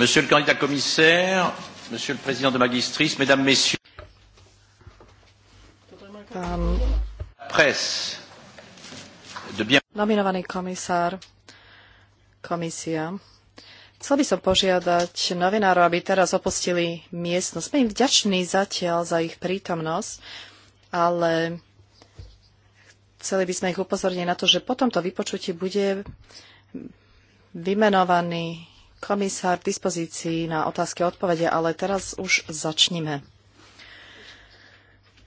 Monsieur le candidat commissaire, Monsieur le président de Magistris, Mesdames, Messieurs, presse de bien... Nominovaný komisár, komisia. Chcel by som požiadať novinárov, aby teraz opustili miestnosť. Sme im vďační zatiaľ za ich prítomnosť, ale chceli by sme ich upozorniť na to, že po tomto vypočutí bude vymenovaný komisár k dispozícii na otázky a odpovede, ale teraz už začnime.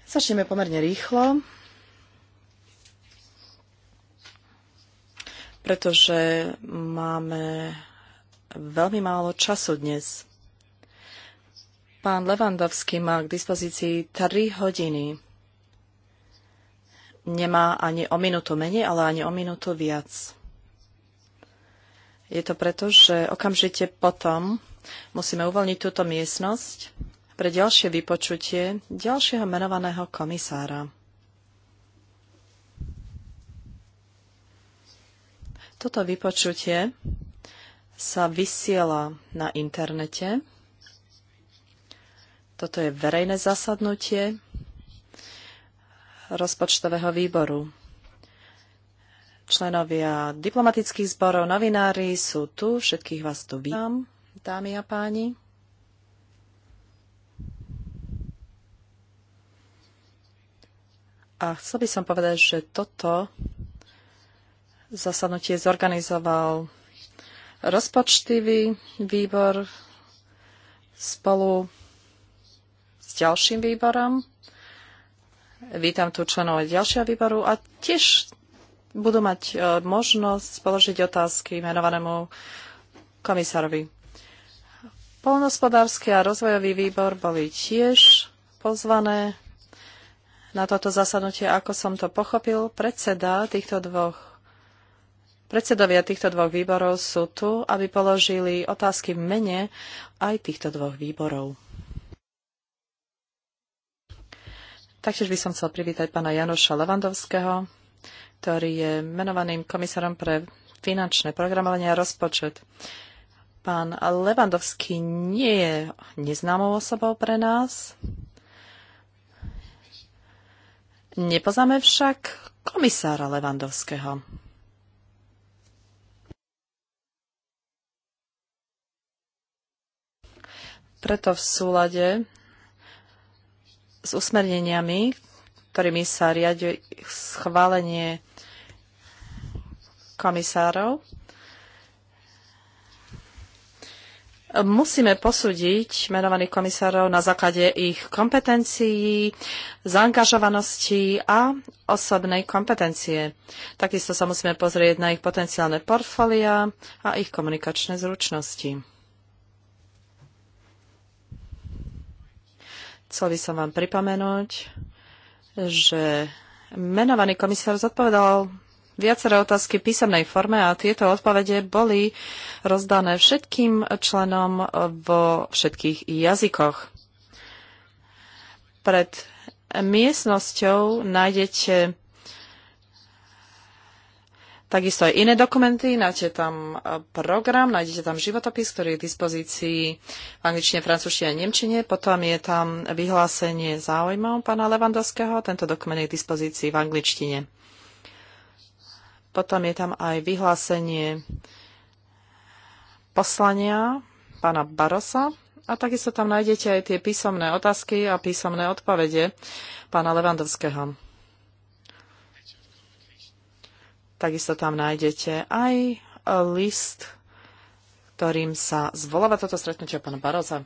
Začneme pomerne rýchlo, pretože máme veľmi málo času dnes. Pán Levandovský má k dispozícii 3 hodiny. Nemá ani o minútu menej, ale ani o minútu viac. Je to preto, že okamžite potom musíme uvoľniť túto miestnosť pre ďalšie vypočutie ďalšieho menovaného komisára. Toto vypočutie sa vysiela na internete. Toto je verejné zasadnutie rozpočtového výboru členovia diplomatických zborov, novinári sú tu, všetkých vás tu vítam, dámy a páni. A chcel by som povedať, že toto zasadnutie zorganizoval rozpočtivý výbor spolu s ďalším výborom. Vítam tu členov ďalšieho výboru a tiež budú mať e, možnosť položiť otázky menovanému komisárovi. Polnospodársky a rozvojový výbor boli tiež pozvané na toto zasadnutie, ako som to pochopil. Predseda týchto dvoch, predsedovia týchto dvoch výborov sú tu, aby položili otázky v mene aj týchto dvoch výborov. Taktiež by som chcel privítať pána Janoša Levandovského, ktorý je menovaným komisárom pre finančné programovanie a rozpočet. Pán Levandovský nie je neznámou osobou pre nás. Nepoznáme však komisára Levandovského. Preto v súlade s usmerneniami, ktorými sa riadi schválenie komisárov. Musíme posúdiť menovaných komisárov na základe ich kompetencií, zaangažovanosti a osobnej kompetencie. Takisto sa musíme pozrieť na ich potenciálne portfólia a ich komunikačné zručnosti. Chcel by som vám pripomenúť, že menovaný komisár zodpovedal viaceré otázky v písomnej forme a tieto odpovede boli rozdané všetkým členom vo všetkých jazykoch. Pred miestnosťou nájdete takisto aj iné dokumenty, nájdete tam program, nájdete tam životopis, ktorý je k dispozícii v angličtine, francúzštine a nemčine, potom je tam vyhlásenie záujmov pána Levandovského, tento dokument je k dispozícii v angličtine. Potom je tam aj vyhlásenie poslania pána Barosa a takisto tam nájdete aj tie písomné otázky a písomné odpovede pána Levandovského. Takisto tam nájdete aj list, ktorým sa zvoláva toto stretnutie pána Baroza.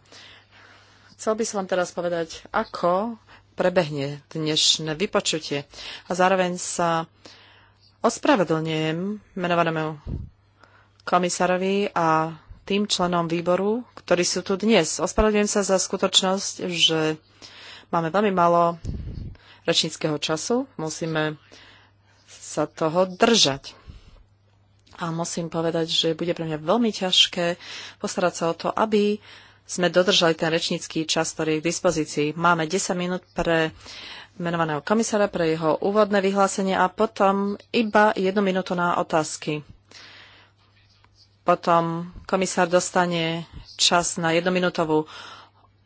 Chcel by som vám teraz povedať, ako prebehne dnešné vypočutie. A zároveň sa ospravedlňujem menovanému komisárovi a tým členom výboru, ktorí sú tu dnes. Ospravedlňujem sa za skutočnosť, že máme veľmi málo rečníckého času. Musíme sa toho držať. A musím povedať, že bude pre mňa veľmi ťažké postarať sa o to, aby sme dodržali ten rečnícky čas, ktorý je k dispozícii. Máme 10 minút pre menovaného komisára pre jeho úvodné vyhlásenie a potom iba jednu minútu na otázky. Potom komisár dostane čas na jednominútovú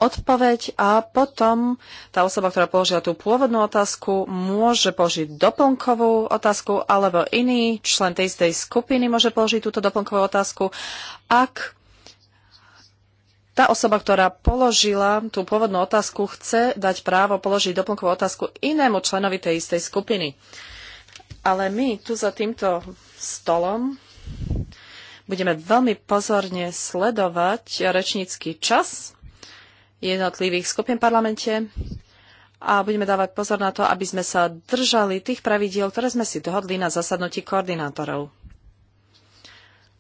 odpoveď a potom tá osoba, ktorá položila tú pôvodnú otázku, môže položiť doplnkovú otázku alebo iný člen tej istej skupiny môže položiť túto doplnkovú otázku, ak tá osoba, ktorá položila tú pôvodnú otázku, chce dať právo položiť doplnkovú otázku inému členovi tej istej skupiny. Ale my tu za týmto stolom budeme veľmi pozorne sledovať rečnícky čas jednotlivých skupín v parlamente a budeme dávať pozor na to, aby sme sa držali tých pravidiel, ktoré sme si dohodli na zasadnutí koordinátorov,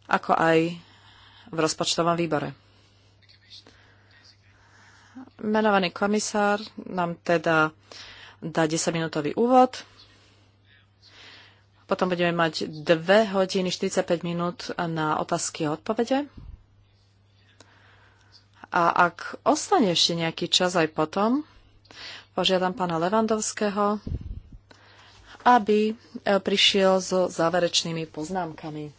ako aj v rozpočtovom výbore. Menovaný komisár nám teda dá 10-minútový úvod. Potom budeme mať 2 hodiny 45 minút na otázky a odpovede. A ak ostane ešte nejaký čas aj potom, požiadam pána Levandovského, aby e, prišiel so záverečnými poznámkami.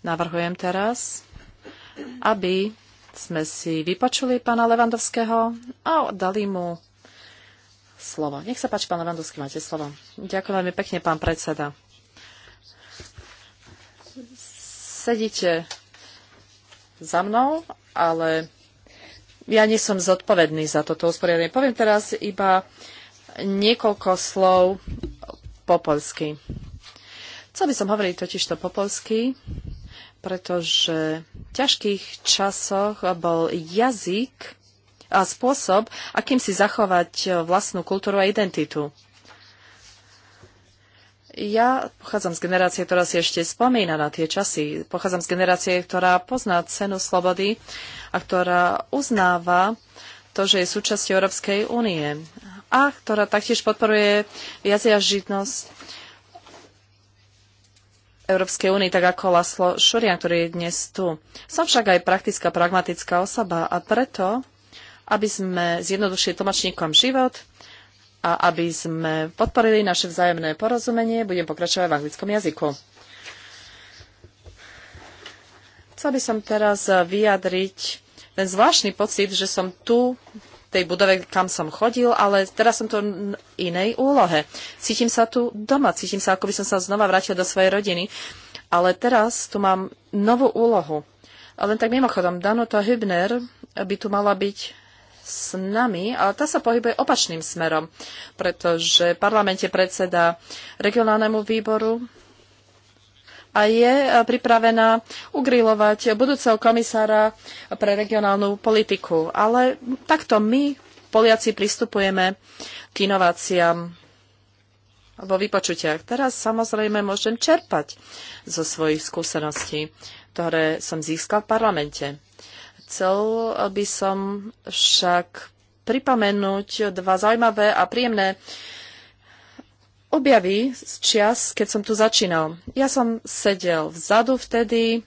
Navrhujem teraz, aby sme si vypočuli pána Levandovského a dali mu slovo. Nech sa páči, pán Levandovský, máte slovo. Ďakujem veľmi pekne, pán predseda. Sedíte za mnou, ale ja nie som zodpovedný za toto usporiadanie. Poviem teraz iba niekoľko slov po polsky. Chcel by som hovoriť totiž to po polsky, pretože v ťažkých časoch bol jazyk a spôsob, akým si zachovať vlastnú kultúru a identitu. Ja pochádzam z generácie, ktorá si ešte spomína na tie časy. Pochádzam z generácie, ktorá pozná cenu slobody a ktorá uznáva to, že je súčasťou Európskej únie a ktorá taktiež podporuje viac žitnosť. Európskej únii, tak ako Laslo Šurian, ktorý je dnes tu. Som však aj praktická, pragmatická osoba a preto, aby sme zjednodušili tlmačníkom život a aby sme podporili naše vzájomné porozumenie, budem pokračovať v anglickom jazyku. Chcel by som teraz vyjadriť ten zvláštny pocit, že som tu tej budove, kam som chodil, ale teraz som tu v inej úlohe. Cítim sa tu doma, cítim sa, ako by som sa znova vrátil do svojej rodiny, ale teraz tu mám novú úlohu. A len tak mimochodom, Danuta Hübner by tu mala byť s nami, ale tá sa pohybuje opačným smerom, pretože v parlamente predseda regionálnemu výboru a je e, pripravená ugrilovať budúceho komisára pre regionálnu politiku. Ale takto my, Poliaci, pristupujeme k inováciám vo vypočutiach. Teraz samozrejme môžem čerpať zo svojich skúseností, ktoré som získal v parlamente. Chcel by som však pripomenúť dva zaujímavé a príjemné objaví z čias, keď som tu začínal. Ja som sedel vzadu vtedy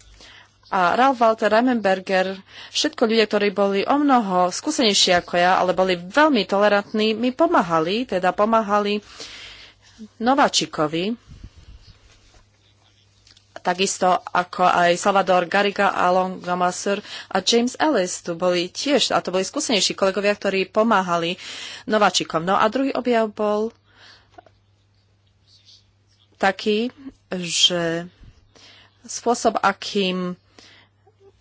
a Ralf Walter Reimenberger, všetko ľudia, ktorí boli o mnoho skúsenejší ako ja, ale boli veľmi tolerantní, mi pomáhali, teda pomáhali Nováčikovi, takisto ako aj Salvador Gariga Alon Gamasur a James Ellis tu boli tiež, a to boli skúsenejší kolegovia, ktorí pomáhali nováčikom. No a druhý objav bol taký, že spôsob, akým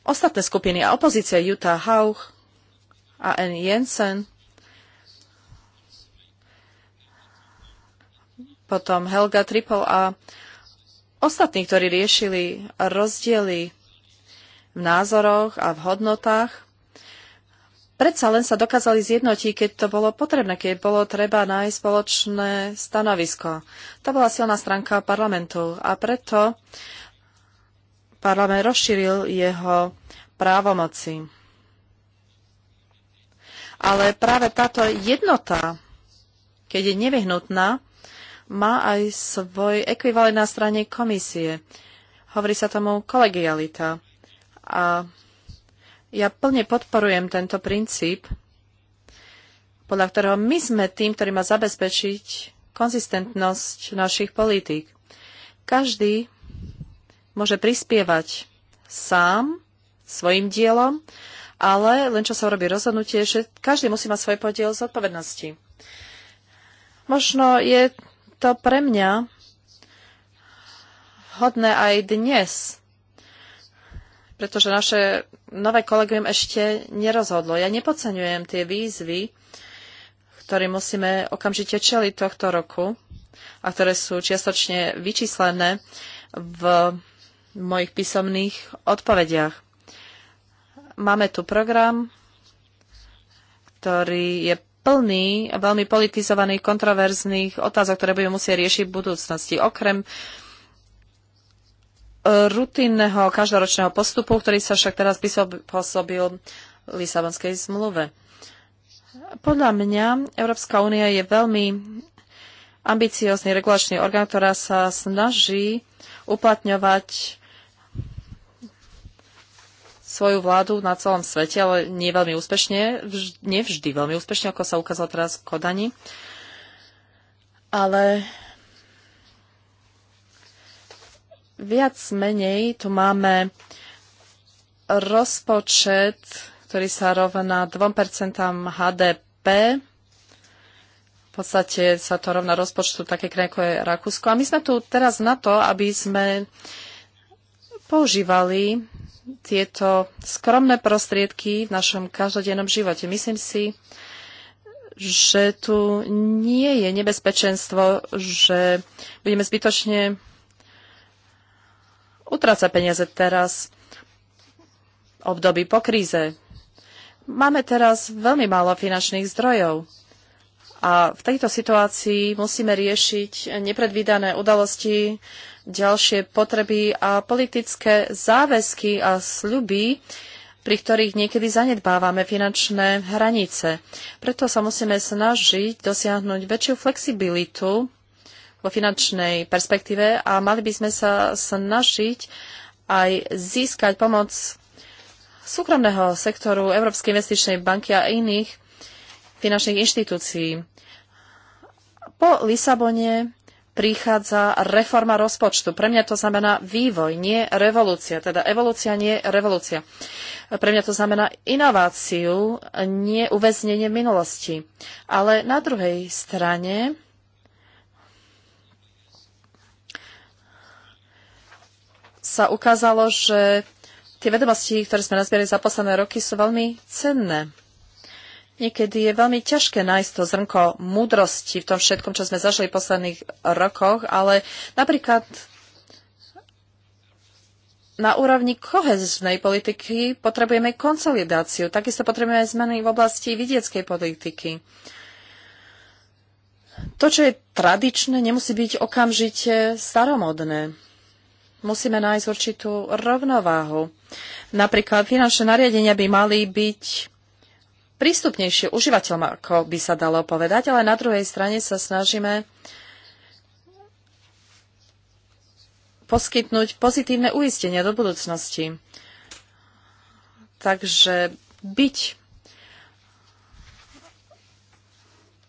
ostatné skupiny a opozícia Jutta Haug a N. Jensen, potom Helga Triple a ostatní, ktorí riešili rozdiely v názoroch a v hodnotách, predsa len sa dokázali zjednotiť, keď to bolo potrebné, keď bolo treba nájsť spoločné stanovisko. To bola silná stránka parlamentu a preto parlament rozšíril jeho právomoci. Ale práve táto jednota, keď je nevyhnutná, má aj svoj ekvivalent na strane komisie. Hovorí sa tomu kolegialita. A ja plne podporujem tento princíp, podľa ktorého my sme tým, ktorý má zabezpečiť konzistentnosť našich politík. Každý môže prispievať sám svojim dielom, ale len čo sa robí rozhodnutie, že každý musí mať svoj podiel zodpovednosti. Možno je to pre mňa hodné aj dnes pretože naše nové kolegium ešte nerozhodlo. Ja nepodceňujem tie výzvy, ktoré musíme okamžite čeliť tohto roku a ktoré sú čiastočne vyčíslené v mojich písomných odpovediach. Máme tu program, ktorý je plný veľmi politizovaných, kontroverzných otázok, ktoré budeme musieť riešiť v budúcnosti. Okrem rutinného každoročného postupu, ktorý sa však teraz pôsobil Lisabonskej zmluve. Podľa mňa Európska únia je veľmi ambiciózny regulačný orgán, ktorá sa snaží uplatňovať svoju vládu na celom svete, ale nie veľmi úspešne, nevždy veľmi úspešne, ako sa ukázalo teraz v Kodani. Ale viac menej tu máme rozpočet, ktorý sa rovná 2% HDP. V podstate sa to rovná rozpočtu také krajiny ako je Rakúsko. A my sme tu teraz na to, aby sme používali tieto skromné prostriedky v našom každodennom živote. Myslím si, že tu nie je nebezpečenstvo, že budeme zbytočne utráca peniaze teraz v období po kríze. Máme teraz veľmi málo finančných zdrojov. A v tejto situácii musíme riešiť nepredvídané udalosti, ďalšie potreby a politické záväzky a sľuby, pri ktorých niekedy zanedbávame finančné hranice. Preto sa musíme snažiť dosiahnuť väčšiu flexibilitu vo finančnej perspektíve a mali by sme sa snažiť aj získať pomoc súkromného sektoru Európskej investičnej banky a iných finančných inštitúcií. Po Lisabone prichádza reforma rozpočtu. Pre mňa to znamená vývoj, nie revolúcia. Teda evolúcia, nie revolúcia. Pre mňa to znamená inováciu, nie uväznenie minulosti. Ale na druhej strane sa ukázalo, že tie vedomosti, ktoré sme nazbierali za posledné roky, sú veľmi cenné. Niekedy je veľmi ťažké nájsť to zrnko múdrosti v tom všetkom, čo sme zažili v posledných rokoch, ale napríklad na úrovni koheznej politiky potrebujeme konsolidáciu, takisto potrebujeme zmeny v oblasti vidieckej politiky. To, čo je tradičné, nemusí byť okamžite staromodné musíme nájsť určitú rovnováhu. Napríklad finančné nariadenia by mali byť prístupnejšie užívateľom, ako by sa dalo povedať, ale na druhej strane sa snažíme poskytnúť pozitívne uistenia do budúcnosti. Takže byť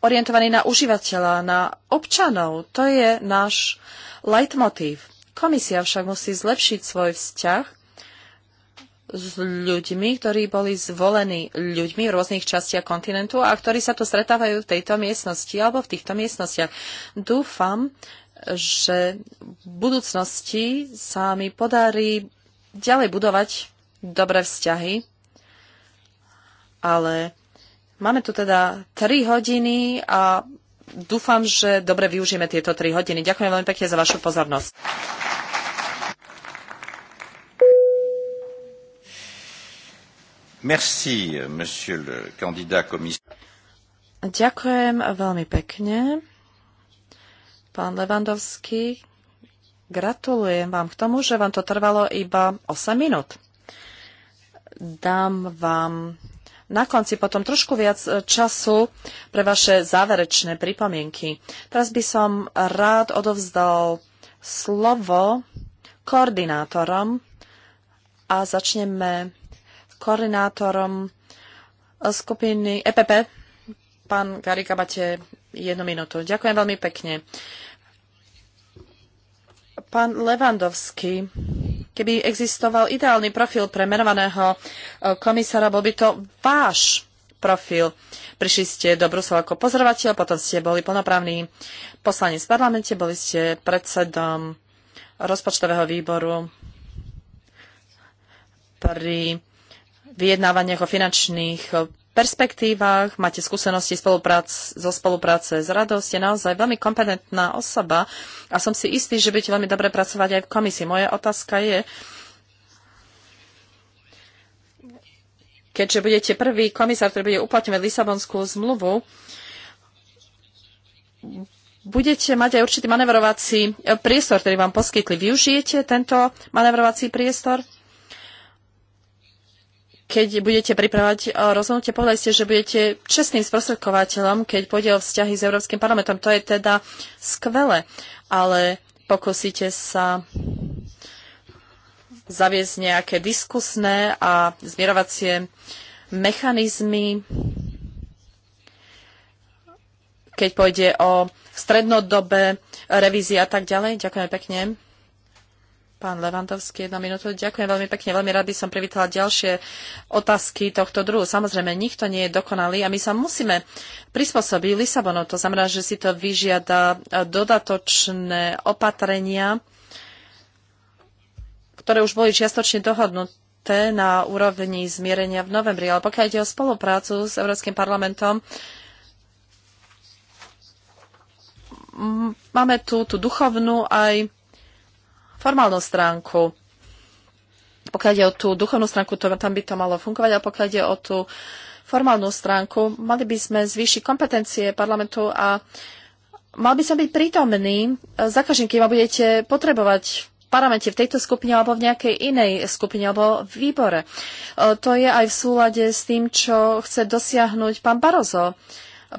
orientovaný na užívateľa, na občanov. To je náš leitmotív. Komisia však musí zlepšiť svoj vzťah s ľuďmi, ktorí boli zvolení ľuďmi v rôznych častiach kontinentu a ktorí sa tu stretávajú v tejto miestnosti alebo v týchto miestnostiach. Dúfam, že v budúcnosti sa mi podarí ďalej budovať dobré vzťahy, ale máme tu teda 3 hodiny a dúfam, že dobre využijeme tieto 3 hodiny. Ďakujem veľmi pekne za vašu pozornosť. Merci, monsieur le candidat Ďakujem veľmi pekne. Pán Levandovský, gratulujem vám k tomu, že vám to trvalo iba 8 minút. Dám vám na konci potom trošku viac e, času pre vaše záverečné pripomienky. Teraz by som rád odovzdal slovo koordinátorom a začneme koordinátorom skupiny EPP. Pán Garika, máte jednu minútu. Ďakujem veľmi pekne. Pán Levandovský, Keby existoval ideálny profil pre menovaného e, komisára, bol by to váš profil. Prišli ste do Brusela ako pozorovateľ, potom ste boli plnoprávny poslanec v parlamente, boli ste predsedom rozpočtového výboru pri vyjednávaniach o finančných perspektívach, máte skúsenosti spoluprác, zo spolupráce s radou, ste naozaj veľmi kompetentná osoba a som si istý, že budete veľmi dobre pracovať aj v komisii. Moja otázka je, keďže budete prvý komisár, ktorý bude uplatňovať Lisabonskú zmluvu, budete mať aj určitý manevrovací priestor, ktorý vám poskytli. Využijete tento manevrovací priestor? keď budete pripravať e, rozhodnutie, povedali ste, že budete čestným sprostredkovateľom, keď pôjde o vzťahy s Európskym parlamentom. To je teda skvelé, ale pokúsite sa zaviesť nejaké diskusné a zmierovacie mechanizmy, keď pôjde o strednodobé revízie a tak ďalej. Ďakujem pekne. Pán Levandovský, jedna minútu. Ďakujem veľmi pekne. Veľmi rád by som privítala ďalšie otázky tohto druhu. Samozrejme, nikto nie je dokonalý a my sa musíme prispôsobiť Lisabonu. To znamená, že si to vyžiada dodatočné opatrenia, ktoré už boli čiastočne dohodnuté na úrovni zmierenia v novembri. Ale pokiaľ ide o spoluprácu s Európskym parlamentom, máme tu tú duchovnú aj formálnu stránku. Pokiaľ ide o tú duchovnú stránku, to, tam by to malo fungovať, ale pokiaľ ide o tú formálnu stránku, mali by sme zvýšiť kompetencie parlamentu a mal by som byť prítomný za každým, keď ma budete potrebovať v parlamente, v tejto skupine alebo v nejakej inej skupine alebo v výbore. E, to je aj v súlade s tým, čo chce dosiahnuť pán Barozo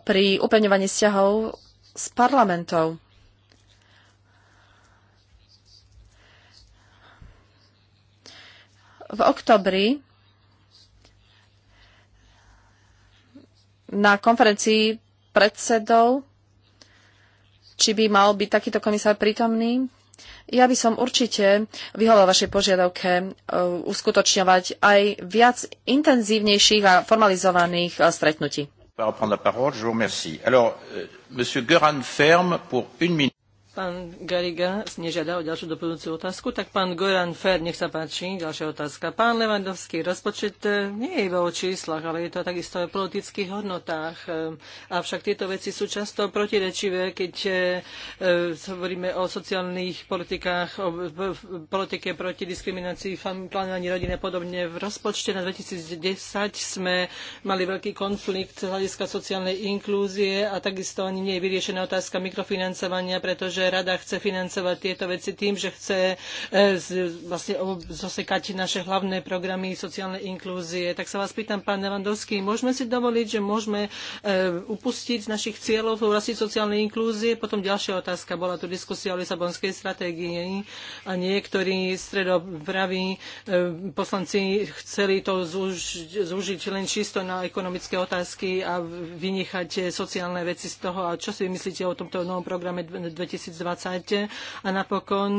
pri upevňovaní vzťahov s parlamentom. V oktobri na konferencii predsedov, či by mal byť takýto komisár prítomný. Ja by som určite vyhovala vašej požiadavke e, uskutočňovať aj viac intenzívnejších a formalizovaných e, stretnutí. Euh, pour une Pán Gariga nežiadal o ďalšiu doplňujúcu otázku, tak pán Goran Fer, nech sa páči, ďalšia otázka. Pán Levandovský, rozpočet eh, nie je iba o číslach, ale je to takisto aj o politických hodnotách. Eh, avšak tieto veci sú často protirečivé, keď eh, hovoríme o sociálnych politikách, o politike proti diskriminácii, plánovaní rodiny a podobne. V rozpočte na 2010 sme mali veľký konflikt z hľadiska sociálnej inklúzie a takisto ani nie je vyriešená otázka mikrofinancovania, pretože že rada chce financovať tieto veci tým, že chce e, vlastne zosekať naše hlavné programy sociálnej inklúzie. Tak sa vás pýtam, pán Levandovský, môžeme si dovoliť, že môžeme e, upustiť z našich cieľov v oblasti sociálnej inklúzie? Potom ďalšia otázka. Bola tu diskusia o Lisabonskej stratégii a niektorí stredopraví e, poslanci chceli to zúžiť len čisto na ekonomické otázky a vynechať sociálne veci z toho. A čo si myslíte o tomto novom programe 2020? 2020 a napokon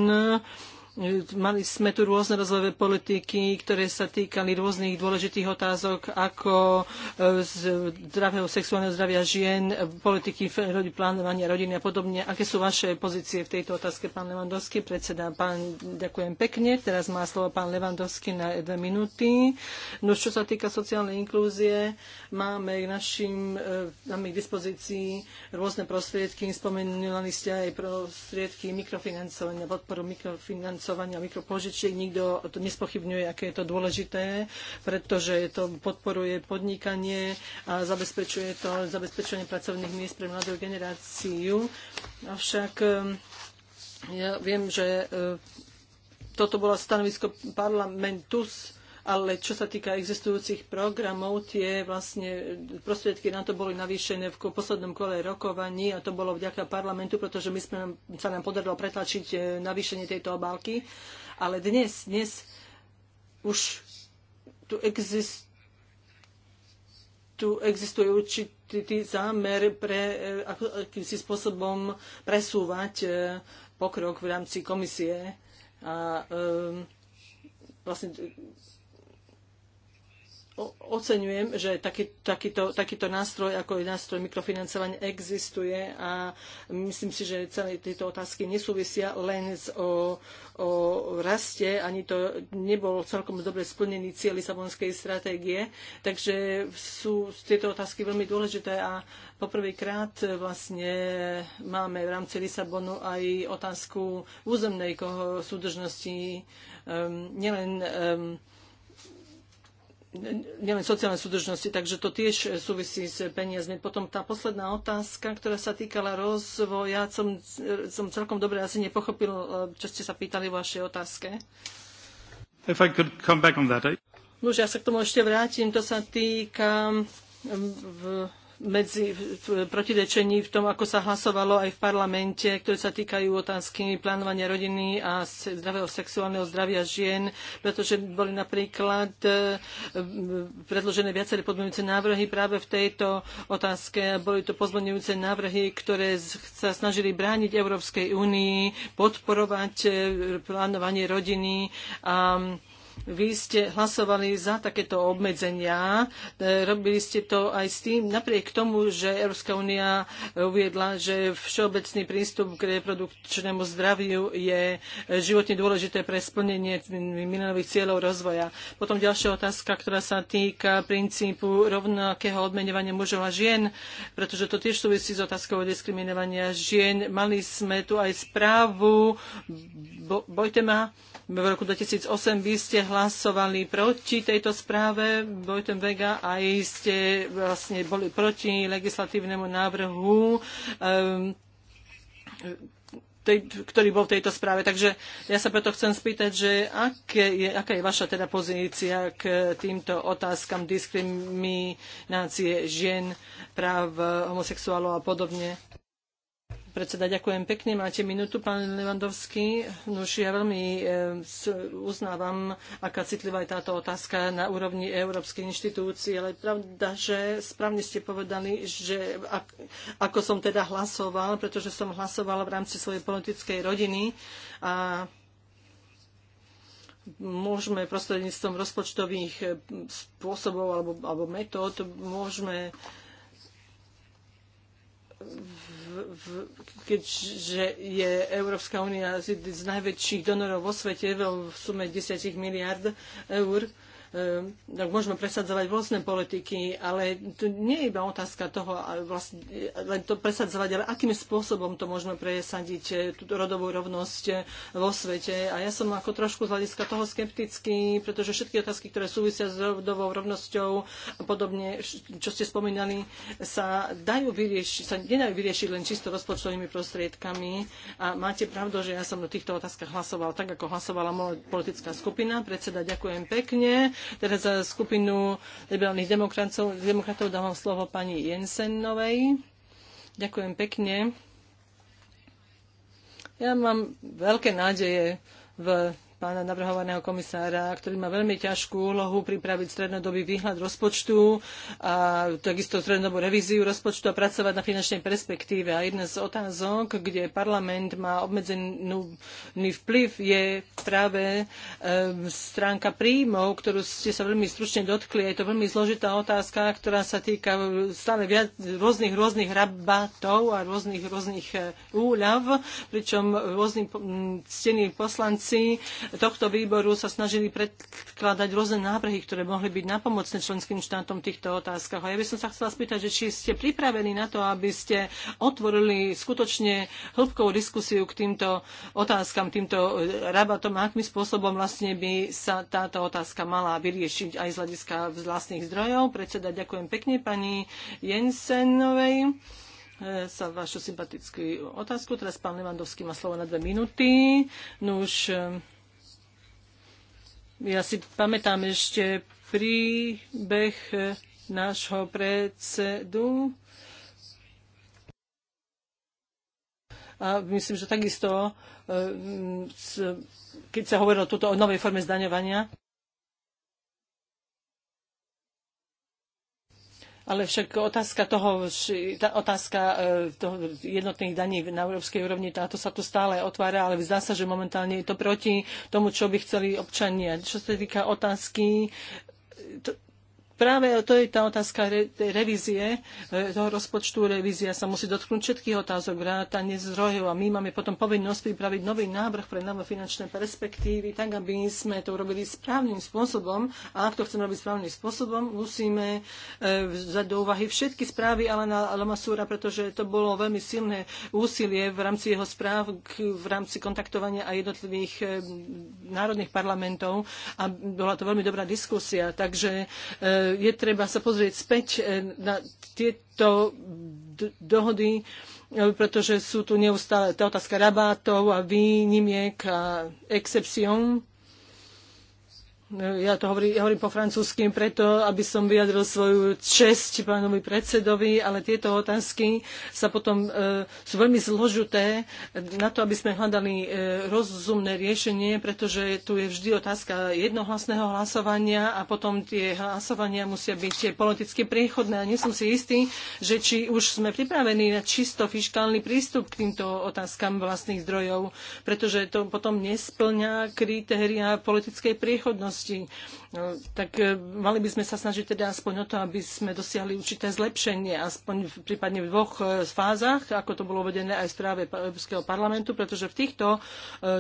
Mali sme tu rôzne rozvojové politiky, ktoré sa týkali rôznych dôležitých otázok, ako e, zdravého sexuálneho zdravia žien, politiky plánovania rodiny a podobne. Aké sú vaše pozície v tejto otázke, pán Levandovský? Predseda, pán, ďakujem pekne. Teraz má slovo pán Levandovský na dve minúty. No čo sa týka sociálnej inklúzie, máme k našim, e, máme k dispozícii rôzne prostriedky. Spomenuli ste aj prostriedky mikrofinancovania, podporu mikrofinancovania financovania mikropožičiek. Nikto to nespochybňuje, aké je to dôležité, pretože to podporuje podnikanie a zabezpečuje to zabezpečenie pracovných miest pre mladú generáciu. Avšak um, ja viem, že uh, toto bolo stanovisko parlamentu ale čo sa týka existujúcich programov, tie vlastne prostriedky na to boli navýšené v poslednom kole rokovaní a to bolo vďaka parlamentu, pretože my sme, sa nám podarilo pretlačiť e, navýšenie tejto obálky. Ale dnes, dnes už tu existuje tu existuje určitý zámer pre e, akýmsi spôsobom presúvať e, pokrok v rámci komisie a um, vlastne oceňujem, že taký, takýto, takýto nástroj, ako je nástroj mikrofinancovania, existuje a myslím si, že celé tieto otázky nesúvisia len s, o, o raste, ani to nebol celkom dobre splnený cieľ Lisabonskej stratégie, takže sú tieto otázky veľmi dôležité a poprvýkrát vlastne máme v rámci Lisabonu aj otázku územnej súdržnosti, um, nielen um, nielen sociálnej súdržnosti, takže to tiež eh, súvisí s peniazmi. Potom tá posledná otázka, ktorá sa týkala rozvoja, som, eh, som celkom dobre asi nepochopil, eh, čo ste sa pýtali vo vašej otázke. If I could come back on that, I... No, ja sa k tomu ešte vrátim. To sa týka mm, v medzi, v protirečení v tom, ako sa hlasovalo aj v parlamente, ktoré sa týkajú otázky plánovania rodiny a zdravého sexuálneho zdravia žien, pretože boli napríklad e, predložené viaceré podmienujúce návrhy práve v tejto otázke. Boli to pozmenujúce návrhy, ktoré sa snažili brániť Európskej únii, podporovať e, plánovanie rodiny a vy ste hlasovali za takéto obmedzenia. E, robili ste to aj s tým, napriek tomu, že Európska únia uviedla, že všeobecný prístup k reprodukčnému zdraviu je životne dôležité pre splnenie milenových cieľov rozvoja. Potom ďalšia otázka, ktorá sa týka princípu rovnakého odmenovania mužov a žien, pretože to tiež súvisí s otázkou diskriminovania žien. Mali sme tu aj správu Bojtema v roku 2008 vy ste hlasovali proti tejto správe. Bojten Vega aj ste vlastne boli proti legislatívnemu návrhu. Um, tej, ktorý bol v tejto správe. Takže ja sa preto chcem spýtať, že aké je, aká je vaša teda pozícia k týmto otázkam diskriminácie žien, práv homosexuálov a podobne? Predseda, ďakujem pekne. Máte minútu, pán Levandovský. už ja veľmi e, uznávam, aká citlivá je táto otázka na úrovni Európskej inštitúcie, ale pravda, že správne ste povedali, že ako som teda hlasoval, pretože som hlasoval v rámci svojej politickej rodiny a môžeme prostredníctvom rozpočtových e, spôsobov alebo, alebo metód môžeme v, keďže je Európska únia z, z najväčších donorov vo svete v sume 10 miliard eur, tak ehm, môžeme presadzovať rôzne politiky, ale to nie je iba otázka toho, vlastne, e, len to presadzovať, ale akým spôsobom to môžeme presadiť, e, túto rodovú rovnosť e, vo svete. A ja som ako trošku z hľadiska toho skeptický, pretože všetky otázky, ktoré súvisia s rodovou rovnosťou a podobne, čo ste spomínali, sa dajú vyriešiť, sa nedajú vyriešiť len čisto rozpočtovými prostriedkami. A máte pravdu, že ja som do týchto otázkach hlasoval tak, ako hlasovala moja politická skupina. Predseda, ďakujem pekne. Teraz za skupinu liberálnych demokratov, demokratov dávam slovo pani Jensenovej. Ďakujem pekne. Ja mám veľké nádeje v pána navrhovaného komisára, ktorý má veľmi ťažkú úlohu pripraviť strednodobý výhľad rozpočtu a takisto strednodobú revíziu rozpočtu a pracovať na finančnej perspektíve. A jedna z otázok, kde parlament má obmedzený vplyv, je práve ehm, stránka príjmov, ktorú ste sa veľmi stručne dotkli. Je to veľmi zložitá otázka, ktorá sa týka stále viac rôznych, rôznych rabatov a rôznych, rôznych eh, úľav, pričom rôzni ctení poslanci tohto výboru sa snažili predkladať rôzne návrhy, ktoré mohli byť napomocné členským štátom v týchto otázkach. A ja by som sa chcela spýtať, že či ste pripravení na to, aby ste otvorili skutočne hĺbkovú diskusiu k týmto otázkam, týmto rabatom, akým spôsobom vlastne by sa táto otázka mala vyriešiť aj z hľadiska vlastných zdrojov. Predseda, ďakujem pekne pani Jensenovej sa eh, vašu sympatickú otázku. Teraz pán Levandovský má slovo na dve minúty. No už eh, ja si pamätám ešte príbeh nášho predsedu. A myslím, že takisto, eh, keď sa hovorilo tuto o novej forme zdaňovania, Ale však otázka toho, tá otázka e, toho jednotných daní na európskej úrovni, táto sa tu stále otvára, ale zdá sa, že momentálne je to proti tomu, čo by chceli občania. Čo sa týka otázky to, Práve to je tá otázka re, revízie, e, toho rozpočtu revízia sa musí dotknúť všetkých otázok vrátane zdrojov a my máme potom povinnosť pripraviť nový návrh pre nové finančné perspektívy, tak aby sme to urobili správnym spôsobom a ak to chceme robiť správnym spôsobom, musíme e, vzať do úvahy všetky správy Alana Lamasúra, pretože to bolo veľmi silné úsilie v rámci jeho správ, v rámci kontaktovania a jednotlivých e, národných parlamentov a bola to veľmi dobrá diskusia, takže je treba sa pozrieť späť eh, na tieto dohody, eh, pretože sú tu neustále tá otázka rabátov a výnimiek a excepcion ja to hovorím, ja hovorím po francúzsky preto, aby som vyjadril svoju česť pánovi predsedovi, ale tieto otázky sa potom e, sú veľmi zložité na to, aby sme hľadali e, rozumné riešenie, pretože tu je vždy otázka jednohlasného hlasovania a potom tie hlasovania musia byť politicky priechodné. A nie som si istý, že či už sme pripravení na čisto fiskálny prístup k týmto otázkam vlastných zdrojov, pretože to potom nesplňa kritéria politickej priechodnosti spoločnosti. E, tak e, mali by sme sa snažiť teda aspoň o to, aby sme dosiahli určité zlepšenie, aspoň v prípadne v dvoch e, fázach, ako to bolo vedené aj v správe Európskeho parlamentu, pretože v týchto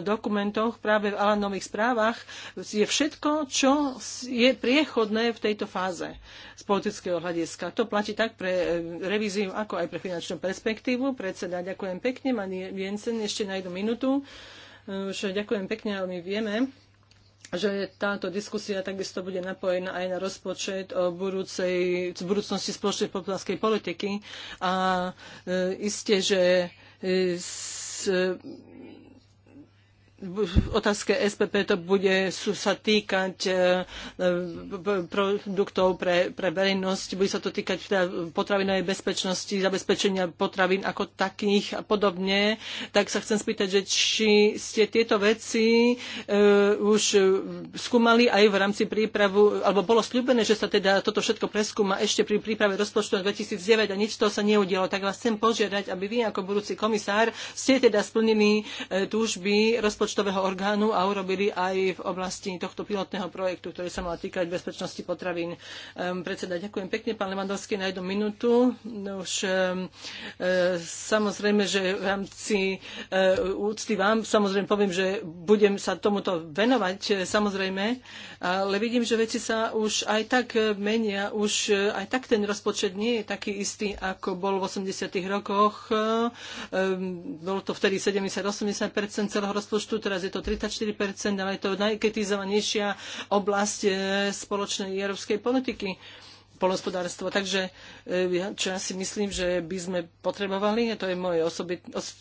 dokumentoch, práve v Alanových správach, je všetko, čo je priechodné v tejto fáze z politického hľadiska. To platí tak pre revíziu, ako aj pre finančnú perspektívu. Predseda, ďakujem pekne. Mani Jensen, ešte na jednu minútu. Už ďakujem pekne, ale my vieme, že táto diskusia takisto bude napojená aj na rozpočet o budúcej, budúcnosti spoločnej populárskej politiky a e, isté, že e, s, e, v otázke SPP to bude sú sa týkať e, e, produktov pre, pre verejnosť, bude sa to týkať teda potravinovej bezpečnosti, zabezpečenia potravín ako takých a podobne, tak sa chcem spýtať, že či ste tieto veci e, už skúmali aj v rámci prípravu, alebo bolo slúbené, že sa teda toto všetko preskúma ešte pri príprave rozpočtu 2009 a nič toho sa neudialo. Tak vás chcem požiadať, aby vy ako budúci komisár ste teda splnili túžby rozpočtu rozpočtového orgánu a urobili aj v oblasti tohto pilotného projektu, ktorý sa mal týkať bezpečnosti potravín. Ehm, predseda, ďakujem pekne. Pán Levandovský, na jednu minútu. No už ehm, ehm, samozrejme, že v rámci úcty vám, samozrejme poviem, že budem sa tomuto venovať, e, samozrejme, ale vidím, že veci sa už aj tak e, menia, už e, aj tak ten rozpočet nie je taký istý, ako bol v 80. rokoch. Bolo to vtedy 70-80 celého rozpočtu rastu, teraz je to 34%, ale je to najkritizovanejšia oblasť e, spoločnej európskej politiky polospodárstvo. Takže e, čo ja si myslím, že by sme potrebovali, a to je môj osobit, os,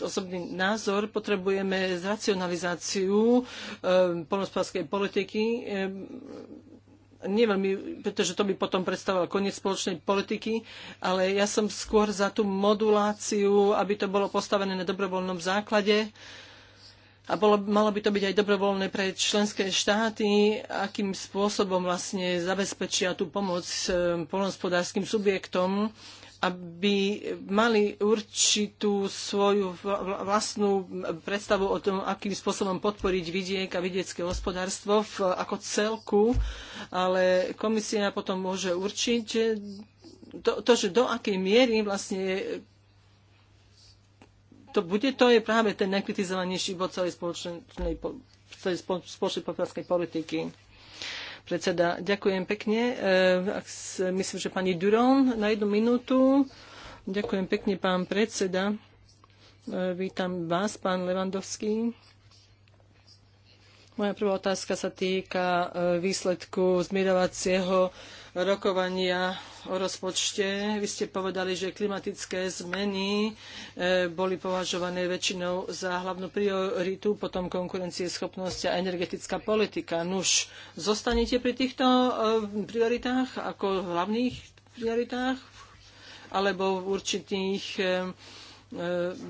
osobný názor, potrebujeme zracionalizáciu um, e, polospodárskej politiky um, nie veľmi, pretože to by potom predstavoval koniec spoločnej politiky, ale ja som skôr za tú moduláciu, aby to bolo postavené na dobrovoľnom základe a bolo, malo by to byť aj dobrovoľné pre členské štáty, akým spôsobom vlastne zabezpečia tú pomoc eh, polnospodárským subjektom, aby mali určitú svoju vlastnú predstavu o tom, akým spôsobom podporiť vidiek a vidiecké hospodárstvo v, ako celku, ale komisia potom môže určiť to, to, že do akej miery vlastne to bude, to je práve ten najkritizovanejší bod celej spoločnej, celej spoločnej populárskej politiky. Predseda, ďakujem pekne. E, myslím, že pani Duron na jednu minútu. Ďakujem pekne, pán predseda. E, vítam vás, pán Levandovský. Moja prvá otázka sa týka e, výsledku zmierovacieho rokovania o rozpočte. Vy ste povedali, že klimatické zmeny e, boli považované väčšinou za hlavnú prioritu, potom konkurencieschopnosť a energetická politika. Nuž, zostanete pri týchto e, prioritách ako hlavných prioritách alebo v určitých e, E,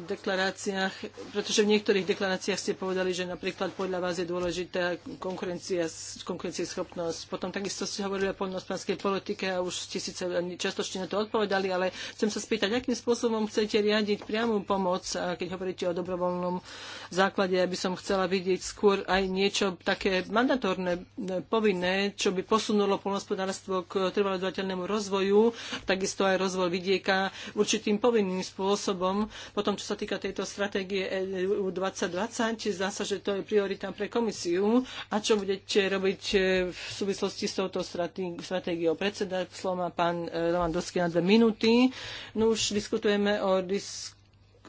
deklaráciách, pretože v niektorých deklaráciách ste povedali, že napríklad podľa vás je dôležitá konkurencia, konkurencieschopnosť. Potom takisto ste hovorili o poľnohospodárskej politike a už ste síce častočne na to odpovedali, ale chcem sa spýtať, akým spôsobom chcete riadiť priamu pomoc, a keď hovoríte o dobrovoľnom základe, aby som chcela vidieť skôr aj niečo také mandatórne, povinné, čo by posunulo poľnohospodárstvo k trvalo rozvoju, takisto aj rozvoj vidieka určitým povinným spôsobom, potom, čo sa týka tejto stratégie EU 2020, zdá sa, že to je priorita pre komisiu. A čo budete robiť e, v súvislosti s touto stratégiou? Predseda má pán e, Lewandowski na dve minúty. No už diskutujeme o, disk-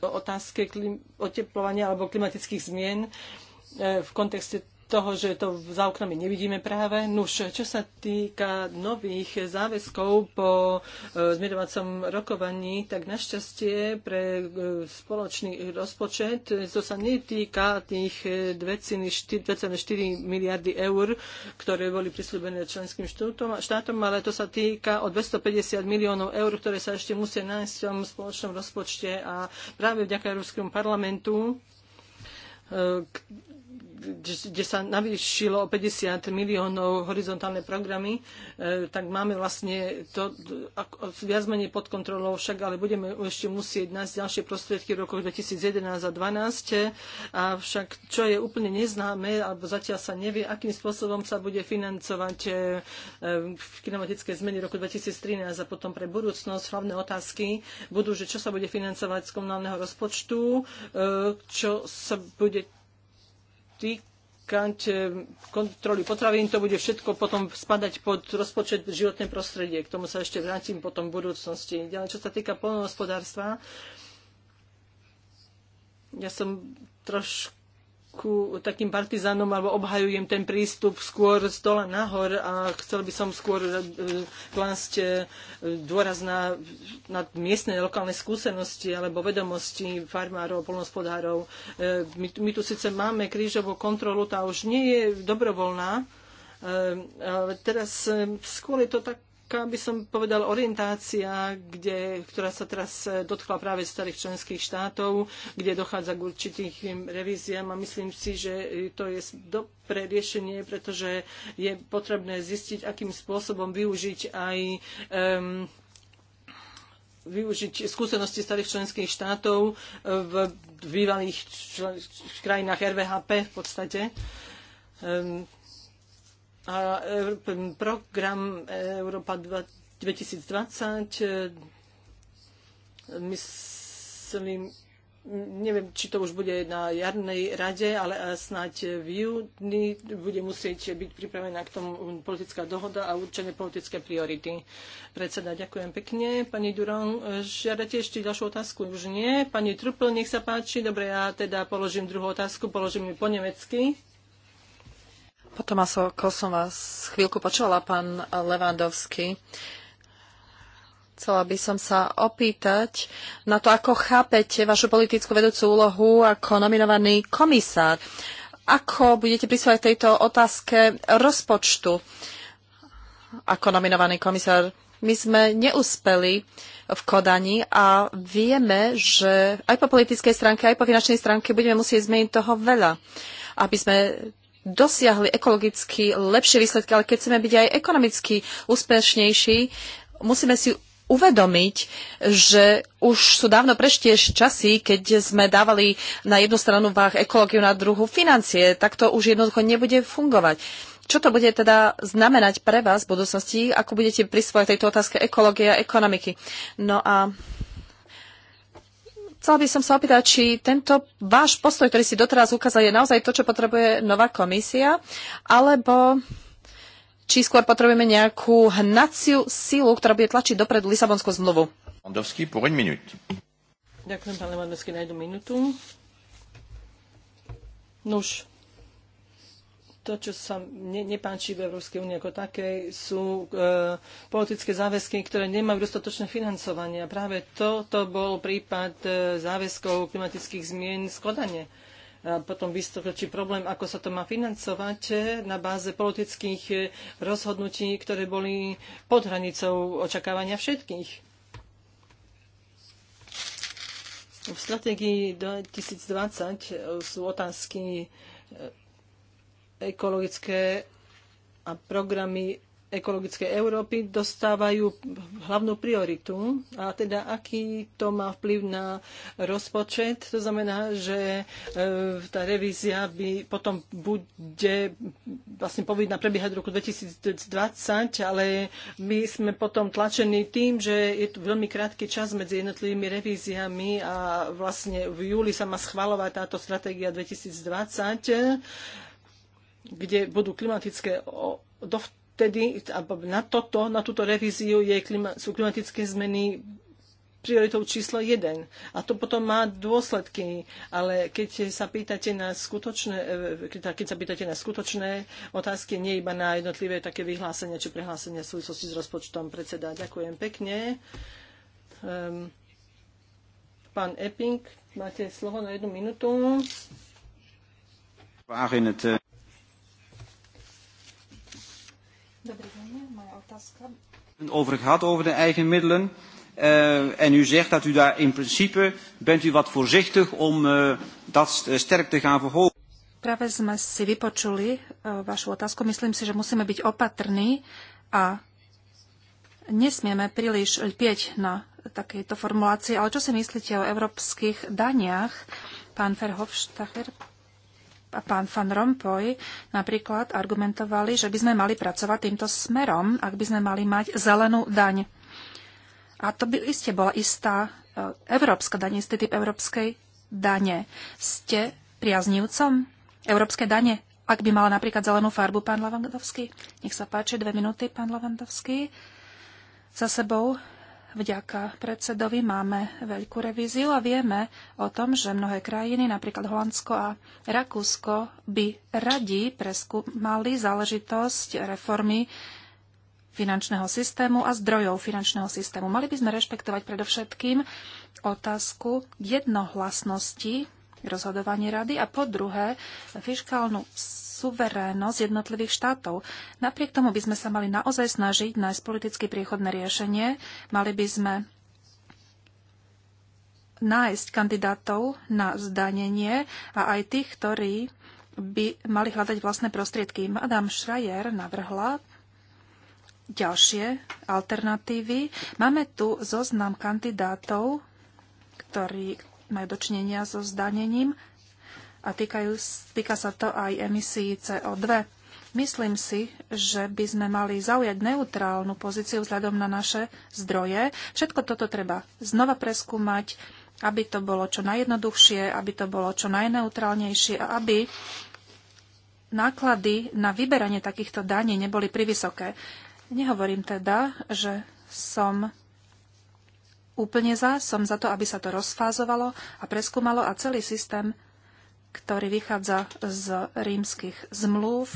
o otázke klim- oteplovania alebo klimatických zmien e, v kontexte toho, že to za oknami nevidíme práve. Nuž, čo sa týka nových záväzkov po e, zmierovacom rokovaní, tak našťastie pre e, spoločný rozpočet to sa netýka tých 2,4 e, miliardy eur, ktoré boli prislúbené členským štátom, štátom, ale to sa týka o 250 miliónov eur, ktoré sa ešte musia nájsť v tom spoločnom rozpočte a práve vďaka Európskemu parlamentu kde sa navýšilo o 50 miliónov horizontálne programy, e, tak máme vlastne to viac menej pod kontrolou, však ale budeme ešte musieť nájsť ďalšie prostriedky v rokoch 2011 a 2012. A však čo je úplne neznáme, alebo zatiaľ sa nevie, akým spôsobom sa bude financovať v e, e, klimatické zmeny roku 2013 a potom pre budúcnosť hlavné otázky budú, že čo sa bude financovať z komunálneho rozpočtu, čo sa bude týkať eh, kontroly potravín, to bude všetko potom spadať pod rozpočet životné prostredie. K tomu sa ešte vrátim potom v budúcnosti. Ďalej, čo sa týka polnohospodárstva, ja som trošku ku takým partizánom alebo obhajujem ten prístup skôr z dola nahor a chcel by som skôr e, klásť e, dôraz na, na miestne lokálne skúsenosti alebo vedomosti farmárov, polnospodárov. E, my, my tu síce máme krížovú kontrolu, tá už nie je dobrovoľná, ale teraz skôr je to tak taká, by som povedal, orientácia, kde, ktorá sa teraz dotkla práve starých členských štátov, kde dochádza k určitým revíziám a myslím si, že to je dobré riešenie, pretože je potrebné zistiť, akým spôsobom využiť aj um, využiť skúsenosti starých členských štátov v bývalých člen- krajinách RVHP v podstate. Um, a e, program Európa 2020 e, myslím neviem, či to už bude na jarnej rade, ale e, snáď v júni bude musieť byť pripravená k tomu politická dohoda a určené politické priority. Predseda, ďakujem pekne. Pani Duron, žiadate ešte ďalšiu otázku? Už nie. Pani Trupl, nech sa páči. Dobre, ja teda položím druhú otázku, položím ju po nemecky. Potom ako som vás chvíľku počula, pán Levandovský, chcela by som sa opýtať na to, ako chápete vašu politickú vedúcu úlohu ako nominovaný komisár. Ako budete prisúvať tejto otázke rozpočtu ako nominovaný komisár? My sme neúspeli v Kodani a vieme, že aj po politickej stránke, aj po finančnej stránke budeme musieť zmeniť toho veľa, aby sme dosiahli ekologicky lepšie výsledky, ale keď chceme byť aj ekonomicky úspešnejší, musíme si uvedomiť, že už sú dávno preštiež časy, keď sme dávali na jednu stranu váh ekológiu, na druhú financie. Tak to už jednoducho nebude fungovať. Čo to bude teda znamenať pre vás v budúcnosti? Ako budete prispôsobať tejto otázke ekológie a ekonomiky? No a Chcela by som sa opýtať, či tento váš postoj, ktorý si doteraz ukázal, je naozaj to, čo potrebuje nová komisia, alebo či skôr potrebujeme nejakú hnaciu sílu, ktorá bude tlačiť dopredu Lisabonskú zmluvu. Lewandowski, pour une Ďakujem, pán Lewandowski, na jednu minútu. Nuž, to, čo sa ne, nepáči v Európskej únii ako takej, sú e, politické záväzky, ktoré nemajú dostatočné financovanie. A práve toto bol prípad e, záväzkov klimatických zmien skladanie. A potom vystokročí problém, ako sa to má financovať e, na báze politických e, rozhodnutí, ktoré boli pod hranicou očakávania všetkých. V stratégii 2020 sú otázky e, ekologické a programy ekologickej Európy dostávajú hlavnú prioritu. A teda aký to má vplyv na rozpočet? To znamená, že e, tá revízia by potom bude vlastne povinná prebiehať v roku 2020, ale my sme potom tlačení tým, že je tu veľmi krátky čas medzi jednotlivými revíziami a vlastne v júli sa má schvalovať táto stratégia 2020 kde budú klimatické dovtedy, na toto, na túto revíziu je, sú klimatické zmeny prioritou číslo jeden. A to potom má dôsledky, ale keď sa pýtate na skutočné, e, keď sa pýtate na skutočné otázky, nie iba na jednotlivé také vyhlásenia či prehlásenia v súvislosti s rozpočtom predseda. Ďakujem pekne. Um, pán Epping, máte slovo na jednu minútu. otázka. Over gehad, over de eigen middelen. Uh, en u zegt dat u daar in principe, bent u wat voorzichtig om uh, dat eh, sterk te gaan verhogen. Práve sme si vypočuli uh, vašu otázku. Myslím si, že musíme byť opatrní a nesmieme príliš lpieť na takejto formulácii. Ale čo si myslíte o európskych daniach, pán Verhofstacher? A pán Van Rompuy napríklad argumentovali, že by sme mali pracovať týmto smerom, ak by sme mali mať zelenú daň. A to by iste bola istá e, európska daň, istý typ európskej dane. Ste priaznívcom európskej dane? Ak by mala napríklad zelenú farbu, pán Lavandovský? Nech sa páči, dve minúty, pán Lavandovský. Za sebou Vďaka predsedovi máme veľkú revíziu a vieme o tom, že mnohé krajiny, napríklad Holandsko a Rakúsko, by radi preskúmali záležitosť reformy finančného systému a zdrojov finančného systému. Mali by sme rešpektovať predovšetkým otázku jednohlasnosti rozhodovanie rady a po druhé fiskálnu suverénnosť jednotlivých štátov. Napriek tomu by sme sa mali naozaj snažiť nájsť politicky priechodné riešenie. Mali by sme nájsť kandidátov na zdanenie a aj tých, ktorí by mali hľadať vlastné prostriedky. Madame Schreier navrhla ďalšie alternatívy. Máme tu zoznam kandidátov, ktorí majú dočinenia so zdanením a týkajú, týka sa to aj emisí CO2. Myslím si, že by sme mali zaujať neutrálnu pozíciu vzhľadom na naše zdroje. Všetko toto treba znova preskúmať, aby to bolo čo najjednoduchšie, aby to bolo čo najneutrálnejšie a aby náklady na vyberanie takýchto daní neboli privysoké. Nehovorím teda, že som úplne za, som za to, aby sa to rozfázovalo a preskúmalo a celý systém ktorý vychádza z rímskych zmluv,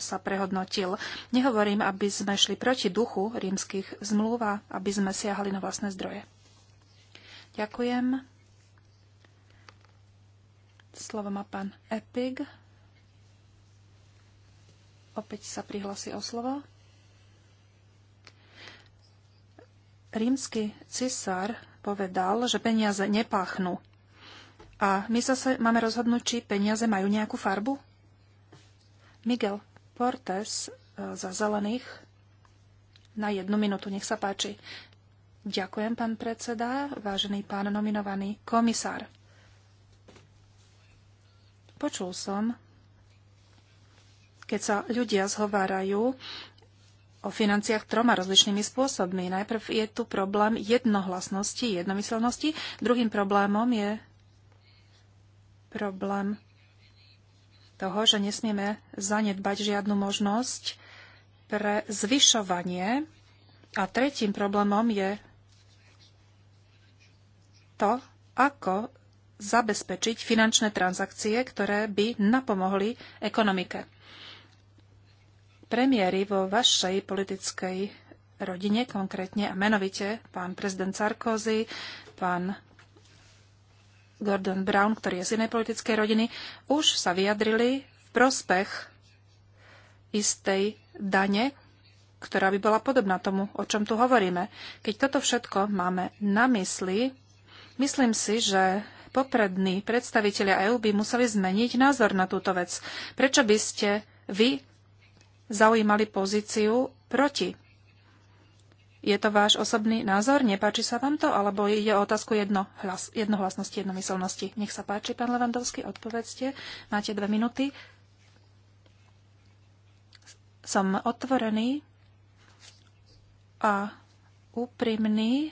sa prehodnotil. Nehovorím, aby sme šli proti duchu rímskych zmluv a aby sme siahali na vlastné zdroje. Ďakujem. Slovo má pán Epig. Opäť sa prihlási o slovo. Rímsky cisár povedal, že peniaze nepáchnú. A my zase máme rozhodnúť, či peniaze majú nejakú farbu? Miguel Portes e, za zelených na jednu minútu, nech sa páči. Ďakujem, pán predseda, vážený pán nominovaný komisár. Počul som, keď sa ľudia zhovárajú o financiách troma rozličnými spôsobmi. Najprv je tu problém jednohlasnosti, jednomyselnosti. Druhým problémom je problém toho, že nesmieme zanedbať žiadnu možnosť pre zvyšovanie. A tretím problémom je to, ako zabezpečiť finančné transakcie, ktoré by napomohli ekonomike. Premiéry vo vašej politickej rodine konkrétne a menovite pán prezident Sarkozy, pán Gordon Brown, ktorý je z inej politickej rodiny, už sa vyjadrili v prospech istej dane, ktorá by bola podobná tomu, o čom tu hovoríme. Keď toto všetko máme na mysli, myslím si, že poprední predstavitelia EÚ by museli zmeniť názor na túto vec. Prečo by ste vy zaujímali pozíciu proti je to váš osobný názor? Nepáči sa vám to? Alebo je o otázku jedno hlas, jednohlasnosti, jednomyselnosti? Nech sa páči, pán Levandovský, odpovedzte. Máte dve minúty. Som otvorený a úprimný,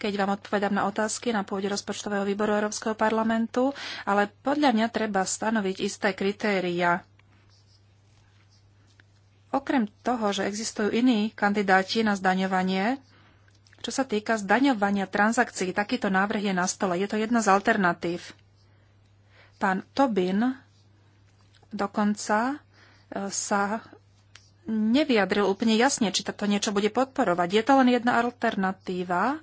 keď vám odpovedám na otázky na pôde rozpočtového výboru Európskeho parlamentu, ale podľa mňa treba stanoviť isté kritéria Okrem toho, že existujú iní kandidáti na zdaňovanie, čo sa týka zdaňovania transakcií, takýto návrh je na stole. Je to jedna z alternatív. Pán Tobin dokonca e, sa nevyjadril úplne jasne, či to niečo bude podporovať. Je to len jedna alternatíva,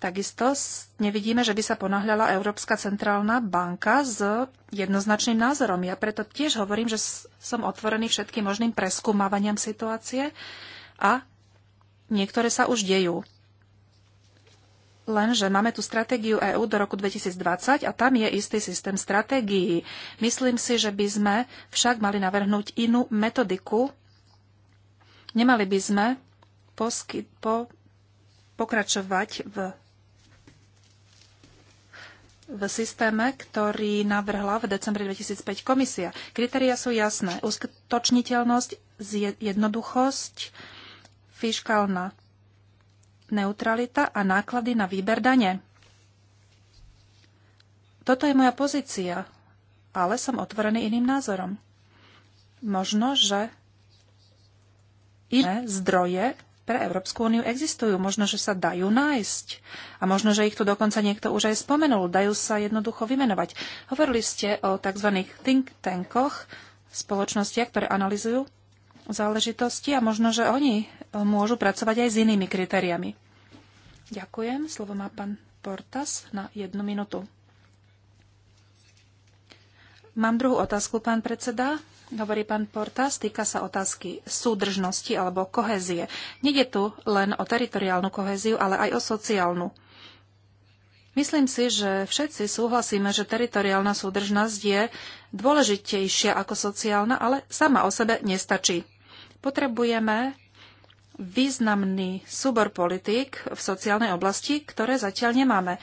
Takisto nevidíme, že by sa ponáhľala Európska centrálna banka s jednoznačným názorom. Ja preto tiež hovorím, že som otvorený všetkým možným preskúmavaniam situácie a niektoré sa už dejú. Lenže máme tu stratégiu EÚ do roku 2020 a tam je istý systém stratégií. Myslím si, že by sme však mali navrhnúť inú metodiku. Nemali by sme posky, po, pokračovať v v systéme, ktorý navrhla v decembri 2005 komisia. Kritéria sú jasné. Uskutočniteľnosť, jednoduchosť, fiskálna neutralita a náklady na výber dane. Toto je moja pozícia, ale som otvorený iným názorom. Možno, že iné zdroje pre Európsku úniu existujú. Možno, že sa dajú nájsť. A možno, že ich tu dokonca niekto už aj spomenul. Dajú sa jednoducho vymenovať. Hovorili ste o tzv. think tankoch, spoločnostiach, ktoré analizujú záležitosti a možno, že oni môžu pracovať aj s inými kritériami. Ďakujem. Slovo má pán Portas na jednu minútu. Mám druhú otázku, pán predseda hovorí pán Portas, týka sa otázky súdržnosti alebo kohezie. Nede tu len o teritoriálnu koheziu, ale aj o sociálnu. Myslím si, že všetci súhlasíme, že teritoriálna súdržnosť je dôležitejšia ako sociálna, ale sama o sebe nestačí. Potrebujeme významný súbor politík v sociálnej oblasti, ktoré zatiaľ nemáme.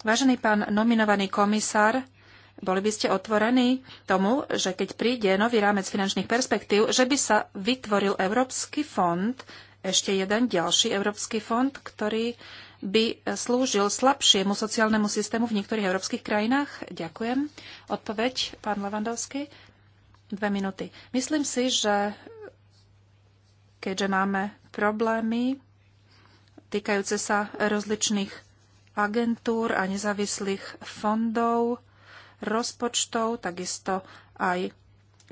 Vážený pán nominovaný komisár, boli by ste otvorení tomu, že keď príde nový rámec finančných perspektív, že by sa vytvoril Európsky fond, ešte jeden ďalší Európsky fond, ktorý by slúžil slabšiemu sociálnemu systému v niektorých európskych krajinách? Ďakujem. Odpoveď, pán Levandovský. Dve minúty. Myslím si, že keďže máme problémy týkajúce sa rozličných agentúr a nezávislých fondov, rozpočtov, takisto aj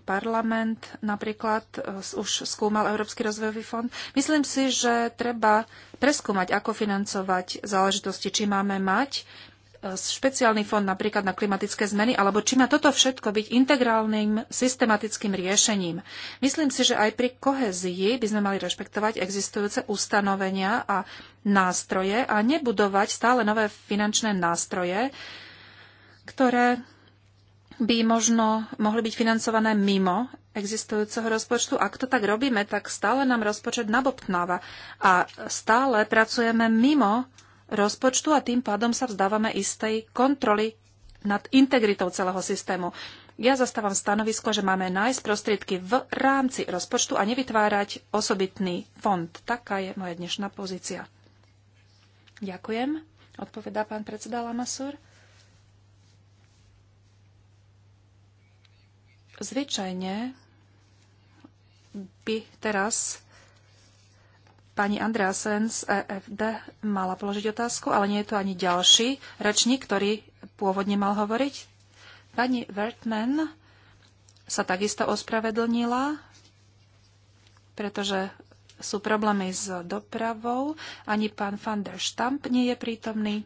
parlament napríklad e, už skúmal Európsky rozvojový fond. Myslím si, že treba preskúmať, ako financovať záležitosti, či máme mať e, špeciálny fond napríklad na klimatické zmeny, alebo či má toto všetko byť integrálnym, systematickým riešením. Myslím si, že aj pri kohezii by sme mali rešpektovať existujúce ustanovenia a nástroje a nebudovať stále nové finančné nástroje, ktoré by možno mohli byť financované mimo existujúceho rozpočtu. Ak to tak robíme, tak stále nám rozpočet nabobtnáva a stále pracujeme mimo rozpočtu a tým pádom sa vzdávame istej kontroly nad integritou celého systému. Ja zastávam stanovisko, že máme nájsť prostriedky v rámci rozpočtu a nevytvárať osobitný fond. Taká je moja dnešná pozícia. Ďakujem, odpovedá pán predseda Lamasur. Zvyčajne by teraz pani Andreasen z EFD mala položiť otázku, ale nie je to ani ďalší rečník, ktorý pôvodne mal hovoriť. Pani Wertmann sa takisto ospravedlnila, pretože sú problémy s dopravou, ani pán van der Stamp nie je prítomný.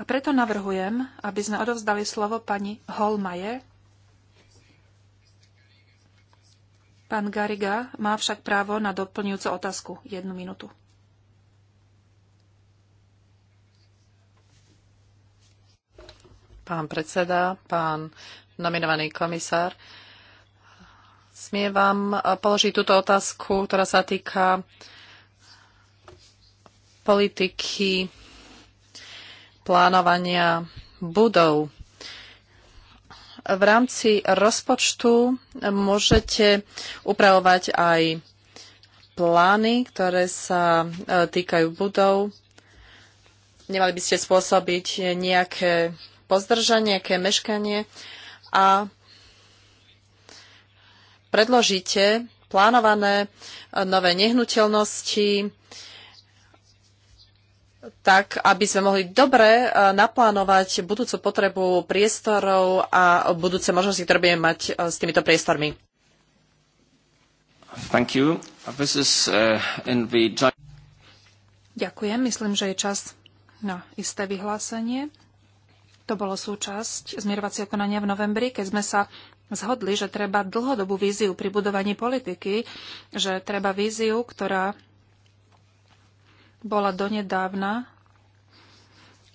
A preto navrhujem, aby sme odovzdali slovo pani Holmajer, Pán Gariga má však právo na doplňujúcu otázku. Jednu minútu. Pán predseda, pán nominovaný komisár, smie vám položiť túto otázku, ktorá sa týka politiky plánovania budov v rámci rozpočtu môžete upravovať aj plány, ktoré sa e, týkajú budov. Nemali by ste spôsobiť nejaké pozdržanie, nejaké meškanie a predložíte plánované e, nové nehnuteľnosti, tak aby sme mohli dobre e, naplánovať budúcu potrebu priestorov a budúce možnosti, ktoré budeme mať e, s týmito priestormi. Thank you. This is, uh, in the... Ďakujem. Myslím, že je čas na isté vyhlásenie. To bolo súčasť zmierovacieho konania v novembri, keď sme sa zhodli, že treba dlhodobú víziu pri budovaní politiky, že treba víziu, ktorá bola donedávna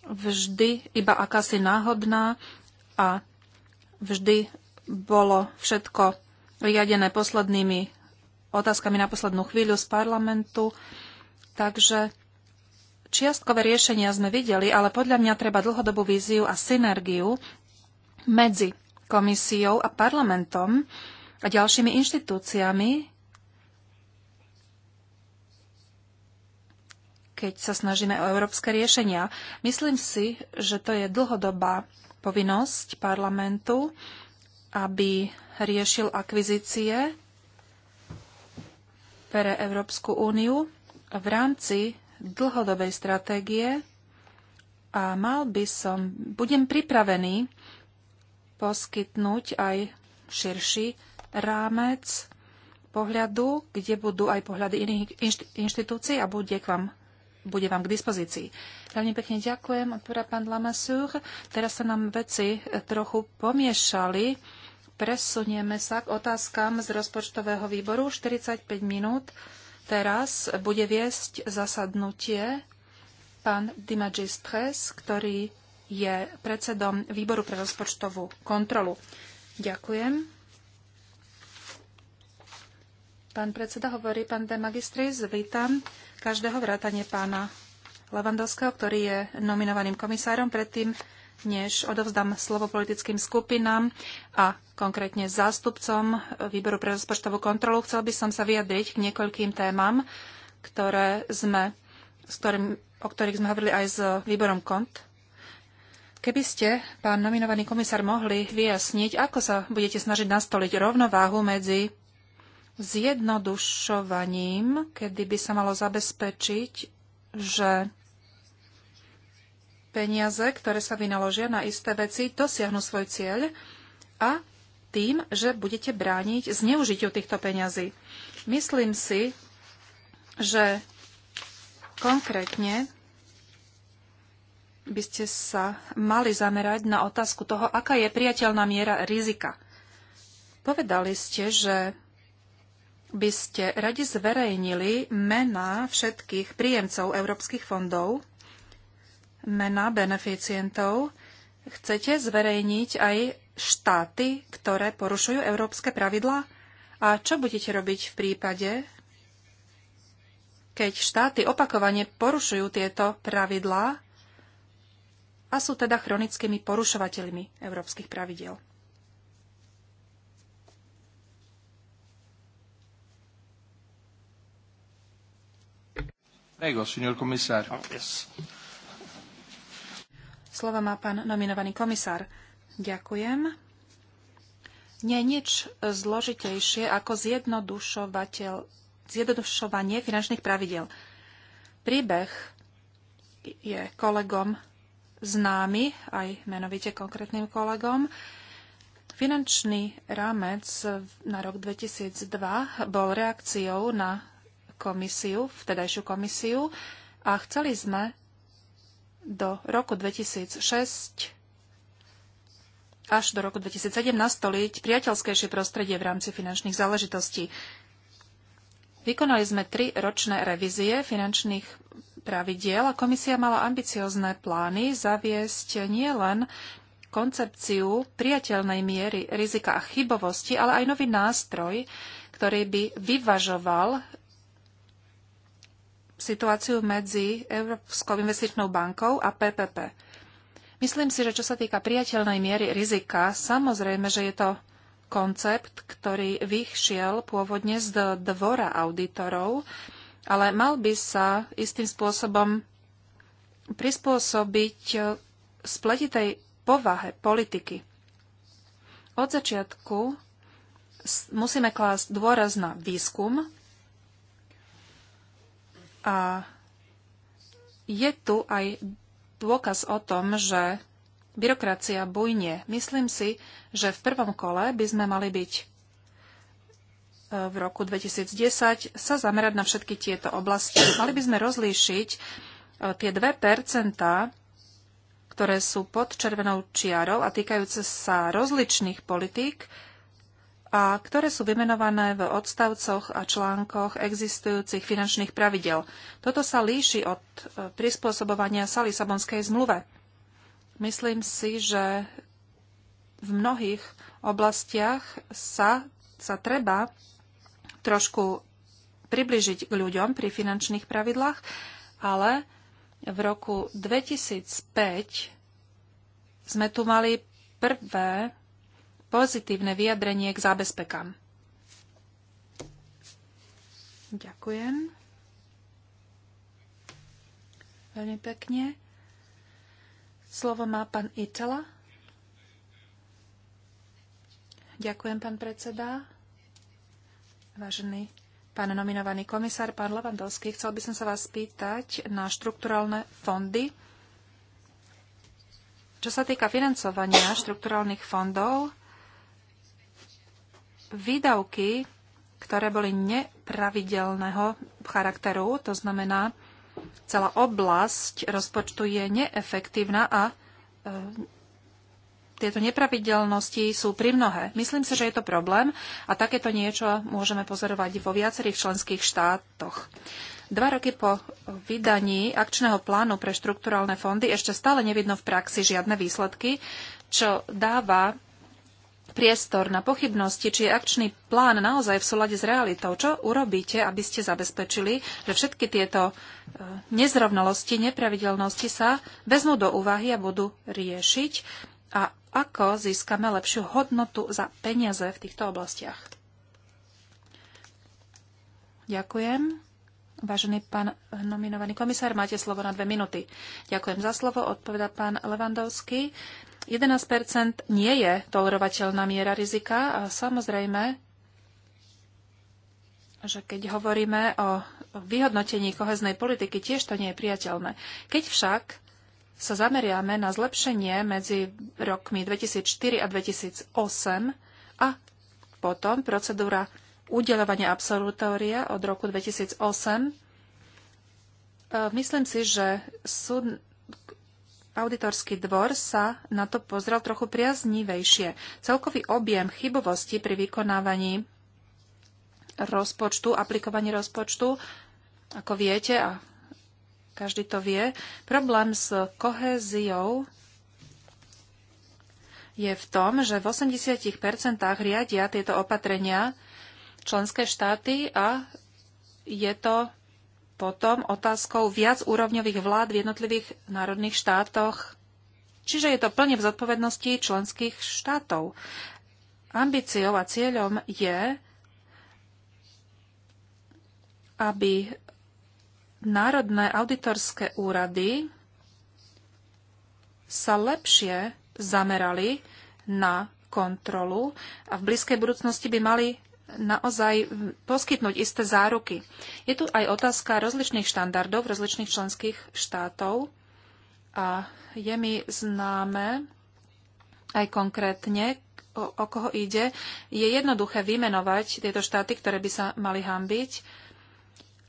vždy iba akási náhodná a vždy bolo všetko riadené poslednými otázkami na poslednú chvíľu z parlamentu. Takže čiastkové riešenia sme videli, ale podľa mňa treba dlhodobú víziu a synergiu medzi komisiou a parlamentom a ďalšími inštitúciami, keď sa snažíme o európske riešenia. Myslím si, že to je dlhodobá povinnosť parlamentu, aby riešil akvizície pre Európsku úniu v rámci dlhodobej stratégie a mal by som, budem pripravený poskytnúť aj širší rámec pohľadu, kde budú aj pohľady iných inštitúcií a bude k vám bude vám k dispozícii. Veľmi pekne ďakujem, odpoveda pán Lamassur. Teraz sa nám veci eh, trochu pomiešali. Presunieme sa k otázkam z rozpočtového výboru. 45 minút teraz bude viesť zasadnutie pán Dimagis Pres, ktorý je predsedom výboru pre rozpočtovú kontrolu. Ďakujem. Pán predseda hovorí, pán de magistris, vítam každého vrátane pána Lavandovského, ktorý je nominovaným komisárom. Predtým, než odovzdám slovo politickým skupinám a konkrétne zástupcom Výboru pre rozpočtovú kontrolu, chcel by som sa vyjadriť k niekoľkým témam, ktoré sme, s ktorým, o ktorých sme hovorili aj s Výborom KONT. Keby ste, pán nominovaný komisár, mohli vyjasniť, ako sa budete snažiť nastoliť rovnováhu medzi zjednodušovaním, kedy by sa malo zabezpečiť, že peniaze, ktoré sa vynaložia na isté veci, dosiahnu svoj cieľ a tým, že budete brániť zneužitiu týchto peňazí. Myslím si, že konkrétne by ste sa mali zamerať na otázku toho, aká je priateľná miera rizika. Povedali ste, že by ste radi zverejnili mená všetkých príjemcov európskych fondov, mená beneficientov. Chcete zverejniť aj štáty, ktoré porušujú európske pravidlá? A čo budete robiť v prípade, keď štáty opakovane porušujú tieto pravidlá a sú teda chronickými porušovateľmi európskych pravidiel? Prego, signor Oh, yes. Slovo má pán nominovaný komisár. Ďakujem. Nie nič zložitejšie ako zjednodušovateľ, zjednodušovanie finančných pravidel. Príbeh je kolegom známy, aj menovite konkrétnym kolegom. Finančný rámec na rok 2002 bol reakciou na komisiu, vtedajšiu komisiu a chceli sme do roku 2006 až do roku 2007 nastoliť priateľskejšie prostredie v rámci finančných záležitostí. Vykonali sme tri ročné revízie finančných pravidiel a komisia mala ambiciozne plány zaviesť nielen koncepciu priateľnej miery rizika a chybovosti, ale aj nový nástroj, ktorý by vyvažoval situáciu medzi Európskou investičnou bankou a PPP. Myslím si, že čo sa týka priateľnej miery rizika, samozrejme, že je to koncept, ktorý vyšiel pôvodne z dvora auditorov, ale mal by sa istým spôsobom prispôsobiť e, spletitej povahe politiky. Od začiatku musíme klásť dôraz na výskum, a je tu aj dôkaz o tom, že byrokracia bujne. Myslím si, že v prvom kole by sme mali byť e, v roku 2010 sa zamerať na všetky tieto oblasti. Mali by sme rozlíšiť e, tie 2 ktoré sú pod červenou čiarou a týkajúce sa rozličných politík, a ktoré sú vymenované v odstavcoch a článkoch existujúcich finančných pravidel. Toto sa líši od e, prispôsobovania sa Lisabonskej zmluve. Myslím si, že v mnohých oblastiach sa, sa treba trošku približiť k ľuďom pri finančných pravidlách, ale v roku 2005 sme tu mali prvé pozitívne vyjadrenie k zábezpekám. Ďakujem. Veľmi pekne. Slovo má pán Itala. Ďakujem, pán predseda. Vážený pán nominovaný komisár, pán Levandovský, chcel by som sa vás spýtať na štrukturálne fondy. Čo sa týka financovania štrukturálnych fondov, výdavky, ktoré boli nepravidelného charakteru, to znamená, celá oblasť rozpočtu je neefektívna a e, tieto nepravidelnosti sú primnohé. Myslím si, že je to problém a takéto niečo môžeme pozorovať vo viacerých členských štátoch. Dva roky po vydaní akčného plánu pre štrukturálne fondy ešte stále nevidno v praxi žiadne výsledky, čo dáva priestor na pochybnosti, či je akčný plán naozaj v súlade s realitou. Čo urobíte, aby ste zabezpečili, že všetky tieto e, nezrovnalosti, nepravidelnosti sa vezmú do úvahy a budú riešiť a ako získame lepšiu hodnotu za peniaze v týchto oblastiach. Ďakujem. Vážený pán nominovaný komisár, máte slovo na dve minúty. Ďakujem za slovo, odpoveda pán Levandovský. 11 nie je tolerovateľná miera rizika a samozrejme, že keď hovoríme o vyhodnotení koheznej politiky, tiež to nie je priateľné. Keď však sa zameriame na zlepšenie medzi rokmi 2004 a 2008 a potom procedúra udelovania absolutória od roku 2008, e, myslím si, že sú auditorský dvor sa na to pozrel trochu priaznivejšie. Celkový objem chybovosti pri vykonávaní rozpočtu, aplikovaní rozpočtu, ako viete, a každý to vie, problém s kohéziou je v tom, že v 80% riadia tieto opatrenia členské štáty a je to potom otázkou viac úrovňových vlád v jednotlivých národných štátoch. Čiže je to plne v zodpovednosti členských štátov. Ambíciou a cieľom je, aby národné auditorské úrady sa lepšie zamerali na kontrolu a v blízkej budúcnosti by mali naozaj poskytnúť isté záruky. Je tu aj otázka rozličných štandardov rozličných členských štátov a je mi známe aj konkrétne, o, o koho ide. Je jednoduché vymenovať tieto štáty, ktoré by sa mali hambiť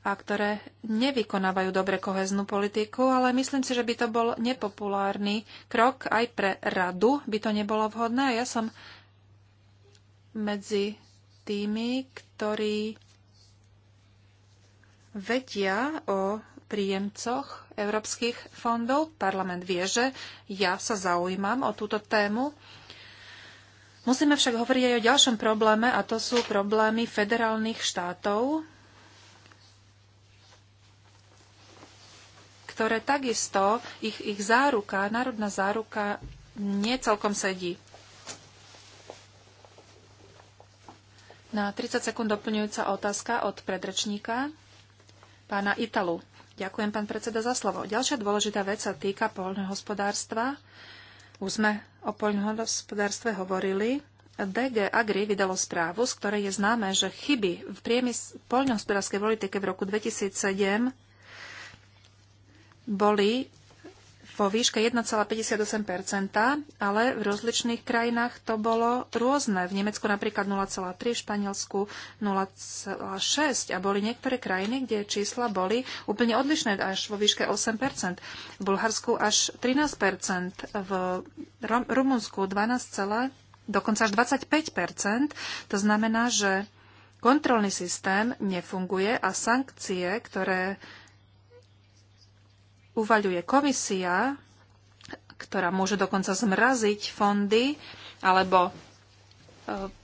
a ktoré nevykonávajú dobre koheznú politiku, ale myslím si, že by to bol nepopulárny krok aj pre radu, by to nebolo vhodné. Ja som medzi tými, ktorí vedia o príjemcoch európskych fondov. Parlament vie, že ja sa zaujímam o túto tému. Musíme však hovoriť aj o ďalšom probléme, a to sú problémy federálnych štátov, ktoré takisto, ich, ich záruka, národná záruka necelkom sedí. Na 30 sekúnd doplňujúca otázka od predrečníka pána Italu. Ďakujem, pán predseda, za slovo. Ďalšia dôležitá vec sa týka poľnohospodárstva. Už sme o poľnohospodárstve hovorili. DG Agri vydalo správu, z ktorej je známe, že chyby v priemys- poľnohospodárskej politike v roku 2007 boli vo výške 1,58%, ale v rozličných krajinách to bolo rôzne. V Nemecku napríklad 0,3, v Španielsku 0,6 a boli niektoré krajiny, kde čísla boli úplne odlišné, až vo výške 8%. V Bulharsku až 13%, v Rumunsku 12, dokonca až 25%. To znamená, že kontrolný systém nefunguje a sankcie, ktoré uvaľuje komisia, ktorá môže dokonca zmraziť fondy alebo e,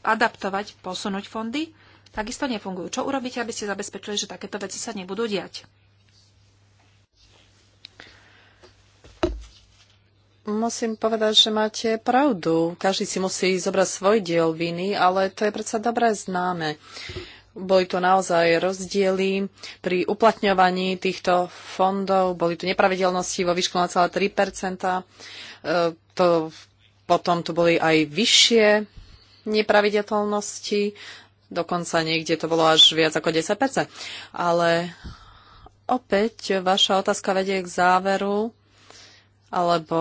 adaptovať, posunúť fondy, takisto nefungujú. Čo urobíte, aby ste zabezpečili, že takéto veci sa nebudú diať? Musím povedať, že máte pravdu. Každý si musí zobrať svoj diel viny, ale to je predsa dobré známe. Uh, boli tu naozaj rozdiely pri uplatňovaní týchto fondov, boli tu nepravidelnosti vo výšku 0,3 e, to, potom tu boli aj vyššie nepravidelnosti, dokonca niekde to bolo až viac ako 10 Ale opäť vaša otázka vedie k záveru alebo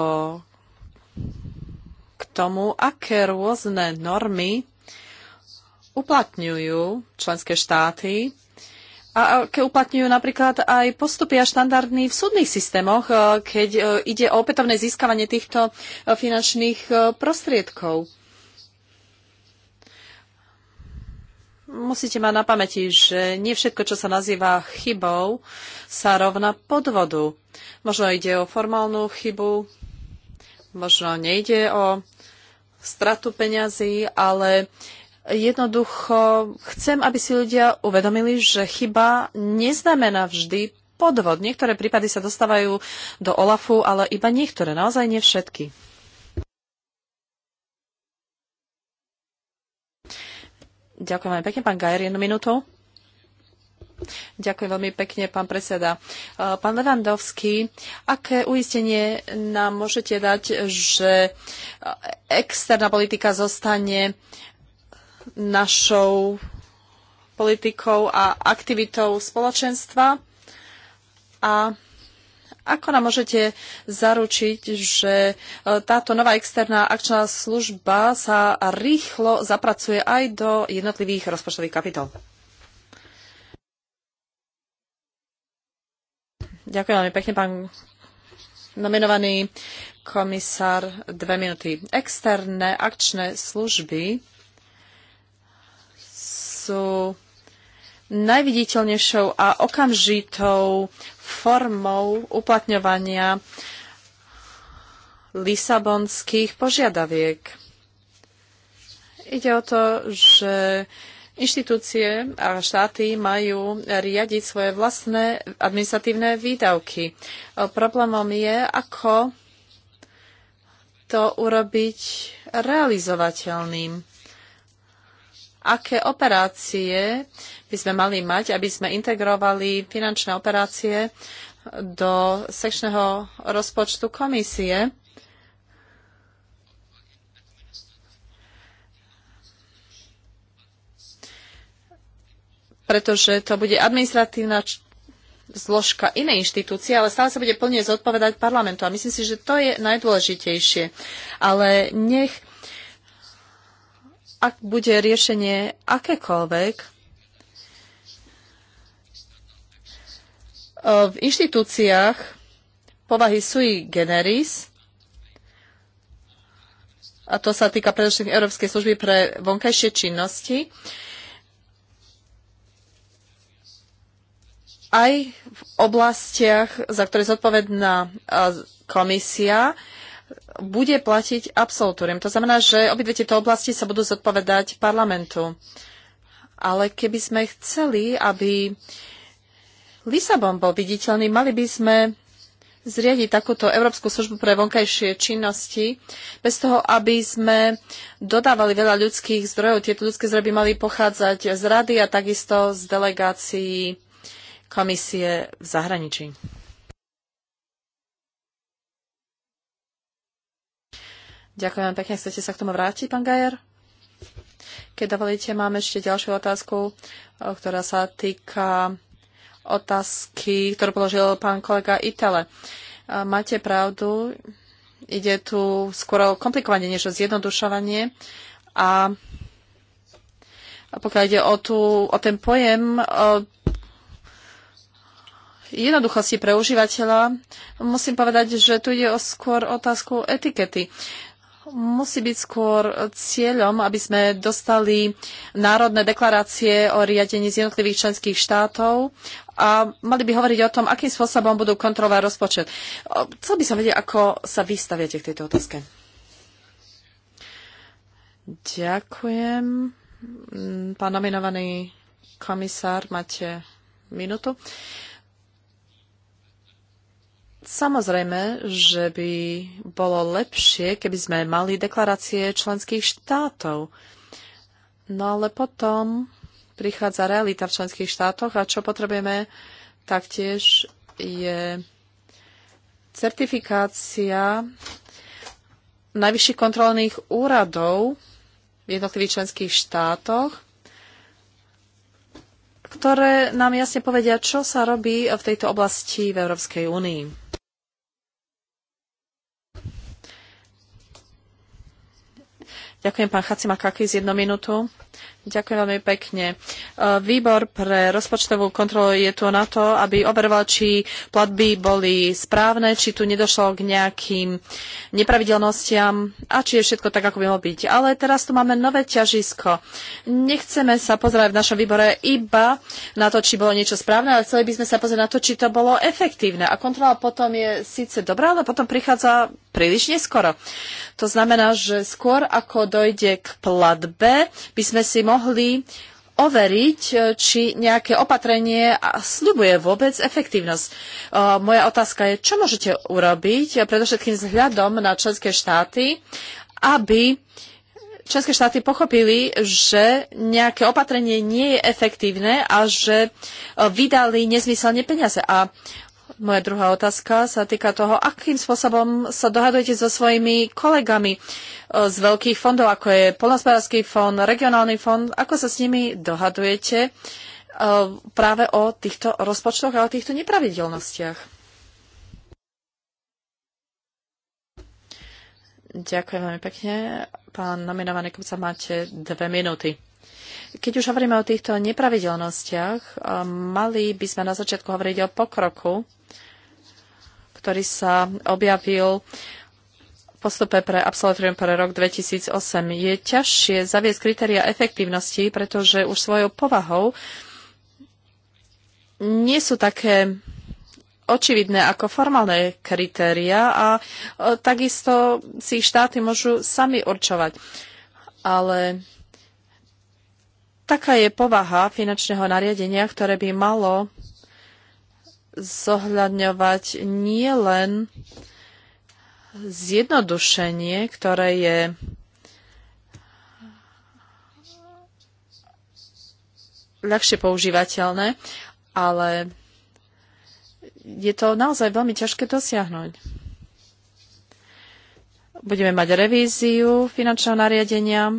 k tomu, aké rôzne normy uplatňujú členské štáty a aké uplatňujú napríklad aj postupy a štandardní v súdnych systémoch, e, keď e, ide o opätovné získavanie týchto e, finančných prostriedkov. Musíte mať na pamäti, že nie všetko, čo sa nazýva chybou, sa rovná podvodu. Možno ide o formálnu chybu, možno nejde o stratu peňazí, ale Jednoducho chcem, aby si ľudia uvedomili, že chyba neznamená vždy podvod. Niektoré prípady sa dostávajú do OLAFu, ale iba niektoré, naozaj nie všetky. Ďakujem veľmi pekne, pán Gajer, jednu minútu. Ďakujem veľmi pekne, pán predseda. Pán Levandovský, aké uistenie nám môžete dať, že externá politika zostane našou politikou a aktivitou spoločenstva a ako nám môžete zaručiť, že e, táto nová externá akčná služba sa rýchlo zapracuje aj do jednotlivých rozpočtových kapitol? Ďakujem veľmi pekne, pán nominovaný komisár. Dve minúty. Externé akčné služby sú najviditeľnejšou a okamžitou formou uplatňovania lisabonských požiadaviek. Ide o to, že inštitúcie a štáty majú riadiť svoje vlastné administratívne výdavky. Problémom je, ako to urobiť realizovateľným aké operácie by sme mali mať, aby sme integrovali finančné operácie do sekčného rozpočtu komisie. pretože to bude administratívna zložka inej inštitúcie, ale stále sa bude plne zodpovedať parlamentu. A myslím si, že to je najdôležitejšie. Ale nech ak bude riešenie akékoľvek, e, v inštitúciách povahy sui generis, a to sa týka predovšetkým Európskej služby pre vonkajšie činnosti, aj v oblastiach, za ktoré je zodpovedná e, komisia, bude platiť absolutórium. To znamená, že obidve tieto oblasti sa budú zodpovedať parlamentu. Ale keby sme chceli, aby Lisabon bol viditeľný, mali by sme zriadiť takúto Európsku službu pre vonkajšie činnosti, bez toho, aby sme dodávali veľa ľudských zdrojov. Tieto ľudské zdroje by mali pochádzať z rady a takisto z delegácií komisie v zahraničí. Ďakujem pekne. Chcete sa k tomu vrátiť, pán Gajer? Keď dovolíte, mám ešte ďalšiu otázku, eh, ktorá sa týka otázky, ktorú položil pán kolega Itele. Eh, máte pravdu, ide tu skôr o komplikovanie, než o zjednodušovanie. A pokiaľ ide o, tú, o ten pojem o eh, jednoduchosti pre užívateľa, musím povedať, že tu ide o skôr otázku etikety musí byť skôr cieľom, aby sme dostali národné deklarácie o riadení z jednotlivých členských štátov a mali by hovoriť o tom, akým spôsobom budú kontrolovať rozpočet. Chcel by som vedieť, ako sa vystaviate k tejto otázke. Ďakujem. Pán nominovaný komisár, máte minútu. Uh, Samozrejme, že by bolo lepšie, keby sme mali deklarácie členských štátov. No ale potom prichádza realita v členských štátoch a čo potrebujeme taktiež je certifikácia najvyšších kontrolných úradov v jednotlivých členských štátoch, ktoré nám jasne povedia, čo sa robí v tejto oblasti v Európskej únii. Ďakujem, pán Chacima Kakis, jednu minútu. Ďakujem veľmi pekne. E, výbor pre rozpočtovú kontrolu je tu na to, aby overoval, či platby boli správne, či tu nedošlo k nejakým nepravidelnostiam a či je všetko tak, ako by malo byť. Ale teraz tu máme nové ťažisko. Nechceme sa pozerať v našom výbore iba na to, či bolo niečo správne, ale chceli by sme sa pozrieť na to, či to bolo efektívne. A kontrola potom je síce dobrá, ale potom prichádza príliš neskoro. To znamená, že skôr ako dojde k platbe, by sme si mohli mohli overiť, e, či nejaké opatrenie sľubuje vôbec efektívnosť. E, moja otázka je, čo môžete urobiť, e, predovšetkým vzhľadom na členské štáty, aby členské štáty pochopili, že nejaké opatrenie nie je efektívne a že vydali nezmyselne peniaze. A moja druhá otázka sa týka toho, akým spôsobom sa dohadujete so svojimi kolegami e, z veľkých fondov, ako je Polnospodársky fond, regionálny fond, ako sa s nimi dohadujete e, práve o týchto rozpočtoch a o týchto nepravidelnostiach. Ďakujem veľmi pekne. Pán nominovaný sa máte dve minúty. Keď už hovoríme o týchto nepravidelnostiach, mali by sme na začiatku hovoriť o pokroku, ktorý sa objavil v postupe pre absolutorium pre rok 2008. Je ťažšie zaviesť kritéria efektívnosti, pretože už svojou povahou nie sú také očividné ako formálne kritéria a takisto si ich štáty môžu sami určovať. Ale Taká je povaha finančného nariadenia, ktoré by malo zohľadňovať nie len zjednodušenie, ktoré je ľahšie používateľné, ale je to naozaj veľmi ťažké dosiahnuť. Budeme mať revíziu finančného nariadenia,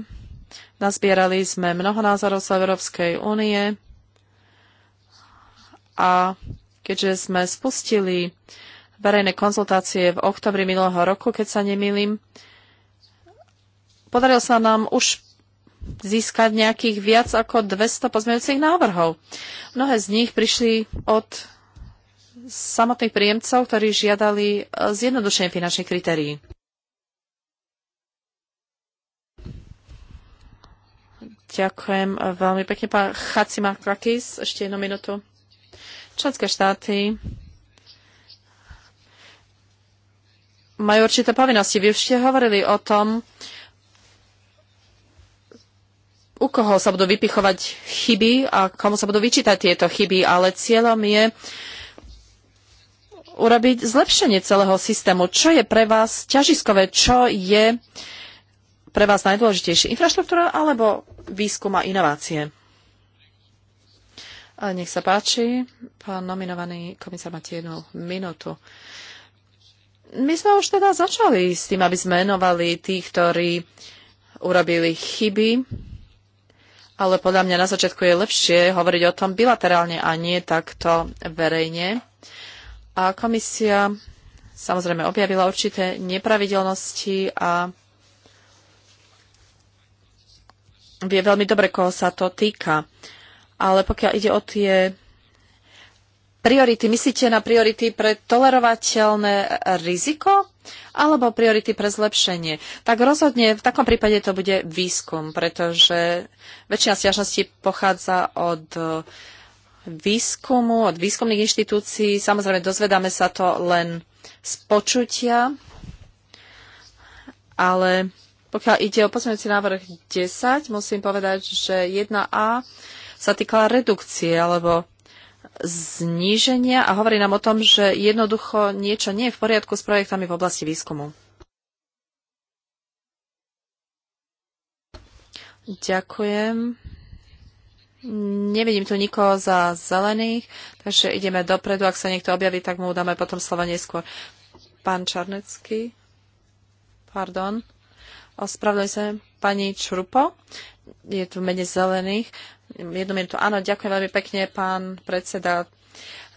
Nazbierali sme mnoho názorov z Európskej únie a keďže sme spustili verejné konzultácie v oktobri minulého roku, keď sa nemýlim, podarilo sa nám už získať nejakých viac ako 200 pozmeňujúcich návrhov. Mnohé z nich prišli od samotných príjemcov, ktorí žiadali zjednodušenie finančných kritérií. Ďakujem veľmi pekne. Pán Chacima Krakis, ešte jednu minútu. Členské štáty majú určité povinnosti. Vy ste hovorili o tom, u koho sa budú vypichovať chyby a komu sa budú vyčítať tieto chyby, ale cieľom je urobiť zlepšenie celého systému. Čo je pre vás ťažiskové? Čo je pre vás najdôležitejšie? Infraštruktúra alebo výskum a inovácie? A nech sa páči, pán nominovaný komisár, máte jednu minútu. My sme už teda začali s tým, aby sme menovali tých, ktorí urobili chyby, ale podľa mňa na začiatku je lepšie hovoriť o tom bilaterálne a nie takto verejne. A komisia samozrejme objavila určité nepravidelnosti a vie veľmi dobre, koho sa to týka. Ale pokiaľ ide o tie priority, myslíte na priority pre tolerovateľné riziko alebo priority pre zlepšenie? Tak rozhodne v takom prípade to bude výskum, pretože väčšina stiažností pochádza od eh, výskumu, od výskumných inštitúcií. Samozrejme, dozvedáme sa to len z počutia, ale pokiaľ ide o pozmeňujúci návrh 10, musím povedať, že 1A sa týkala redukcie alebo zníženia a hovorí nám o tom, že jednoducho niečo nie je v poriadku s projektami v oblasti výskumu. Ďakujem. Nevidím tu nikoho za zelených, takže ideme dopredu. Ak sa niekto objaví, tak mu dáme potom slovo neskôr. Pán Čarnecký. Pardon. Ospravedlňujem sa pani Črupo. Je tu mene zelených. Jednu minútu. Áno, ďakujem veľmi pekne, pán predseda.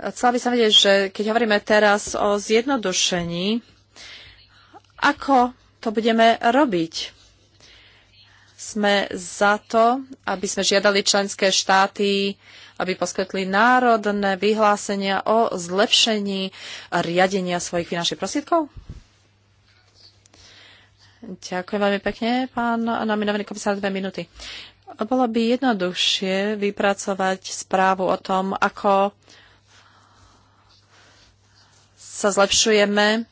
Chcela by som vedieť, že keď hovoríme teraz o zjednodušení, ako to budeme robiť? sme za to, aby sme žiadali členské štáty, aby poskytli národné vyhlásenia o zlepšení riadenia svojich finančných prostriedkov? Ďakujem veľmi pekne, pán nominovaný komisár, dve minúty. Bolo by jednoduchšie vypracovať správu o tom, ako sa zlepšujeme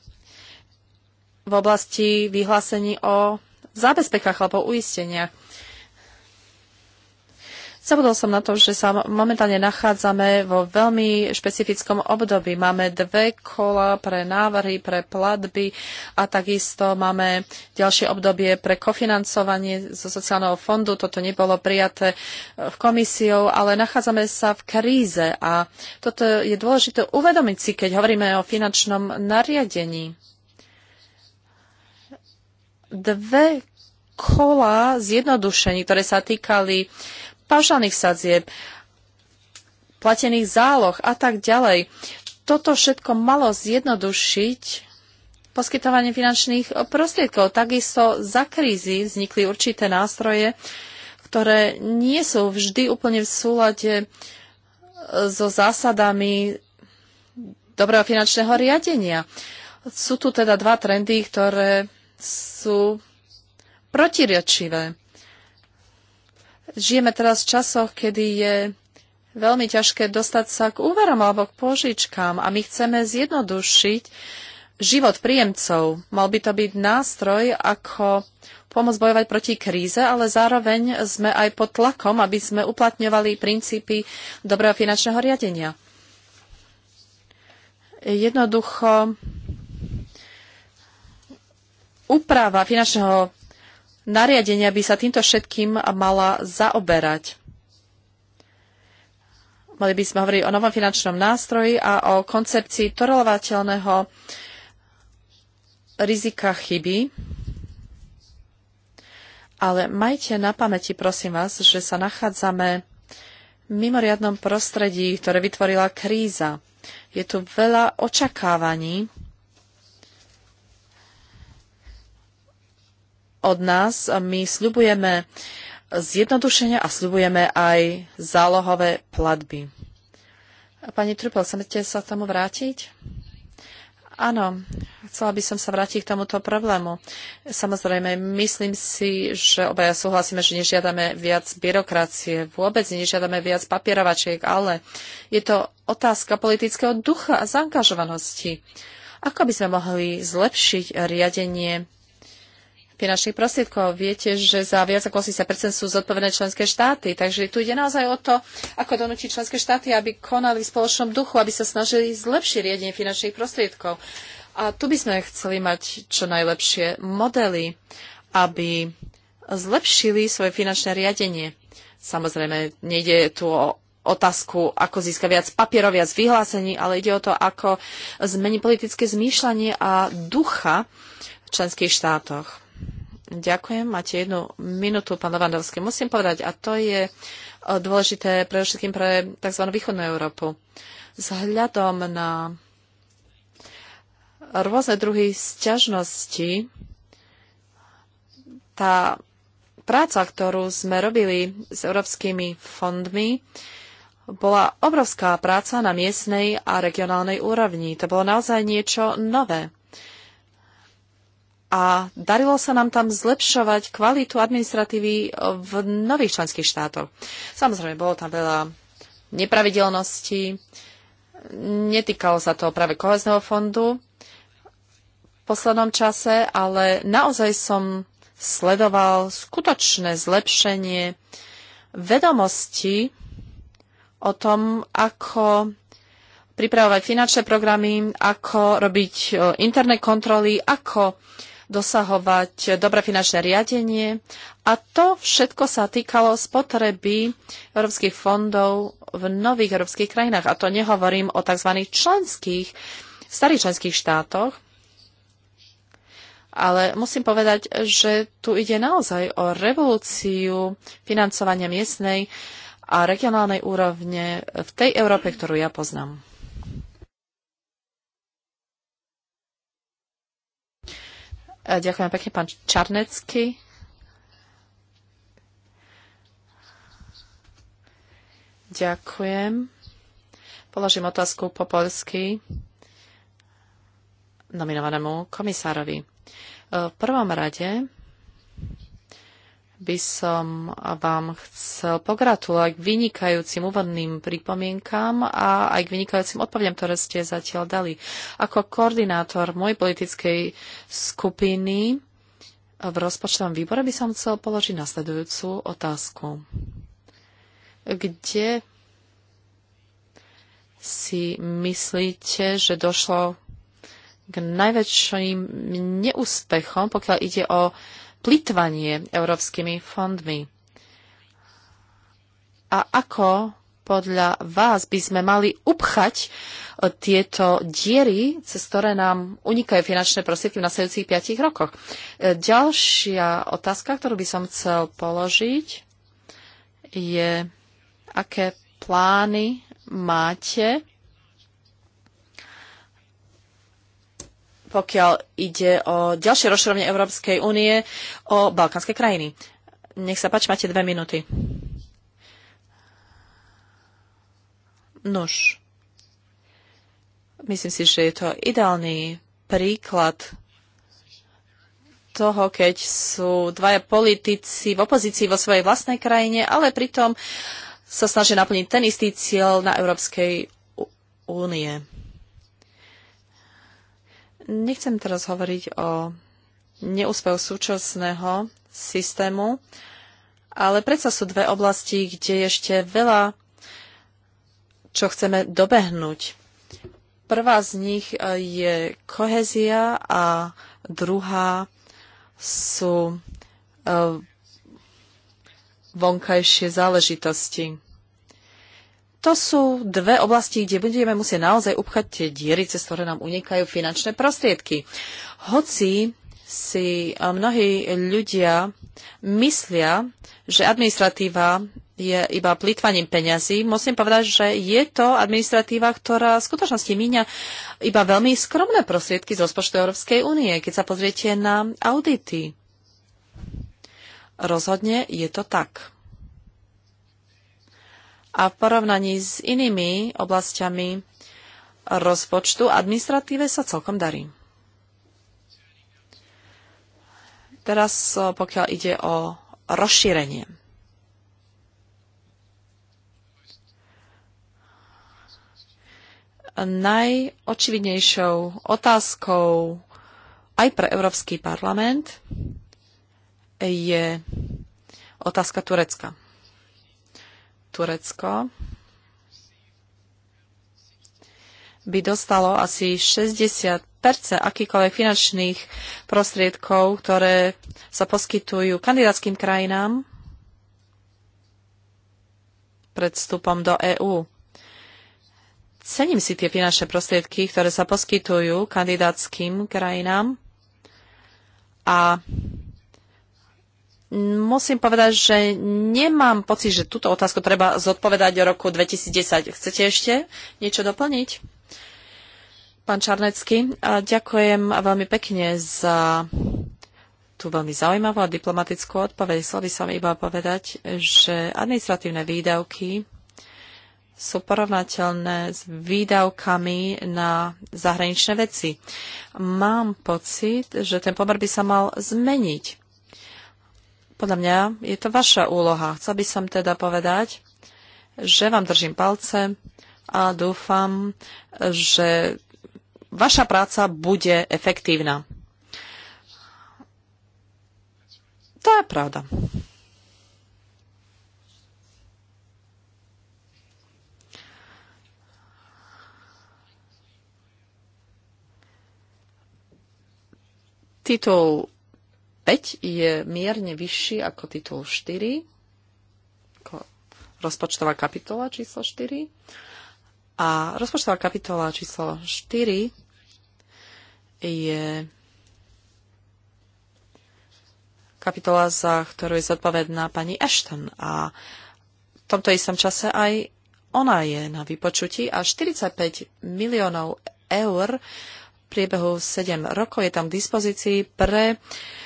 v oblasti vyhlásení o zábezpekách alebo uisteniach. Zabudol som na to, že sa momentálne nachádzame vo veľmi špecifickom období. Máme dve kola pre návrhy, pre platby a takisto máme ďalšie obdobie pre kofinancovanie zo sociálneho fondu. Toto nebolo prijaté eh, v komisiou, ale nachádzame sa v kríze a toto je dôležité uvedomiť si, keď hovoríme o finančnom nariadení. Dve kola zjednodušení, ktoré sa týkali paušálnych sadzieb, platených záloh a tak ďalej. Toto všetko malo zjednodušiť poskytovanie finančných prostriedkov. Takisto za krízy vznikli určité nástroje, ktoré nie sú vždy úplne v súlade e, so zásadami dobrého finančného riadenia. Sú tu teda dva trendy, ktoré sú protirečivé. Žijeme teraz v časoch, kedy je veľmi ťažké dostať sa k úverom alebo k požičkám a my chceme zjednodušiť život príjemcov. Mal by to byť nástroj, ako pomôcť bojovať proti kríze, ale zároveň sme aj pod tlakom, aby sme uplatňovali princípy dobrého finančného riadenia. Jednoducho úprava finančného nariadenia by sa týmto všetkým mala zaoberať. Mali by sme hovoriť o novom finančnom nástroji a o koncepcii torelovateľného rizika chyby. Ale majte na pamäti, prosím vás, že sa nachádzame v mimoriadnom prostredí, ktoré vytvorila kríza. Je tu veľa očakávaní od nás. My sľubujeme zjednodušenia a sľubujeme aj zálohové platby. Pani Trupel, chcete sa k tomu vrátiť? Áno, chcela by som sa vrátiť k tomuto problému. Samozrejme, myslím si, že obaja súhlasíme, že nežiadame viac byrokracie, vôbec nežiadame viac papierovačiek, ale je to otázka politického ducha a zaangažovanosti. Ako by sme mohli zlepšiť riadenie finančných prostriedkov. Viete, že za viac ako 80% sú zodpovedné členské štáty, takže tu ide naozaj o to, ako donútiť členské štáty, aby konali v spoločnom duchu, aby sa snažili zlepšiť riadenie finančných prostriedkov. A tu by sme chceli mať čo najlepšie modely, aby zlepšili svoje finančné riadenie. Samozrejme, nejde tu o otázku, ako získa viac papierov, viac vyhlásení, ale ide o to, ako zmeniť politické zmýšľanie a ducha v členských štátoch. Ďakujem. Máte jednu minútu, pán Levandovský. Musím povedať, a to je e, dôležité pre všetkým pre tzv. východnú Európu. Vzhľadom na rôzne druhy sťažnosti tá práca, ktorú sme robili s európskymi fondmi, bola obrovská práca na miestnej a regionálnej úrovni. To bolo naozaj niečo nové a darilo sa nám tam zlepšovať kvalitu administratívy e, v nových členských štátoch. Samozrejme, bolo tam veľa nepravidelností, netýkalo sa to práve kohezného fondu v poslednom čase, ale naozaj som sledoval skutočné zlepšenie vedomosti o tom, ako pripravovať finančné programy, ako robiť e, interné kontroly, ako dosahovať dobré finančné riadenie. A to všetko sa týkalo spotreby európskych fondov v nových európskych krajinách. A to nehovorím o tzv. členských, starých členských štátoch, ale musím povedať, že tu ide naozaj o revolúciu financovania miestnej a regionálnej úrovne v tej Európe, ktorú ja poznám. Ďakujem pekne, pán Čarnecký. Ďakujem. Položím otázku po polsky nominovanému komisárovi. V prvom rade by som vám chcel pogratulovať k vynikajúcim úvodným pripomienkám a aj k vynikajúcim odpovediam, ktoré ste zatiaľ dali. Ako koordinátor mojej politickej skupiny v rozpočtovom výbore by som chcel položiť nasledujúcu otázku. Kde si myslíte, že došlo k najväčším neúspechom, pokiaľ ide o plitvanie európskymi fondmi. A ako podľa vás by sme mali upchať e, tieto diery, cez ktoré nám unikajú finančné prostriedky v nasledujúcich 5 rokoch. E, ďalšia otázka, ktorú by som chcel položiť, je, aké plány máte pokiaľ ide o ďalšie rozširovanie Európskej únie o balkánske krajiny. Nech sa páči, máte dve minúty. Nuž. Myslím si, že je to ideálny príklad toho, keď sú dvaja politici v opozícii vo svojej vlastnej krajine, ale pritom sa snažia naplniť ten istý cieľ na Európskej únie Nechcem teraz hovoriť o neúspechu súčasného systému, ale predsa sú dve oblasti, kde je ešte veľa, čo chceme dobehnúť. Prvá z nich e, je kohezia a druhá sú e, vonkajšie záležitosti to sú dve oblasti, kde budeme musieť naozaj upchať tie diery, cez ktoré nám unikajú finančné prostriedky. Hoci si eh, mnohí ľudia myslia, že administratíva je iba plýtvaním peňazí. Musím povedať, že je to administratíva, ktorá v skutočnosti míňa iba veľmi skromné prostriedky z rozpočtu Európskej únie, keď sa pozriete na audity. Rozhodne je to tak a v porovnaní s inými oblastiami rozpočtu administratíve sa celkom darí. Teraz pokiaľ ide o rozšírenie. Najočividnejšou otázkou aj pre Európsky parlament je otázka Turecka. Turecko by dostalo asi 60 akýkoľvek finančných prostriedkov, ktoré sa poskytujú kandidátským krajinám pred vstupom do EÚ. Cením si tie finančné prostriedky, ktoré sa poskytujú kandidátským krajinám a Musím povedať, že nemám pocit, že túto otázku treba zodpovedať o roku 2010. Chcete ešte niečo doplniť? Pán Čarnecký, ďakujem veľmi pekne za tú veľmi zaujímavú a diplomatickú odpoveď. Chcel by som iba povedať, že administratívne výdavky sú porovnateľné s výdavkami na zahraničné veci. Mám pocit, že ten pomer by sa mal zmeniť. Podľa mňa je to vaša úloha. Chcel by som teda povedať, že vám držím palce a dúfam, že vaša práca bude efektívna. To je pravda. titul 5 je mierne vyšší ako titul 4, ako rozpočtová kapitola číslo 4. A rozpočtová kapitola číslo 4 je kapitola, za ktorú je zodpovedná pani Ashton. A v tomto istom čase aj ona je na vypočutí a 45 miliónov eur v priebehu 7 rokov je tam k dispozícii pre uh,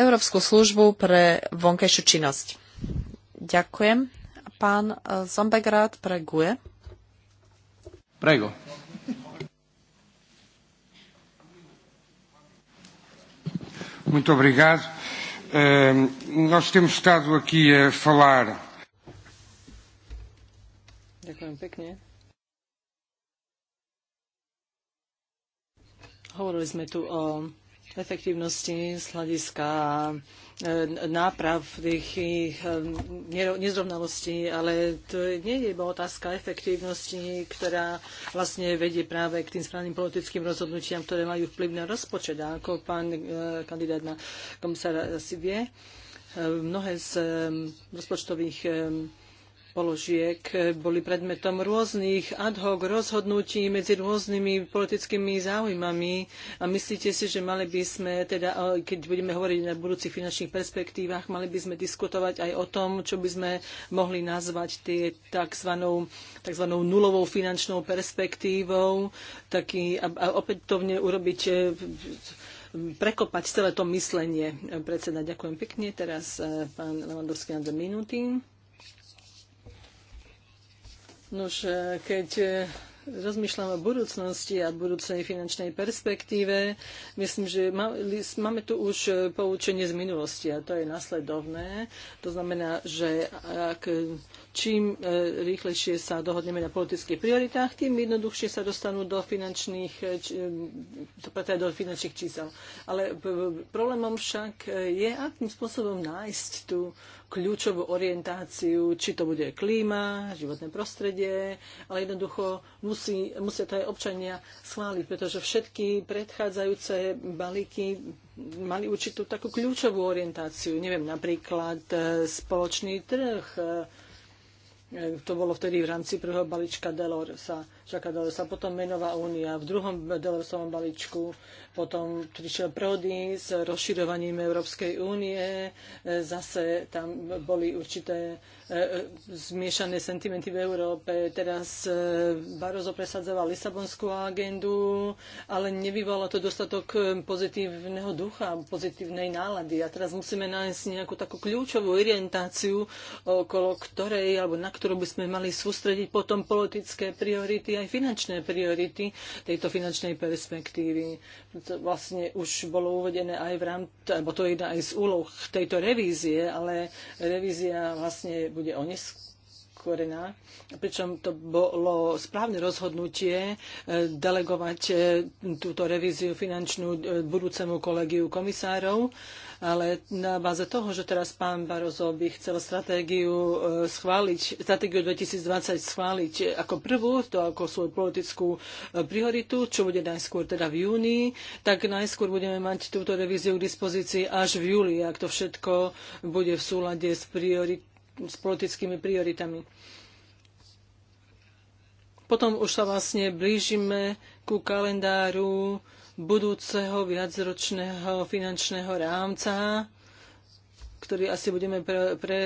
Európsku službu pre vonkajšiu činnosť. Ďakujem. Pán eh, Zombegrad pre GUE. Prego. Muito obrigado. Uh, nós temos estado aqui a falar. Ďakujem pekne. Hovorili sme tu o efektívnosti z hľadiska e, náprav tých e, nezrovnalostí, ale to nie je iba otázka efektívnosti, ktorá vlastne vedie práve k tým správnym politickým rozhodnutiam, ktoré majú vplyv na rozpočet. A ako pán e, kandidát na komisára asi vie, mnohé z rozpočtových položiek boli predmetom rôznych ad hoc rozhodnutí medzi rôznymi politickými záujmami a myslíte si, že mali by sme, teda, keď budeme hovoriť na budúcich finančných perspektívach, mali by sme diskutovať aj o tom, čo by sme mohli nazvať tie tzv. tzv. nulovou finančnou perspektívou, taký, a, a opätovne urobiť e, prekopať celé to myslenie. Predseda, ďakujem pekne. Teraz e, pán Levandovský na dve minúty. Nož, e, keď e, rozmýšľam o budúcnosti a budúcej finančnej perspektíve, myslím, že máme tu už e, poučenie z minulosti a to je nasledovné. To znamená, že ak čím rýchlejšie sa dohodneme na politických prioritách, tým jednoduchšie sa dostanú do finančných, teda do finančných čísel. Ale problémom však je, akým spôsobom nájsť tú kľúčovú orientáciu, či to bude klíma, životné prostredie, ale jednoducho musí, musia to aj občania schváliť, pretože všetky predchádzajúce balíky mali určitú takú kľúčovú orientáciu. Neviem, napríklad e, spoločný trh, e, e, to bolo vtedy v rámci prvého balíčka Delorsa. sa Čaká sa potom menová únia. V druhom Delorsovom balíčku potom prišiel Prody s rozširovaním Európskej únie. Zase tam boli určité e, e, zmiešané sentimenty v Európe. Teraz e, Barozo presadzoval Lisabonskú agendu, ale nevyvolalo to dostatok pozitívneho ducha, pozitívnej nálady. A teraz musíme nájsť nejakú takú kľúčovú orientáciu, okolo ktorej alebo na ktorú by sme mali sústrediť potom politické priority aj finančné priority tejto finančnej perspektívy. To vlastne už bolo uvedené aj v rámci, alebo to je jedna aj z úloh tejto revízie, ale revízia vlastne bude oneskorená. korená, pričom to bolo správne rozhodnutie eh, delegovať eh, túto revíziu finančnú eh, budúcemu kolegiu komisárov ale na báze toho, že teraz pán Barozo by chcel stratégiu e, schváliť, stratégiu 2020 schváliť e, ako prvú, to ako svoju politickú e, prioritu, čo bude najskôr teda v júni, tak najskôr budeme mať túto revíziu k dispozícii až v júli, ak to všetko bude v súlade s, priorit- s politickými prioritami. Potom už sa vlastne blížime ku kalendáru budúceho viacročného finančného rámca, ktorý asi budeme pre, pre,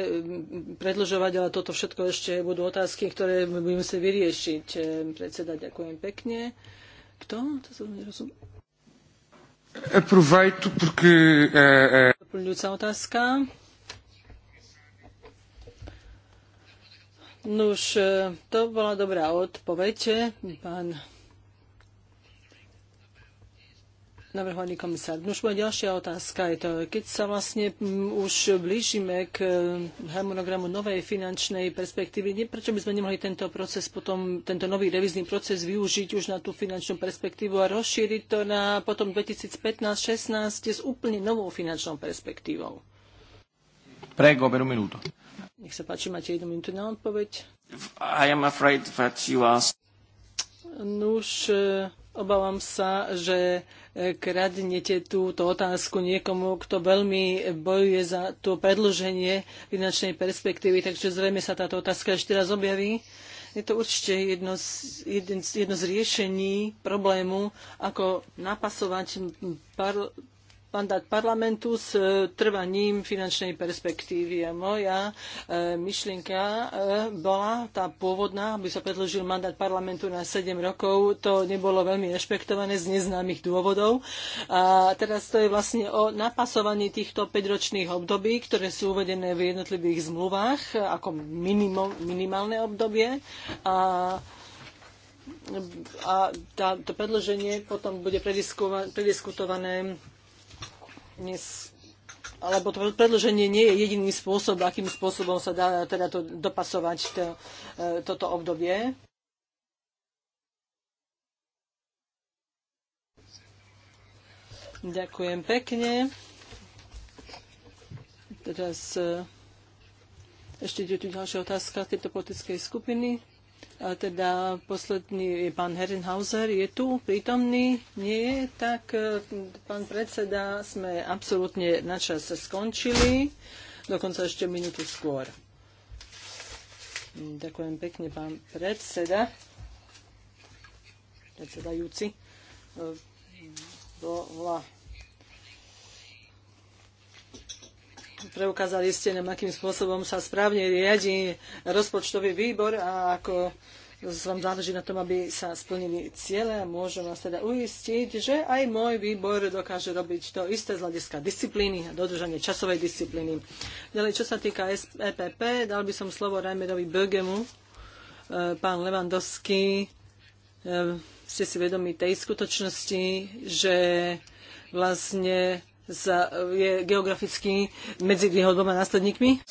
predlžovať, ale toto všetko ešte budú otázky, ktoré budeme si vyriešiť. E, predseda, ďakujem pekne. Kto? To som nerozum... Aproveito porque... Doplňujúca otázka. Nuž, e, to bola dobrá odpoveď, pán navrhovaný komisár. Už moja ďalšia otázka je to, keď sa vlastne mm, už blížime k e, harmonogramu novej finančnej perspektívy, nie, prečo by sme nemohli tento proces potom, tento nový revizný proces využiť už na tú finančnú perspektívu a rozšíriť to na potom 2015-16 s úplne novou finančnou perspektívou? Prego beru minúto. Nech sa páči, máte jednu minútu na odpoveď. I am afraid that you asked. Nuž, e, Obávam sa, že e, kradnete túto otázku niekomu, kto veľmi bojuje za to predlženie finančnej perspektívy, takže zrejme sa táto otázka ešte raz objaví. Je to určite jedno z, jedno z riešení problému, ako napasovať par, mandát parlamentu s e, trvaním finančnej perspektívy. A moja e, myšlienka e, bola tá pôvodná, aby sa predložil mandát parlamentu na 7 rokov. To nebolo veľmi rešpektované z neznámych dôvodov. A teraz to je vlastne o napasovaní týchto 5-ročných období, ktoré sú uvedené v jednotlivých zmluvách ako minimo, minimálne obdobie. A a tá, to predloženie potom bude prediskutované dnes alebo to predlženie nie je jediný spôsob, akým spôsobom sa dá teda to dopasovať to, e, toto obdobie. Ďakujem pekne. Teraz e, ešte tu ďalšia otázka z tejto politickej skupiny. A teda posledný je pán Herrenhauser, je tu prítomný? Nie, tak e, pán predseda, sme absolútne na čas skončili, dokonca ešte minútu skôr. Ďakujem pekne, pán predseda, predsedajúci. Bola e, preukázali ste nám, akým spôsobom sa správne riadi rozpočtový výbor a ako vám záleží na tom, aby sa splnili ciele a môžem vás teda uistiť, že aj môj výbor dokáže robiť to isté z hľadiska disciplíny a dodržanie časovej disciplíny. Ďalej, čo sa týka EPP, dal by som slovo Reimerovi Bögemu. E, pán Levandovský, e, ste si vedomi tej skutočnosti, že vlastne za, je geograficky medzi jeho dvoma následníkmi.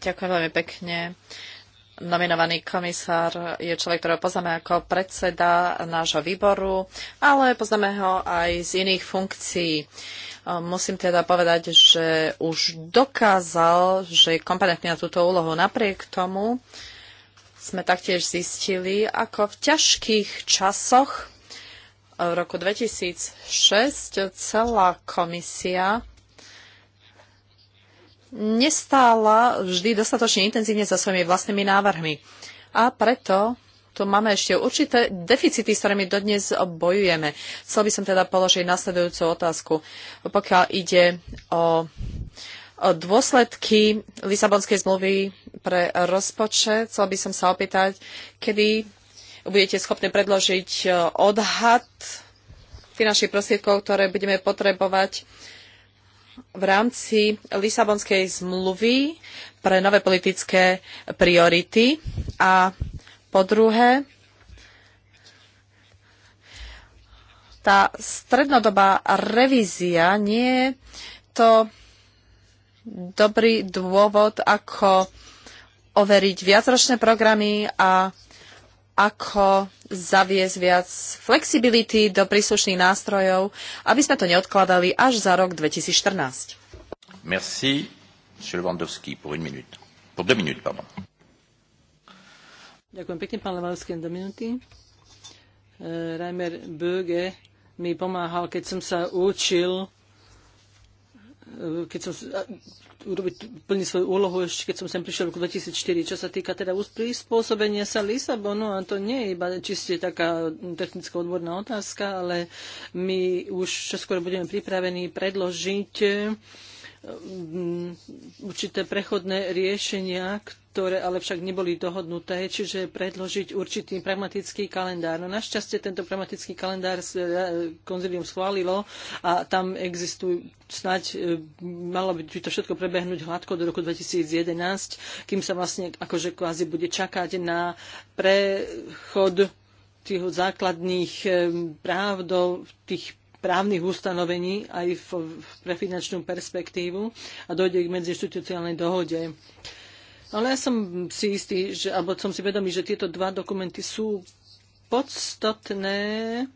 Ďakujem veľmi pekne. Nominovaný komisár je človek, ktorého poznáme ako predseda nášho výboru, ale poznáme ho aj z iných funkcií. Musím teda povedať, že už dokázal, že je kompetentný na túto úlohu. Napriek tomu sme taktiež zistili, ako v ťažkých časoch v roku 2006 celá komisia nestála vždy dostatočne intenzívne za svojimi vlastnými návrhmi. A preto tu máme ešte určité deficity, s ktorými dodnes bojujeme. Chcel by som teda položiť nasledujúcu otázku. Pokiaľ ide o dôsledky Lisabonskej zmluvy pre rozpočet. Chcel by som sa opýtať, kedy budete schopní predložiť e, odhad finančných prostriedkov, ktoré budeme potrebovať v rámci Lisabonskej zmluvy pre nové politické priority. A po druhé, tá strednodobá revízia nie je to dobrý dôvod, ako overiť viacročné programy a ako zaviesť viac flexibility do príslušných nástrojov, aby sme to neodkladali až za rok 2014. Merci, monsieur Lewandowski, pour une minute. Pour deux minutes, pardon. Ďakujem pekne, pán Lewandowski, do minúty. E, Reimer Böge mi pomáhal, keď som sa učil E, keď som urobiť, plniť svoju úlohu ešte, keď som sem prišiel v roku 2004. Čo sa týka teda prispôsobenia sa Lisabonu, a to nie je iba čiste taká technická odborná otázka, ale my už čoskoro budeme pripravení predložiť e, určité prechodné riešenia, ktoré ale však neboli dohodnuté, čiže predložiť určitý pragmatický kalendár. No našťastie tento pragmatický kalendár e, konzilium schválilo a tam existujú snáď e, malo by to všetko prebehnúť hladko do roku 2011, kým sa vlastne akože kvázi bude čakať na prechod tých základných e, práv do tých právnych ustanovení aj v, v, pre finančnú perspektívu a dojde k medziinstitucionálnej dohode. Ale ja som si istý, že, alebo som si vedomý, že tieto dva dokumenty sú podstatné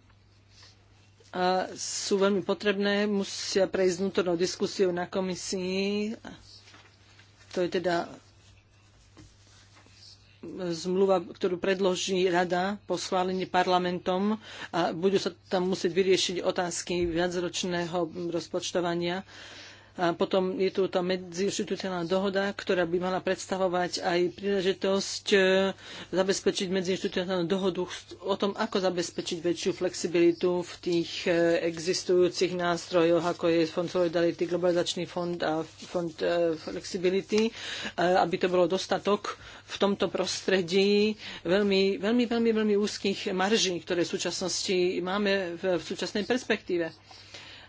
a sú veľmi potrebné, musia prejsť vnútornou diskusiou na komisii. To je teda zmluva, ktorú predloží rada po schválení parlamentom a budú sa tam musieť vyriešiť otázky viacročného rozpočtovania. Uh, a potom je tu tá medziinstitucionálna dohoda, ktorá by mala predstavovať aj príležitosť e, zabezpečiť medziinstitucionálnu dohodu o tom, ako zabezpečiť väčšiu flexibilitu v tých e, existujúcich nástrojoch, ako je Fond Solidarity, Globalizačný fond a Fond e, Flexibility, aby to bolo dostatok v tomto prostredí veľmi, veľmi, veľmi, veľmi úzkých marží, ktoré v súčasnosti máme v, v súčasnej perspektíve.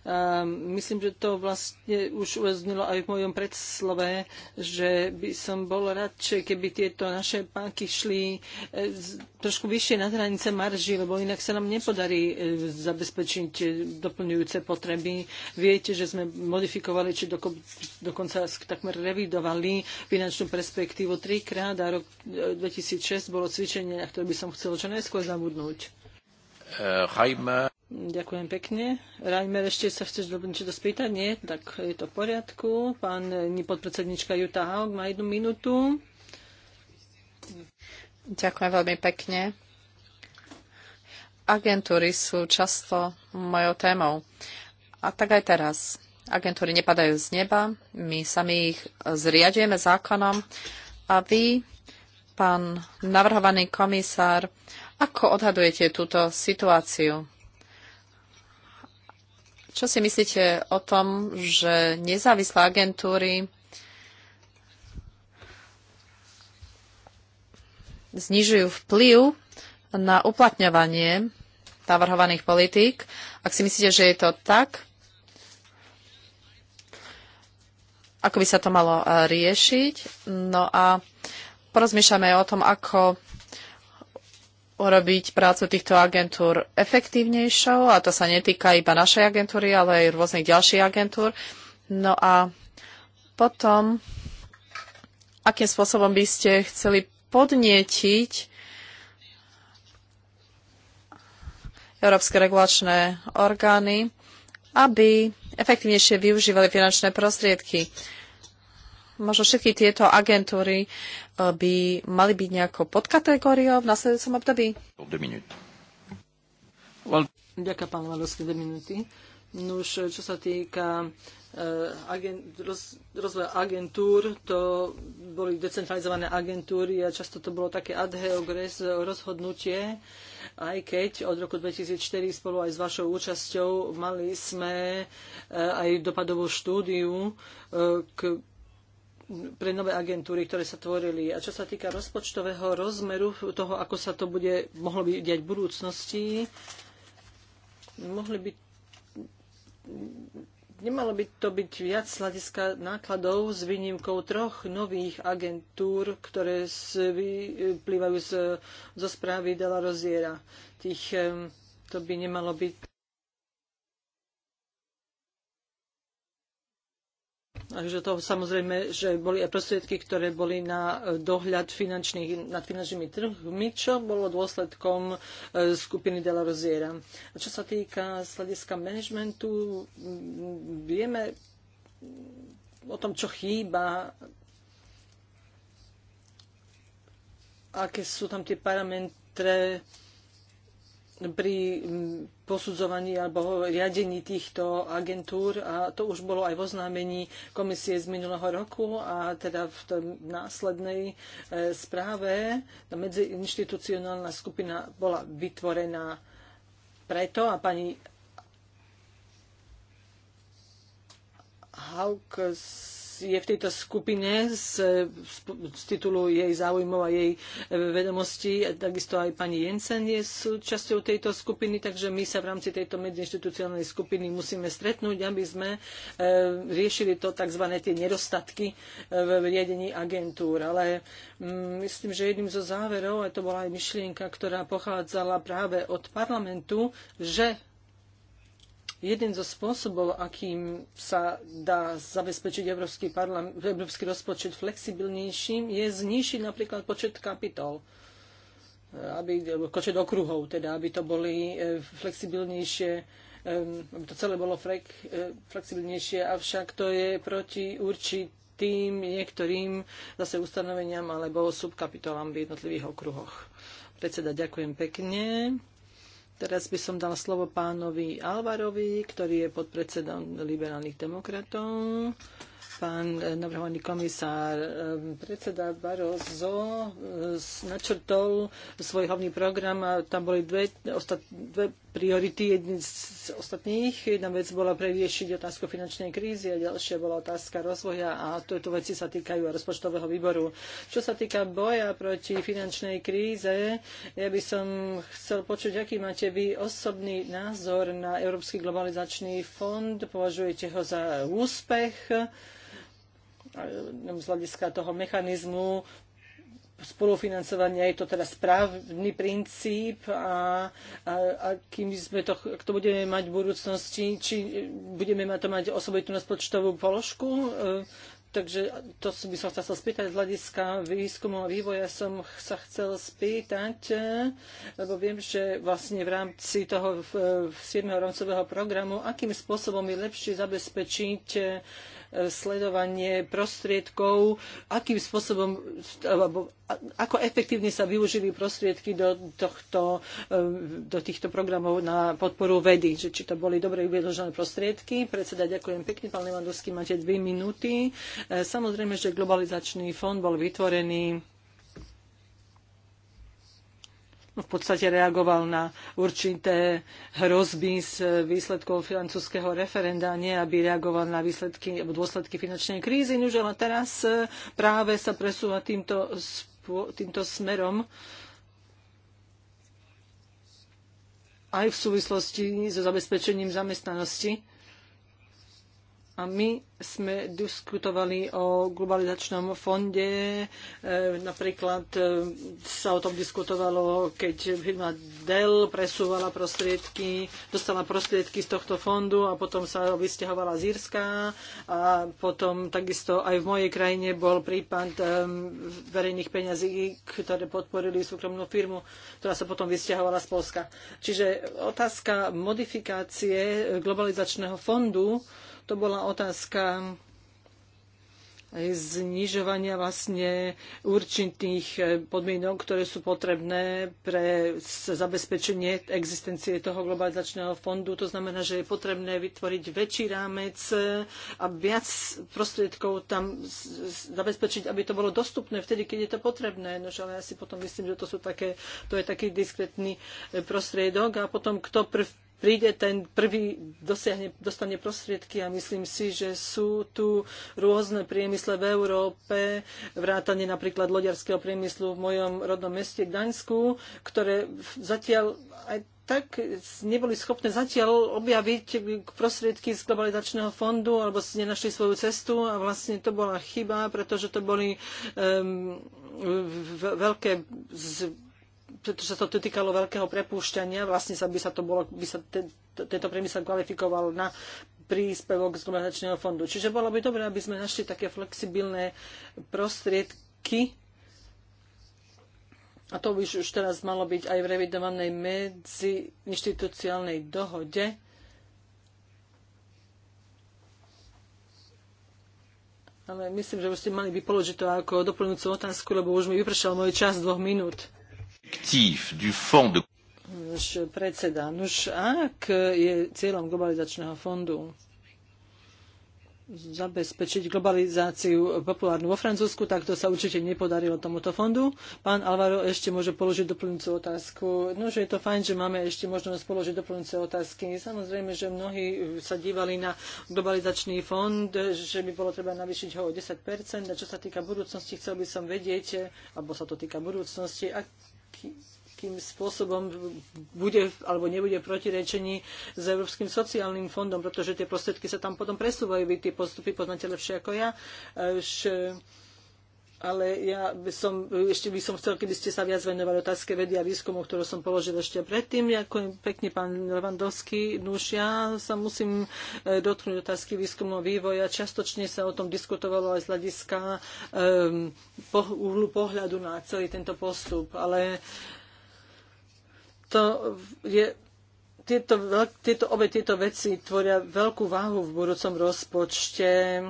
Ehm, myslím, že to vlastne už uväznilo aj v mojom predslove, že by som bol radšej, keby tieto naše páky šli e, trošku vyššie na hranice marží, lebo inak sa nám nepodarí e, zabezpečiť doplňujúce potreby. Viete, že sme modifikovali, či doko, dokonca takmer revidovali finančnú perspektívu trikrát a rok 2006 e, bolo cvičenie, na ktoré by som chcel čo najskôr zabudnúť. Chajme. Ďakujem pekne. Rajmer, ešte sa chceš do niečo spýtať? Nie? Tak je to v poriadku. Pán eh, podpredsednička Juta Haug má jednu minútu. Ďakujem veľmi pekne. Agentúry sú často mojou témou. A tak aj teraz. Agentúry nepadajú z neba, my sami ich zriadujeme zákonom a vy, pán navrhovaný komisár, ako odhadujete túto situáciu? Čo si myslíte o tom, že nezávislé agentúry znižujú vplyv na uplatňovanie navrhovaných politík. Ak si myslíte, že je to tak, ako by sa to malo eh, riešiť. No a porozmýšľame o tom, ako urobiť prácu týchto agentúr efektívnejšou a to sa netýka iba našej agentúry, ale aj rôznych ďalších agentúr. No a potom, akým spôsobom by ste chceli podnietiť európske regulačné orgány, aby efektívnejšie využívali finančné prostriedky. Možno všetky tieto agentúry by mali byť pod kategóriou v nasledujúcom období? Ďakujem, pán Valovský, dve minúty. Nuž, čo sa týka eh, rozvoja agentúr, to boli decentralizované agentúry a často to bolo také ad hoc rozhodnutie, aj keď od roku 2004 spolu aj s vašou účasťou mali sme eh, aj dopadovú štúdiu eh, k pre nové agentúry, ktoré sa tvorili. A čo sa týka rozpočtového rozmeru, toho, ako sa to bude, mohlo by diať v budúcnosti, mohli by Nemalo by to byť viac z hľadiska nákladov s výnimkou troch nových agentúr, ktoré vyplývajú z, zo správy Dela Roziera. Tých, to by nemalo byť Takže to samozrejme, že boli aj prostriedky, ktoré boli na e, dohľad finančných, nad finančnými trhmi, čo bolo dôsledkom e, skupiny Dela Roziera. A čo sa týka sladiska manažmentu, vieme o tom, čo chýba, aké sú tam tie parametre, pri posudzovaní alebo riadení týchto agentúr a to už bolo aj v oznámení komisie z minulého roku a teda v následnej e, správe tá no, medziinstitucionálna skupina bola vytvorená preto a pani Hauk je v tejto skupine z, z titulu jej záujmov a jej e, vedomostí. Takisto aj pani Jensen je súčasťou tejto skupiny, takže my sa v rámci tejto medziinstitucionálnej skupiny musíme stretnúť, aby sme e, riešili to tzv. tie nedostatky e, v riadení agentúr. Ale mm, myslím, že jedným zo záverov, a to bola aj myšlienka, ktorá pochádzala práve od parlamentu, že Jeden zo spôsobov, akým sa dá zabezpečiť Európsky, Európsky rozpočet flexibilnejším, je znišiť napríklad počet kapitol e, aby, počet okruhov, teda, aby to boli e, flexibilnejšie, aby to celé bolo frek, e, flexibilnejšie, avšak to je proti určitým niektorým zase ustanoveniam alebo subkapitolám v jednotlivých okruhoch. Predseda, ďakujem pekne. Teraz by som dal slovo pánovi Alvarovi, ktorý je podpredsedom liberálnych demokratov pán e, navrhovaný komisár. E, predseda Barroso e, načrtol svoj hlavný program a tam boli dve, ostat, dve priority jedný z ostatných. Jedna vec bola preriešiť otázku finančnej krízy a ďalšia bola otázka rozvoja a tieto veci sa týkajú rozpočtového výboru. Čo sa týka boja proti finančnej kríze, ja by som chcel počuť, aký máte vy osobný názor na Európsky globalizačný fond. Považujete ho za úspech? E, z hľadiska toho mechanizmu spolufinancovania je to teda správny princíp a, a, a kým sme to, ak to budeme mať v budúcnosti, či budeme mať to mať osobitnú rozpočtovú položku, e, Takže to by som chcel spýtať z hľadiska výskumu a vývoja som sa chcel spýtať, e, lebo viem, že vlastne v rámci toho 7. E, rámcového programu, akým spôsobom je lepšie zabezpečiť sledovanie prostriedkov, akým spôsobom, alebo ako efektívne sa využili prostriedky do, tohto, eh, do týchto programov na podporu vedy, že či to boli dobre vynaložené prostriedky. Predseda, ďakujem pekne. Pán Levandovský, máte dve minúty. Eh, samozrejme, že globalizačný fond bol vytvorený v podstate reagoval na určité hrozby z výsledkov francúzského referenda, nie aby reagoval na výsledky, dôsledky finančnej krízy. Nuž, ale teraz e, práve sa presúva týmto, týmto smerom aj v súvislosti so zabezpečením zamestnanosti a my sme diskutovali o globalizačnom fonde, e, napríklad e, sa o tom diskutovalo, keď firma Dell presúvala prostriedky, dostala prostriedky z tohto fondu a potom sa vysťahovala z Írska a potom takisto aj v mojej krajine bol prípad e, verejných peňazí, ktoré podporili súkromnú firmu, ktorá sa potom vysťahovala z Polska. Čiže otázka modifikácie globalizačného fondu, to bola otázka znižovania vlastne určitých eh, podmienok, ktoré sú potrebné pre zabezpečenie existencie toho globalizačného fondu. To znamená, že je potrebné vytvoriť väčší rámec eh, a viac prostriedkov tam zabezpečiť, aby to bolo dostupné vtedy, keď je to potrebné. No, ale ja si potom myslím, že to, sú také, to je taký diskretný eh, prostriedok a potom kto prv príde ten prvý, dosiahne, dostane prostriedky a myslím si, že sú tu rôzne priemysle v Európe, vrátane napríklad loďarského priemyslu v mojom rodnom meste Gdaňsku, ktoré zatiaľ aj tak neboli schopné zatiaľ objaviť prostriedky z globalizačného fondu alebo si nenašli svoju cestu a vlastne to bola chyba, pretože to boli um, veľké z, pretože sa to týkalo veľkého prepúšťania, vlastne sa by sa to bolo, by sa te, tento priemysel kvalifikoval na príspevok z globalizačného fondu. Čiže bolo by dobré, aby sme našli také flexibilné prostriedky, a to by už teraz malo byť aj v revidovanej inštitúciálnej dohode, ale myslím, že by ste mali by položiť to ako doplňujúcu otázku, lebo už mi vypršal môj čas dvoch minút du predseda, ak je cieľom globalizačného fondu zabezpečiť globalizáciu populárnu vo Francúzsku, tak to sa určite nepodarilo tomuto fondu. Pán Alvaro ešte môže položiť doplňujúcu otázku. No, že je to fajn, že máme ešte možnosť položiť doplňujúce otázky. Samozrejme, že mnohí sa dívali na globalizačný fond, že by bolo treba navýšiť ho o 10%. A čo sa týka budúcnosti, chcel by som vedieť, alebo sa to týka budúcnosti, akým spôsobom bude alebo nebude protirečení s Európskym sociálnym fondom, pretože tie prostriedky sa tam potom presúvajú, vy tie postupy poznáte lepšie ako ja. Š, ale ja by som, ešte by som chcel, keby ste sa viac venovali otázke vedy a výskumu, ktorú som položil ešte predtým. Ďakujem pekne, pán Levandovský. Nuž, ja sa musím e, dotknúť otázky výskumu vývoja. Častočne sa o tom diskutovalo aj z hľadiska um, ehm, po, uhlu pohľadu na celý tento postup, ale to je tieto, tieto, obe tieto veci tvoria veľkú váhu v budúcom rozpočte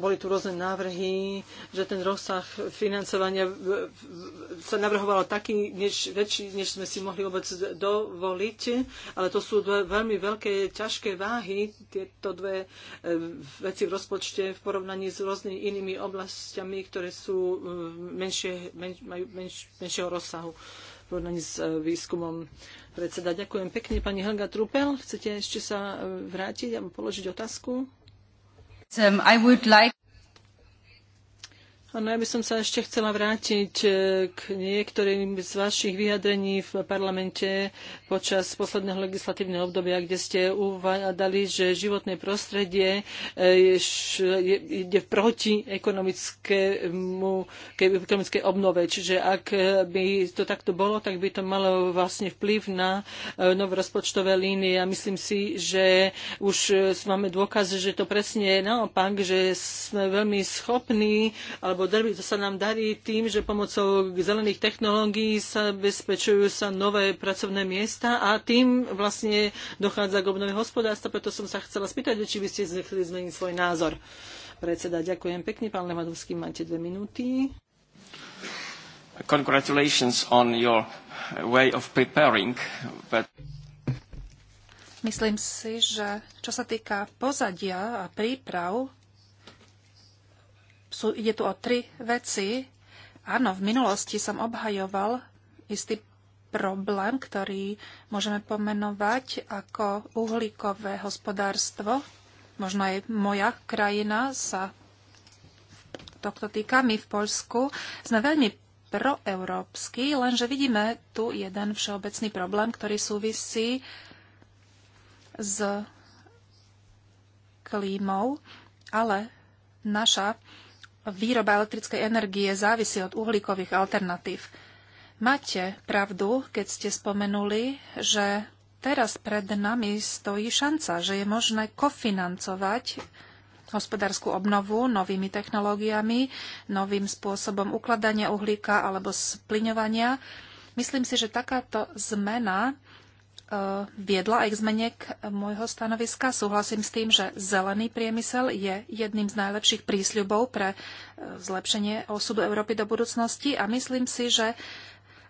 boli tu rôzne návrhy, že ten rozsah financovania sa navrhovalo taký než, väčší, než sme si mohli vôbec dovoliť, ale to sú dve veľmi veľké, ťažké váhy, tieto dve e, veci v rozpočte v porovnaní s rôznymi inými oblastiami, ktoré sú e, menšie, men, majú menš, menšieho rozsahu v porovnaní s e, výskumom predseda. Ďakujem pekne. Pani Helga Trupel, chcete ešte sa vrátiť a položiť otázku? Um, like... Ano ja by som sa ešte chcela vrátiť e, k niektorým z vašich vyjadrení v parlamente počas posledného legislatívneho obdobia, kde ste uvádali, že životné prostredie e, ide proti ekonomickému, ekonomickej obnove. Čiže ak e, by to takto bolo, tak by to malo vlastne vplyv na nové rozpočtové línie. A myslím si, že už máme dôkaz, že to presne je naopak, že sme veľmi schopní alebo alebo darí, sa nám darí tým, že pomocou zelených technológií sa bezpečujú sa nové pracovné miesta a tým vlastne dochádza k obnove hospodárstva. Preto som sa chcela spýtať, či by ste chceli zmeniť svoj názor. Predseda, ďakujem pekne. Pán Levadovský, máte dve minúty. Congratulations on your way of preparing, but... Myslím si, že čo sa týka pozadia a príprav sú, ide tu o tri veci. Áno, v minulosti som obhajoval istý problém, ktorý môžeme pomenovať ako uhlíkové hospodárstvo. Možno aj moja krajina sa tohto týka. My v Poľsku sme veľmi proeurópsky, lenže vidíme tu jeden všeobecný problém, ktorý súvisí s klímou, ale naša výroba elektrickej energie závisí od uhlíkových alternatív. Máte pravdu, keď ste spomenuli, že teraz pred nami stojí šanca, že je možné kofinancovať hospodárskú obnovu novými technológiami, novým spôsobom ukladania uhlíka alebo splyňovania. Myslím si, že takáto zmena Eh, viedla aj k zmene k môjho stanoviska. Súhlasím s tým, že zelený priemysel je jedným z najlepších prísľubov pre eh, zlepšenie osudu Európy do budúcnosti a myslím si, že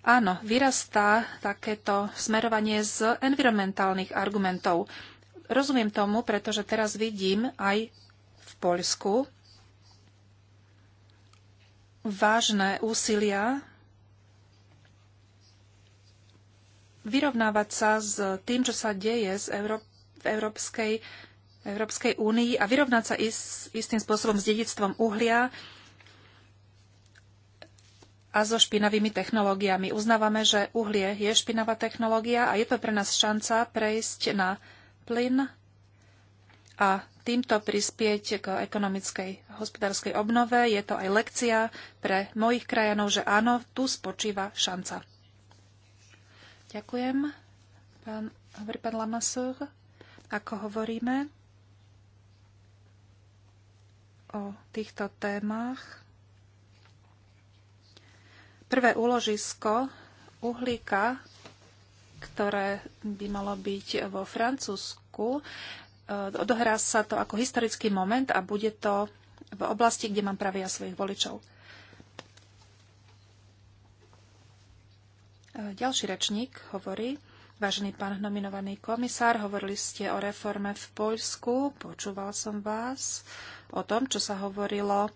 áno, vyrastá takéto smerovanie z environmentálnych argumentov. Rozumiem tomu, pretože teraz vidím aj v Poľsku vážne úsilia vyrovnávať sa s tým, čo sa deje z Euró- v Európskej, Európskej únii a vyrovnať sa is, istým spôsobom s dedictvom uhlia a so špinavými technológiami. Uznávame, že uhlie je špinavá technológia a je to pre nás šanca prejsť na plyn a týmto prispieť k ekonomickej hospodárskej obnove. Je to aj lekcia pre mojich krajanov, že áno, tu spočíva šanca. Ďakujem. Pán, hovorí pán Lamasur, ako hovoríme o týchto témach. Prvé úložisko uhlíka, ktoré by malo byť vo Francúzsku, eh, odohrá sa to ako historický moment a bude to v oblasti, kde mám práve ja svojich voličov. E, ďalší rečník hovorí, vážený pán nominovaný komisár, hovorili ste o reforme v Poľsku, počúval som vás, o tom, čo sa hovorilo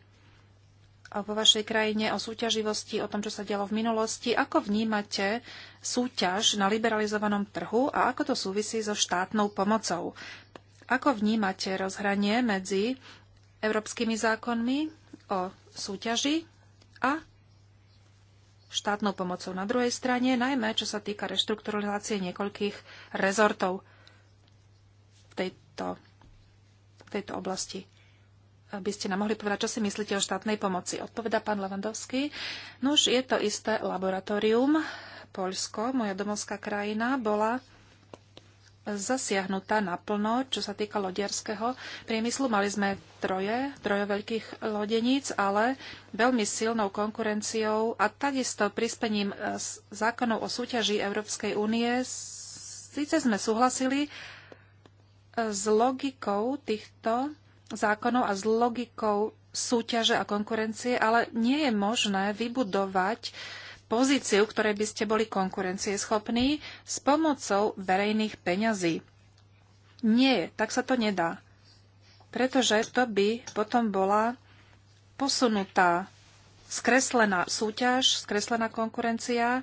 vo vašej krajine, o súťaživosti, o tom, čo sa dialo v minulosti. Ako vnímate súťaž na liberalizovanom trhu a ako to súvisí so štátnou pomocou? Ako vnímate rozhranie medzi európskymi zákonmi o súťaži a štátnou pomocou. Na druhej strane, najmä čo sa týka reštrukturalizácie niekoľkých rezortov v tejto, v tejto oblasti. Aby ste nám mohli povedať, čo si myslíte o štátnej pomoci. Odpoveda pán Levandovský. Nuž, je to isté laboratórium. Poľsko, moja domovská krajina, bola zasiahnutá naplno, čo sa týka lodierského priemyslu. Mali sme troje, troje veľkých lodeníc, ale veľmi silnou konkurenciou a takisto prispením e, zákonov o súťaži Európskej únie síce sme súhlasili e, s logikou týchto zákonov a s logikou súťaže a konkurencie, ale nie je možné vybudovať uh, pozíciu, ktorej by ste boli konkurencieschopní s pomocou verejných peňazí. Nie, tak sa to nedá. Pretože to by potom bola posunutá, skreslená súťaž, skreslená konkurencia,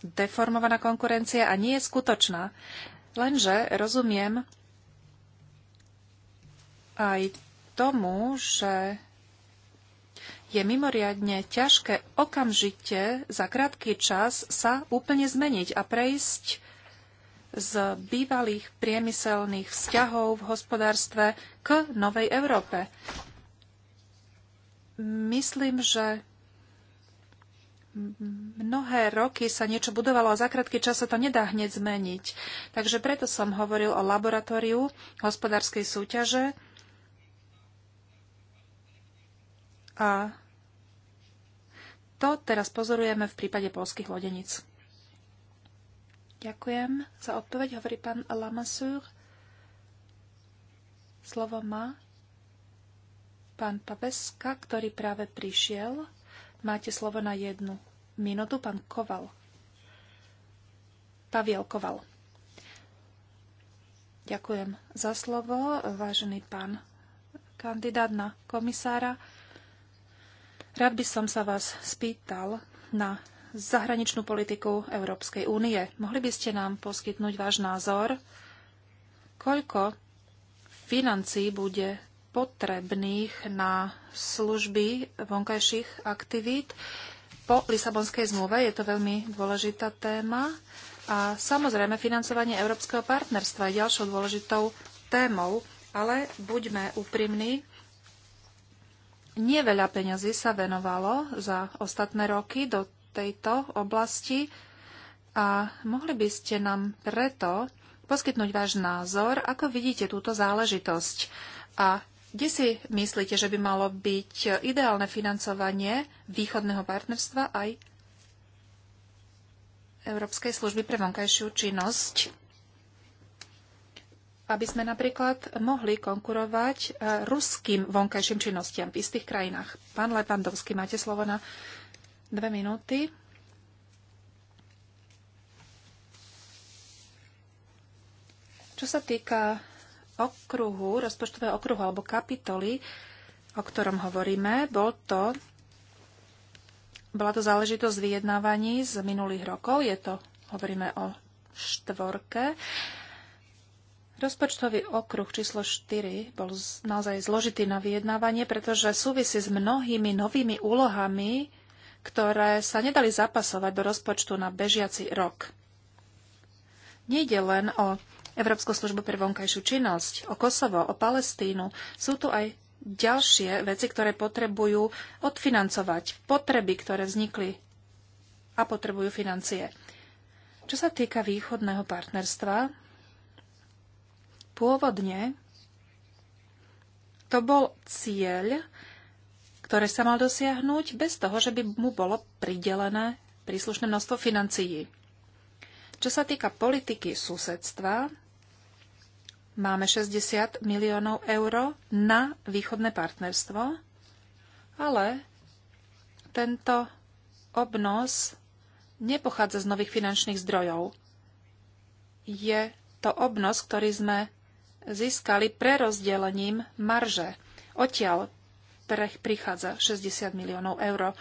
deformovaná konkurencia a nie je skutočná. Lenže rozumiem aj tomu, že je mimoriadne ťažké okamžite za krátky čas sa úplne zmeniť a prejsť z bývalých priemyselných vzťahov v hospodárstve k novej Európe. Myslím, že mnohé roky sa niečo budovalo a za krátky čas sa to nedá hneď zmeniť. Takže preto som hovoril o laboratóriu hospodárskej súťaže, A to teraz pozorujeme v prípade polských lodeníc. Ďakujem za odpoveď, hovorí pán Lamassur. Slovo má pán Paveska, ktorý práve prišiel. Máte slovo na jednu minútu, pán Koval. Paviel Koval. Ďakujem za slovo, vážený pán kandidát na komisára. Rád by som sa vás spýtal na zahraničnú politiku Európskej únie. Mohli by ste nám poskytnúť váš názor, koľko financí bude potrebných na služby vonkajších aktivít. Po Lisabonskej zmluve je to veľmi dôležitá téma a samozrejme financovanie Európskeho partnerstva je ďalšou dôležitou témou, ale buďme úprimní, Neveľa peňazí sa venovalo za ostatné roky do tejto oblasti a mohli by ste nám preto poskytnúť váš názor, ako vidíte túto záležitosť a kde si myslíte, že by malo byť ideálne financovanie východného partnerstva aj Európskej služby pre vonkajšiu činnosť? aby sme napríklad mohli konkurovať e, ruským vonkajším činnostiam v istých krajinách. Pán Lepandovský, máte slovo na dve minúty. Čo sa týka okruhu, rozpočtového okruhu alebo kapitoly, o ktorom hovoríme, bol to, bola to záležitosť vyjednávaní z minulých rokov. Je to, hovoríme o štvorke. Rozpočtový okruh číslo 4 bol naozaj zložitý na vyjednávanie, pretože súvisí s mnohými novými úlohami, ktoré sa nedali zapasovať do rozpočtu na bežiaci rok. Nejde len o Európsku službu pre vonkajšiu činnosť, o Kosovo, o Palestínu. Sú tu aj ďalšie veci, ktoré potrebujú odfinancovať, potreby, ktoré vznikli a potrebujú financie. Čo sa týka východného partnerstva, Pôvodne to bol cieľ, ktoré sa mal dosiahnuť bez toho, že by mu bolo pridelené príslušné množstvo financií. Čo sa týka politiky susedstva, máme 60 miliónov eur na východné partnerstvo, ale tento obnos nepochádza z nových finančných zdrojov. Je to obnos, ktorý sme získali prerozdelením marže. Odtiaľ prichádza 60 miliónov eur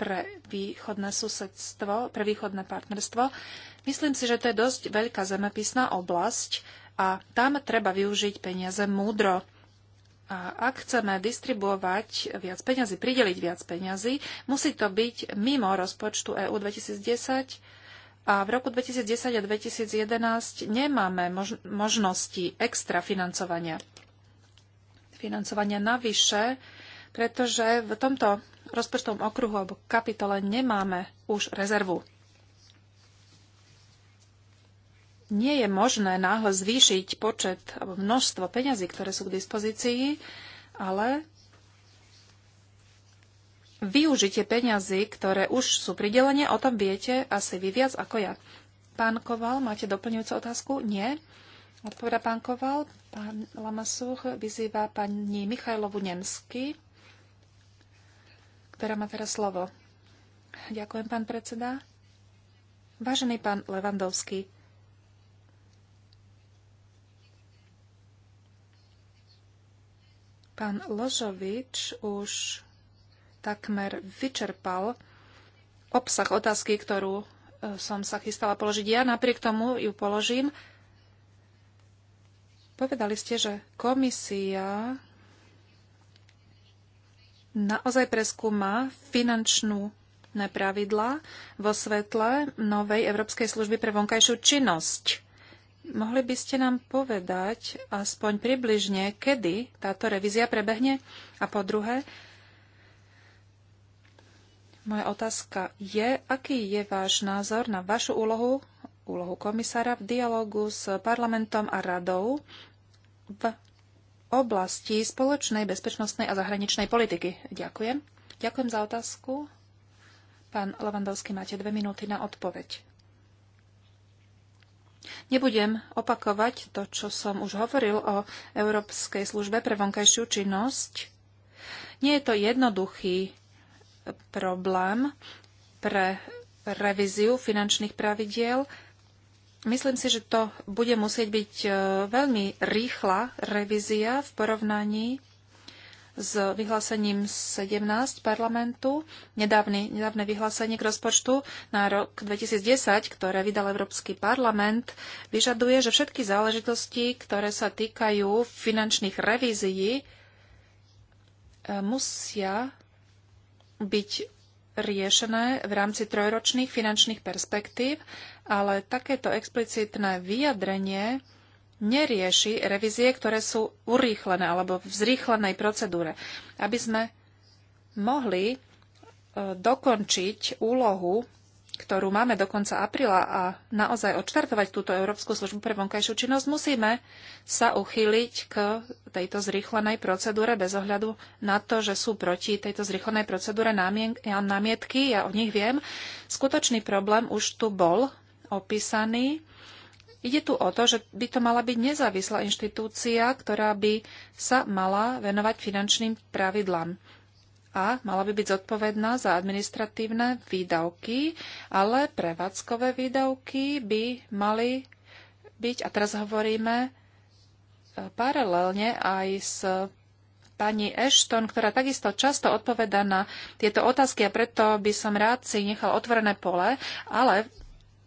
pre východné susedstvo, pre východné partnerstvo. Myslím si, že to je dosť veľká zemepisná oblasť a tam treba využiť peniaze múdro. A ak chceme distribuovať viac peňazí, prideliť viac peňazí, musí to byť mimo rozpočtu EU 2010 a v roku 2010 a 2011 nemáme mož- možnosti extra financovania. Financovania navyše, pretože v tomto rozpočtovom okruhu alebo kapitole nemáme už rezervu. Nie je možné náhle zvýšiť počet alebo množstvo peňazí, ktoré sú k dispozícii, ale Využite peňazí, ktoré už sú pridelené, o tom viete asi vy viac ako ja. Pán Koval, máte doplňujúcu otázku? Nie. Odpovedá pán Koval. Pán Lamasuch vyzýva pani Michajlovu Nemsky, ktorá má teraz slovo. Ďakujem, pán predseda. Vážený pán Levandovský, pán Ložovič už takmer vyčerpal obsah otázky, ktorú e, som sa chystala položiť ja. Napriek tomu ju položím. Povedali ste, že komisia naozaj preskúma finančnú pravidlá vo svetle novej Európskej služby pre vonkajšiu činnosť. Mohli by ste nám povedať aspoň približne, kedy táto revízia prebehne? A po druhé, moja otázka je, aký je váš názor na vašu úlohu, úlohu komisára v dialogu s parlamentom a radou v oblasti spoločnej bezpečnostnej a zahraničnej politiky. Ďakujem. Ďakujem za otázku. Pán Levandovský, máte dve minúty na odpoveď. Nebudem opakovať to, čo som už hovoril o Európskej službe pre vonkajšiu činnosť. Nie je to jednoduchý problém pre revíziu finančných pravidiel. Myslím si, že to bude musieť byť e, veľmi rýchla revízia v porovnaní s vyhlásením 17 parlamentu, nedávny, nedávne vyhlásenie k rozpočtu na rok 2010, ktoré vydal Európsky parlament, vyžaduje, že všetky záležitosti, ktoré sa týkajú finančných revízií, e, musia byť riešené v rámci trojročných finančných perspektív, ale takéto explicitné vyjadrenie nerieši revízie, ktoré sú urýchlené alebo v zrýchlenej procedúre. Aby sme mohli e, dokončiť úlohu ktorú máme do konca apríla a naozaj odštartovať túto Európsku službu pre vonkajšiu činnosť, musíme sa uchýliť k tejto zrýchlenej procedúre bez ohľadu na to, že sú proti tejto zrýchlenej procedúre námietky, ja o nich viem. Skutočný problém už tu bol opísaný. Ide tu o to, že by to mala byť nezávislá inštitúcia, ktorá by sa mala venovať finančným pravidlám a mala by byť zodpovedná za administratívne výdavky, ale prevádzkové výdavky by mali byť, a teraz hovoríme e, paralelne aj s pani Ashton, ktorá takisto často odpoveda na tieto otázky a preto by som rád si nechal otvorené pole, ale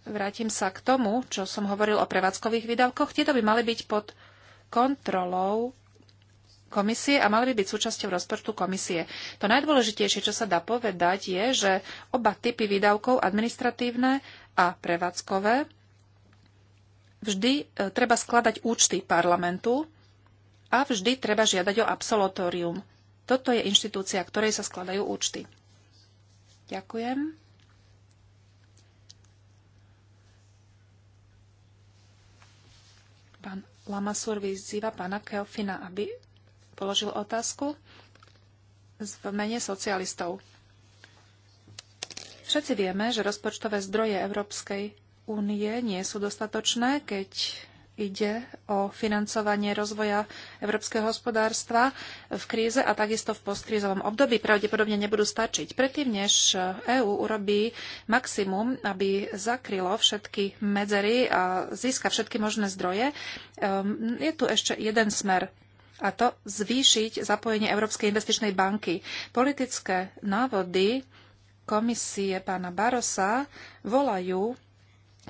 vrátim sa k tomu, čo som hovoril o prevádzkových výdavkoch. Tieto by mali byť pod kontrolou komisie a mali by byť súčasťou rozpočtu komisie. To najdôležitejšie, čo sa dá povedať, je, že oba typy výdavkov, administratívne a prevádzkové, vždy e, treba skladať účty parlamentu a vždy treba žiadať o absolutórium. Toto je inštitúcia, ktorej sa skladajú účty. Ďakujem. Pán Lamasur vyzýva pána Keofina, aby položil otázku v mene socialistov. Všetci vieme, že rozpočtové zdroje Európskej únie nie sú dostatočné, keď ide o financovanie rozvoja európskeho hospodárstva v kríze a takisto v postkrízovom období pravdepodobne nebudú stačiť. Predtým, než EÚ urobí maximum, aby zakrylo všetky medzery a získa všetky možné zdroje, um, je tu ešte jeden smer a to zvýšiť zapojenie Európskej investičnej banky. Politické návody komisie pána Barosa volajú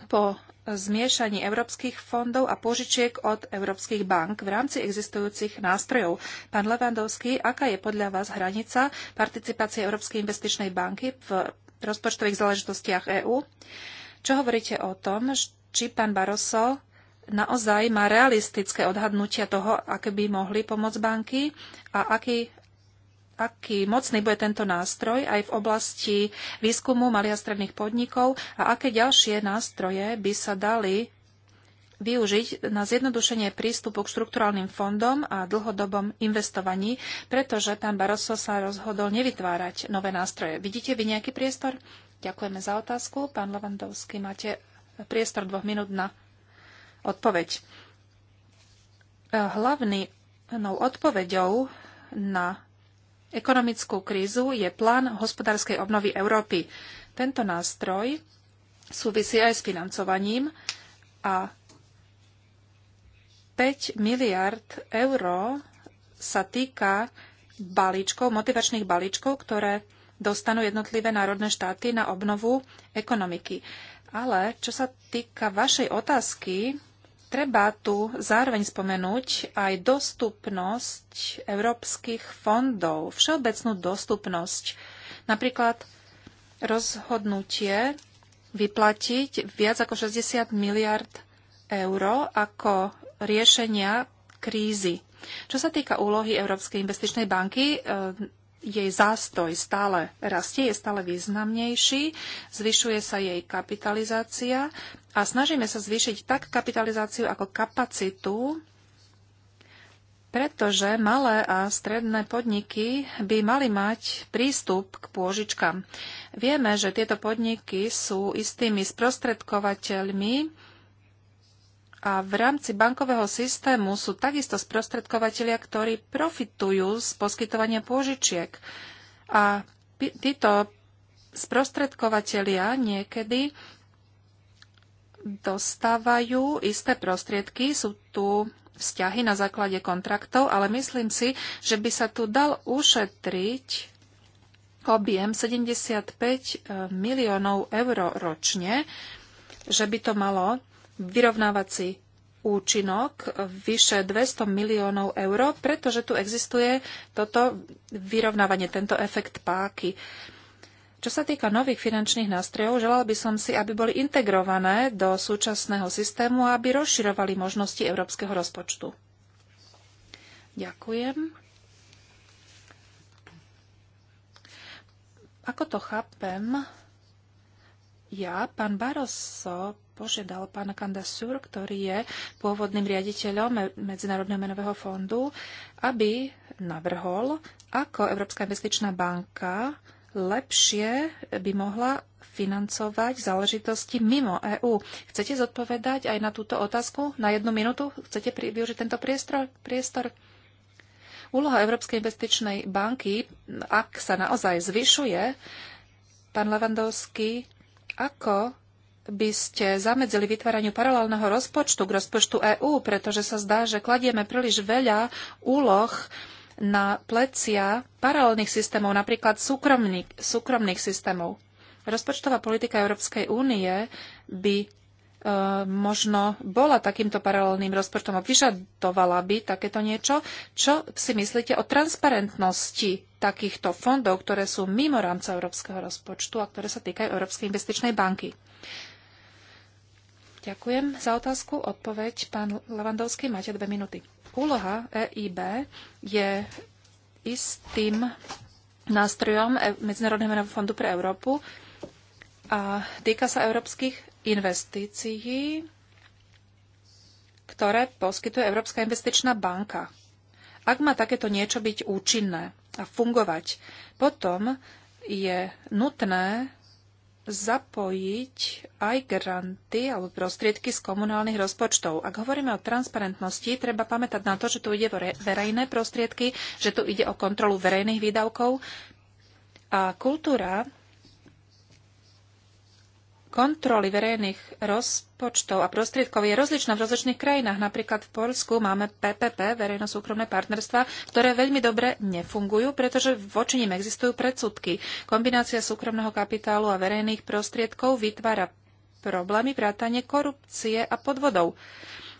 po zmiešaní európskych fondov a požičiek od európskych bank v rámci existujúcich nástrojov. Pán Levandovský, aká je podľa vás hranica participácie Európskej investičnej banky v rozpočtových záležitostiach EÚ? Čo hovoríte o tom, či pán Barroso naozaj má realistické odhadnutia toho, aké by mohli pomôcť banky a aký, aký mocný bude tento nástroj aj v oblasti výskumu malých a stredných podnikov a aké ďalšie nástroje by sa dali využiť na zjednodušenie prístupu k štrukturálnym fondom a dlhodobom investovaní, pretože pán Barroso sa rozhodol nevytvárať nové nástroje. Vidíte vy nejaký priestor? Ďakujeme za otázku. Pán Levandovský, máte priestor dvoch minút na odpoveď. Hlavnou odpoveďou na ekonomickú krízu je plán hospodárskej obnovy Európy. Tento nástroj súvisí aj s financovaním a 5 miliard eur sa týka balíčkov, motivačných balíčkov, ktoré dostanú jednotlivé národné štáty na obnovu ekonomiky. Ale čo sa týka vašej otázky, Treba tu zároveň spomenúť aj dostupnosť európskych fondov, všeobecnú dostupnosť. Napríklad rozhodnutie vyplatiť viac ako 60 miliard eur ako riešenia krízy. Čo sa týka úlohy Európskej investičnej banky, jej zástoj stále rastie, je stále významnejší, zvyšuje sa jej kapitalizácia a snažíme sa zvýšiť tak kapitalizáciu ako kapacitu, pretože malé a stredné podniky by mali mať prístup k pôžičkám. Vieme, že tieto podniky sú istými sprostredkovateľmi a v rámci bankového systému sú takisto sprostredkovateľia, ktorí profitujú z poskytovania pôžičiek. A títo sprostredkovateľia niekedy dostávajú isté prostriedky, sú tu vzťahy na základe kontraktov, ale myslím si, že by sa tu dal ušetriť objem 75 eh, miliónov eur ročne, že by to malo vyrovnávací účinok vyše 200 miliónov eur, pretože tu existuje toto vyrovnávanie, tento efekt páky. Čo sa týka nových finančných nástrojov, želal by som si, aby boli integrované do súčasného systému a aby rozširovali možnosti európskeho rozpočtu. Ďakujem. Ako to chápem, ja, pán Barroso požiadal pána Kandasur, ktorý je pôvodným riaditeľom Medzinárodného menového fondu, aby navrhol, ako Európska investičná banka lepšie by mohla financovať záležitosti mimo EÚ. Chcete zodpovedať aj na túto otázku na jednu minútu? Chcete využiť tento priestor? priestor? Úloha Európskej investičnej banky, ak sa naozaj zvyšuje, pán Levandovský ako by ste zamedzili vytváraniu paralelného rozpočtu k rozpočtu EÚ, pretože sa zdá, že kladieme príliš veľa úloh na plecia paralelných systémov, napríklad súkromných, súkromných systémov. Rozpočtová politika Európskej únie by možno bola takýmto paralelným rozpočtom a vyžadovala by takéto niečo. Čo si myslíte o transparentnosti takýchto fondov, ktoré sú mimo rámca európskeho rozpočtu a ktoré sa týkajú Európskej investičnej banky? Ďakujem za otázku. Odpoveď, pán Levandovský, máte dve minúty. Úloha EIB je istým nástrojom e- Medzinárodného fondu pre Európu a týka sa európskych investícií, ktoré poskytuje Európska investičná banka. Ak má takéto niečo byť účinné a fungovať, potom je nutné zapojiť aj granty alebo prostriedky z komunálnych rozpočtov. Ak hovoríme o transparentnosti, treba pamätať na to, že tu ide o verejné prostriedky, že tu ide o kontrolu verejných výdavkov a kultúra kontroly verejných rozpočtov a prostriedkov je rozličná v rozličných krajinách. Napríklad v Polsku máme PPP, verejno-súkromné partnerstva, ktoré veľmi dobre nefungujú, pretože voči nim existujú predsudky. Kombinácia súkromného kapitálu a verejných prostriedkov vytvára problémy vrátane korupcie a podvodov.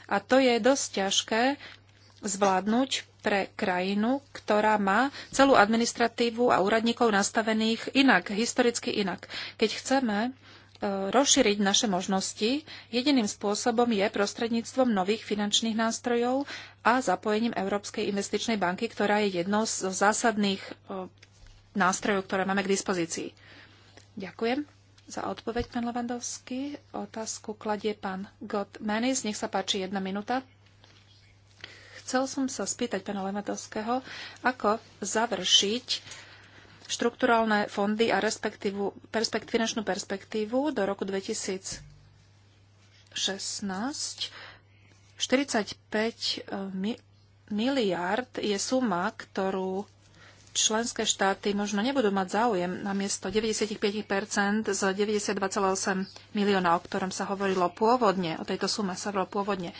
A to je dosť ťažké zvládnuť pre krajinu, ktorá má celú administratívu a úradníkov nastavených inak, historicky inak. Keď chceme rozšíriť naše možnosti jediným spôsobom je prostredníctvom nových finančných nástrojov a zapojením Európskej investičnej banky, ktorá je jednou z zásadných nástrojov, ktoré máme k dispozícii. Ďakujem za odpoveď, pán Levandovský. Otázku kladie pán Gottmanis. Nech sa páči jedna minúta. Chcel som sa spýtať pána Levandovského, ako završiť štrukturálne fondy a perspekt, finančnú perspektívu do roku 2016 45 eh, mi, miliard je suma, ktorú členské štáty možno nebudú mať záujem na miesto 95% z 92,8 milióna, o ktorom sa hovorilo pôvodne, o tejto sume sa hovorilo pôvodne.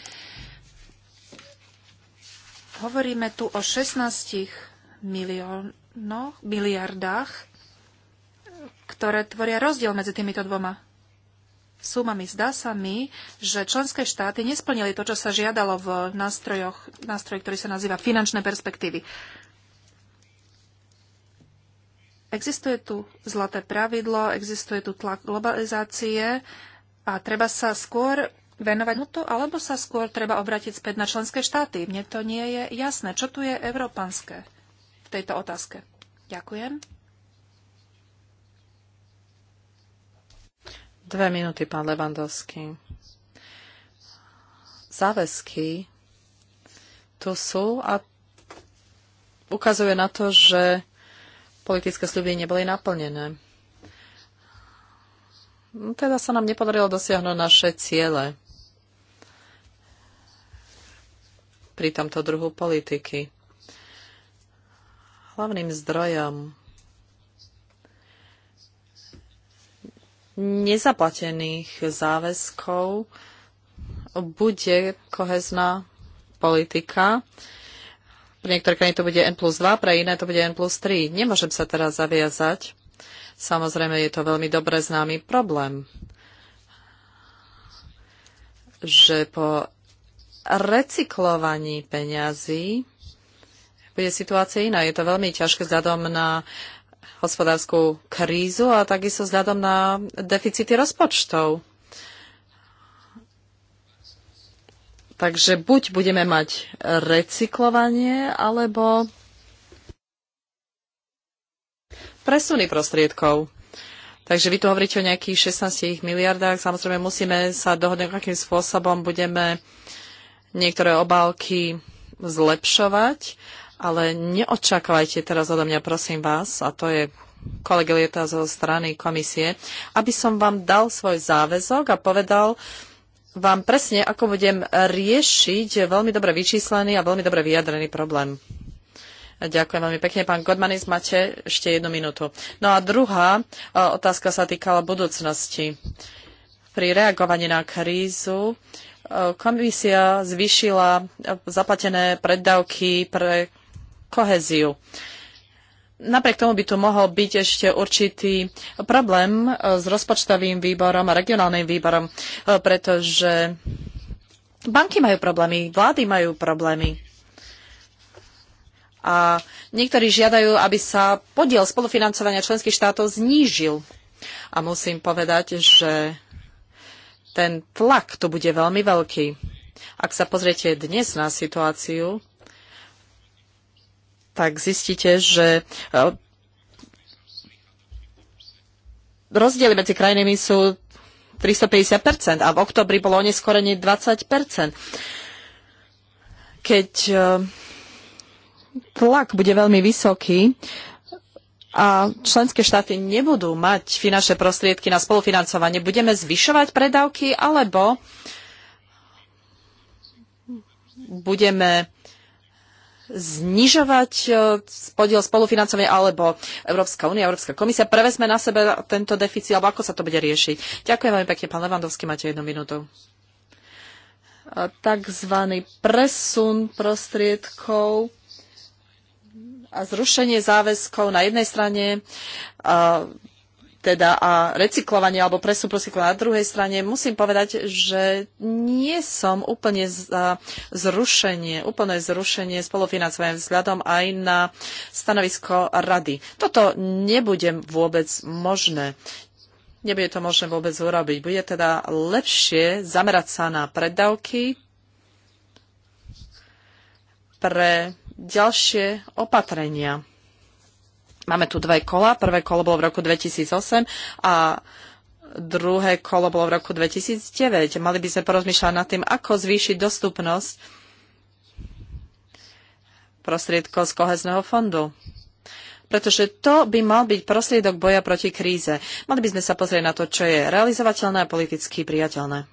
Hovoríme tu o 16 milión, no, biliardách, ktoré tvoria rozdiel medzi týmito dvoma sumami. Zdá sa mi, že členské štáty nesplnili to, čo sa žiadalo v nástrojoch, nástroj, ktorý sa nazýva finančné perspektívy. Existuje tu zlaté pravidlo, existuje tu tlak globalizácie a treba sa skôr venovať mu to, alebo sa skôr treba obrátiť späť na členské štáty. Mne to nie je jasné. Čo tu je európanské? tejto otázke. Ďakujem. Dve minúty, pán Levandovský. Záväzky tu sú a ukazuje na to, že politické sľuby neboli naplnené. No, teda sa nám nepodarilo dosiahnuť naše ciele pri tomto druhu politiky hlavným zdrojom nezaplatených záväzkov bude kohezná politika. Pre niektoré krajiny to bude N plus 2, pre iné to bude N plus 3. Nemôžem sa teraz zaviazať. Samozrejme, je to veľmi dobre známy problém, že po recyklovaní peňazí bude situácia iná. Je to veľmi ťažké vzhľadom na hospodárskú krízu a takisto vzhľadom na deficity rozpočtov. Takže buď budeme mať recyklovanie, alebo presuny prostriedkov. Takže vy tu hovoríte o nejakých 16 miliardách. Samozrejme, musíme sa dohodnúť, akým spôsobom budeme niektoré obálky zlepšovať ale neočakávajte teraz odo mňa, prosím vás, a to je kolegelieta zo strany komisie, aby som vám dal svoj záväzok a povedal vám presne, ako budem riešiť veľmi dobre vyčíslený a veľmi dobre vyjadrený problém. Ďakujem veľmi pekne. Pán Godmanis, máte ešte jednu minútu. No a druhá e, otázka sa týkala budúcnosti. Pri reagovaní na krízu e, komisia zvyšila zaplatené preddavky pre koheziu. Napriek tomu by tu mohol byť ešte určitý problém e, s rozpočtovým výborom a regionálnym výborom, e, pretože banky majú problémy, vlády majú problémy. A niektorí žiadajú, aby sa podiel spolufinancovania členských štátov znížil. A musím povedať, že ten tlak tu bude veľmi veľký. Ak sa pozriete dnes na situáciu, tak zistíte, že eh, rozdiely medzi krajinami sú 350% a v oktobri bolo oneskorenie 20%. Keď eh, tlak bude veľmi vysoký a členské štáty nebudú mať finančné prostriedky na spolufinancovanie, budeme zvyšovať predávky alebo budeme znižovať e, podiel spolufinancovania alebo Európska únia, Európska komisia. Prevezme na sebe tento deficit, alebo ako sa to bude riešiť. Ďakujem veľmi pekne, pán Levandovský, máte jednu minútu. Takzvaný presun prostriedkov a zrušenie záväzkov na jednej strane, teda a recyklovanie alebo presun prostriedkov. Na druhej strane musím povedať, že nie som úplne za zrušenie, úplne zrušenie spolufinancovania vzhľadom aj na stanovisko rady. Toto nebude vôbec možné. Nebude to možné vôbec urobiť. Bude teda lepšie zamerať sa na predavky pre ďalšie opatrenia Máme tu dve kola. Prvé kolo bolo v roku 2008 a druhé kolo bolo v roku 2009. Mali by sme porozmýšľať nad tým, ako zvýšiť dostupnosť prostriedkov z kohezného fondu. Pretože to by mal byť prostriedok boja proti kríze. Mali by sme sa pozrieť na to, čo je realizovateľné a politicky priateľné.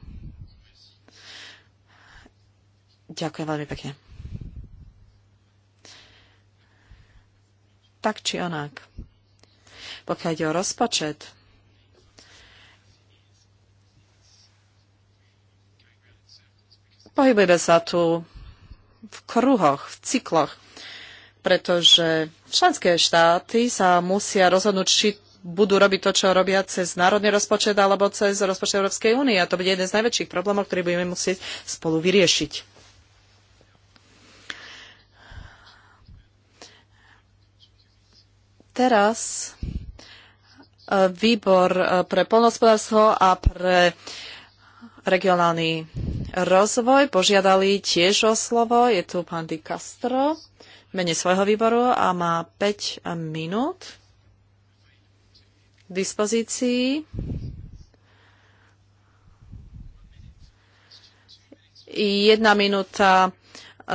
Ďakujem veľmi pekne. tak či onak. Pokiaľ ide o rozpočet, pohybujeme sa tu v kruhoch, v cykloch, pretože členské štáty sa musia rozhodnúť, či budú robiť to, čo robia cez národný rozpočet alebo cez rozpočet Európskej únie. A to bude jeden z najväčších problémov, ktorý budeme musieť spolu vyriešiť. teraz e, výbor e, pre polnospodárstvo a pre regionálny rozvoj požiadali tiež o slovo. Je tu pán Di Castro v mene svojho výboru a má 5 minút k dispozícii. Jedna minúta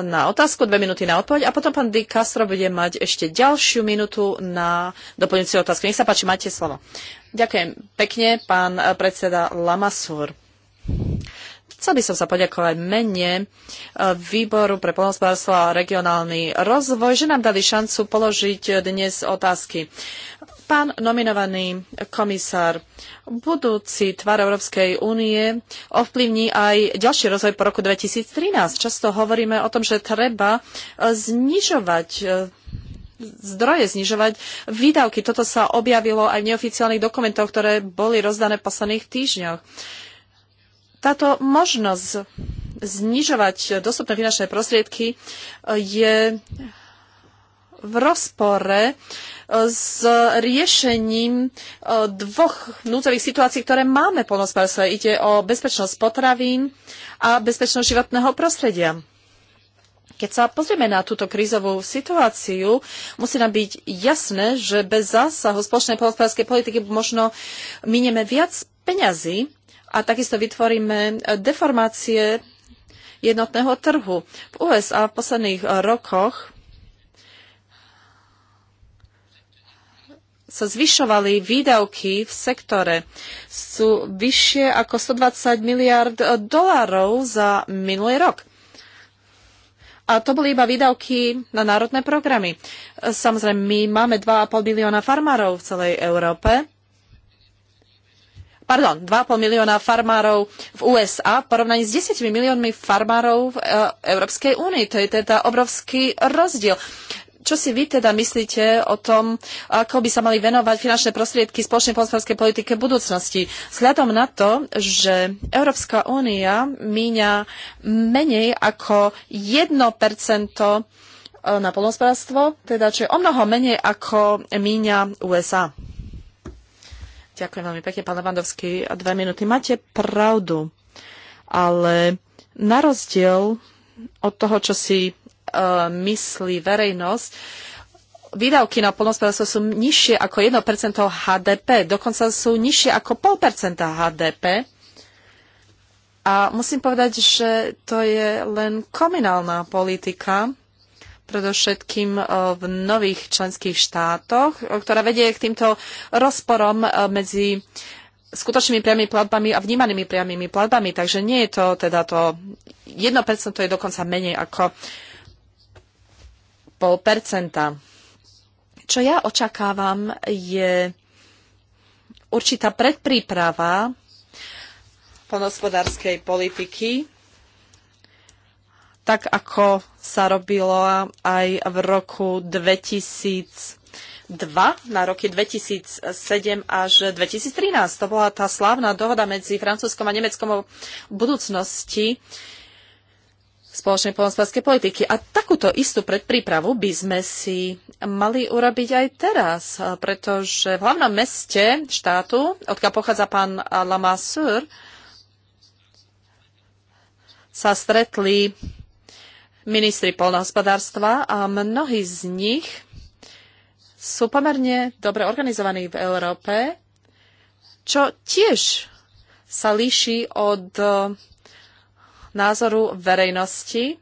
na otázku, dve minúty na odpoveď a potom pán Di Castro bude mať ešte ďalšiu minútu na doplňujúcu otázku. Nech sa páči, máte slovo. Ďakujem pekne, pán predseda Lamasur. Chcel by som sa poďakovať mene eh, Výboru pre polnospodárstvo a regionálny rozvoj, že nám dali šancu položiť eh, dnes otázky. Pán nominovaný komisár, budúci tvar Európskej únie ovplyvní aj ďalší rozvoj po roku 2013. Často hovoríme o tom, že treba znižovať e, zdroje znižovať výdavky. Toto sa objavilo aj v neoficiálnych dokumentoch, ktoré boli rozdané v posledných týždňoch. Táto možnosť znižovať dostupné finančné prostriedky je v rozpore e, s riešením e, dvoch núdzových situácií, ktoré máme v polnospodárstve. Ide o bezpečnosť potravín a bezpečnosť životného prostredia. Keď sa pozrieme na túto krízovú situáciu, musí nám byť jasné, že bez zásahu spoločnej pohospodárskej politiky možno minieme viac peňazí a takisto vytvoríme deformácie jednotného trhu. V USA v posledných rokoch sa zvyšovali výdavky v sektore. Sú vyššie ako 120 miliard eh, dolárov za minulý rok. A to boli iba výdavky na národné programy. Eh, samozrejme, my máme 2,5 milióna farmárov v celej Európe pardon, 2,5 milióna farmárov v USA v porovnaní s 10 miliónmi farmárov v eh, Európskej únii. To je teda obrovský rozdiel. Čo si vy teda myslíte o tom, ako by sa mali venovať finančné prostriedky spoločnej hospodárskej politike v budúcnosti? Vzhľadom na to, že Európska únia míňa menej ako 1% e, na polnospodárstvo, teda čo je o mnoho menej ako míňa USA. Ďakujem veľmi pekne, pán Levandovský. Dve minúty. Máte pravdu, ale na rozdiel od toho, čo si myslí verejnosť, výdavky na polnospodárstvo sú nižšie ako 1% HDP, dokonca sú nižšie ako 0,5% HDP. A musím povedať, že to je len komunálna politika, predovšetkým e, v nových členských štátoch, e, ktorá vedie k týmto rozporom e, medzi skutočnými priamými platbami a vnímanými priamými platbami. Takže nie je to teda to 1%, to je dokonca menej ako čo ja očakávam je určitá predpríprava poľnohospodárskej politiky, tak ako sa robilo aj v roku 2000 na roky 2007 až 2013. To bola tá slávna dohoda medzi Francúzskom a Nemeckom o budúcnosti spoločnej polnospodárskej politiky. A takúto istú predprípravu by sme si mali urobiť aj teraz, pretože v hlavnom meste štátu, odkiaľ pochádza pán Lamassur, sa stretli ministri polnohospodárstva a mnohí z nich sú pomerne dobre organizovaní v Európe, čo tiež sa líši od názoru verejnosti,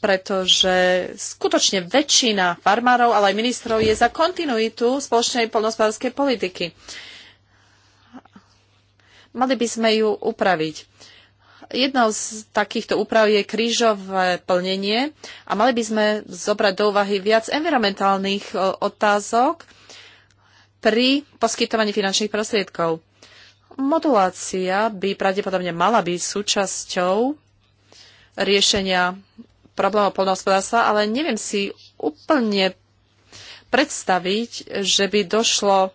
pretože skutočne väčšina farmárov, ale aj ministrov je za kontinuitu spoločnej polnospodárskej politiky. Mali by sme ju upraviť. Jednou z takýchto úprav je krížové plnenie a mali by sme zobrať do úvahy viac environmentálnych e, otázok pri poskytovaní finančných prostriedkov. Modulácia by pravdepodobne mala byť súčasťou riešenia problémov poľnohospodárstva, ale neviem si úplne predstaviť, že by došlo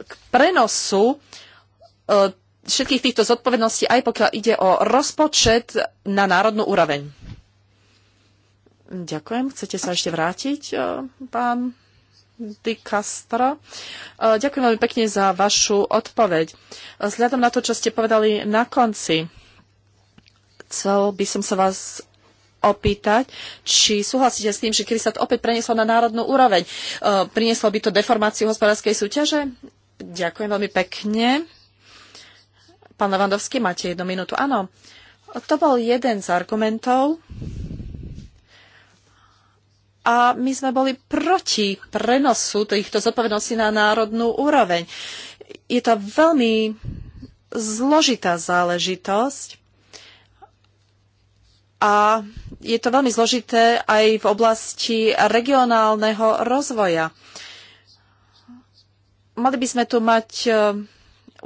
k prenosu e, všetkých týchto zodpovedností, aj pokiaľ ide o rozpočet na národnú úroveň. Ďakujem. Chcete sa ešte vrátiť, e, pán de Castro. E, ďakujem veľmi pekne za vašu odpoveď. E, vzhľadom na to, čo ste povedali na konci, chcel by som sa vás opýtať, či súhlasíte s tým, že kedy sa to opäť prenieslo na národnú úroveň. E, prinieslo by to deformáciu hospodárskej súťaže? Ďakujem veľmi pekne. Pán Levandovský, máte jednu minútu. Áno, to bol jeden z argumentov, a my sme boli proti prenosu týchto zodpovedností na národnú úroveň. Je to veľmi zložitá záležitosť a je to veľmi zložité aj v oblasti regionálneho rozvoja. Mali by sme tu mať e,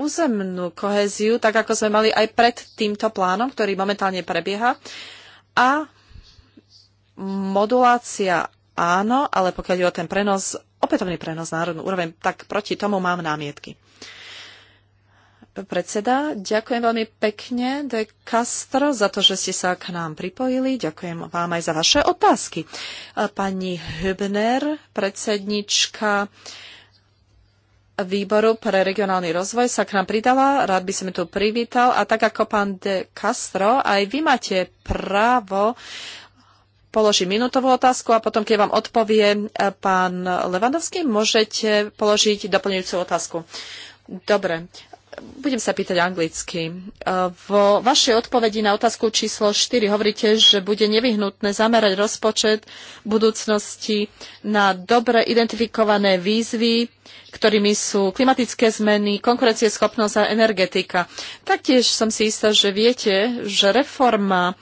územnú koheziu, tak ako sme mali aj pred týmto plánom, ktorý momentálne prebieha. A modulácia áno, ale pokiaľ je o ten prenos, opätovný prenos národnú úroveň, tak proti tomu mám námietky. Predseda, ďakujem veľmi pekne De Castro za to, že ste sa k nám pripojili. Ďakujem vám aj za vaše otázky. Pani Hübner, predsednička výboru pre regionálny rozvoj sa k nám pridala. Rád by som ju tu privítal. A tak ako pán de Castro, aj vy máte právo položím minútovú otázku a potom, keď vám odpovie e, pán Levandovský, môžete položiť doplňujúcu otázku. Dobre, budem sa pýtať anglicky. E, vo vašej odpovedi na otázku číslo 4 hovoríte, že bude nevyhnutné zamerať rozpočet v budúcnosti na dobre identifikované výzvy, ktorými sú klimatické zmeny, konkurencieschopnosť a energetika. Taktiež som si istá, že viete, že reforma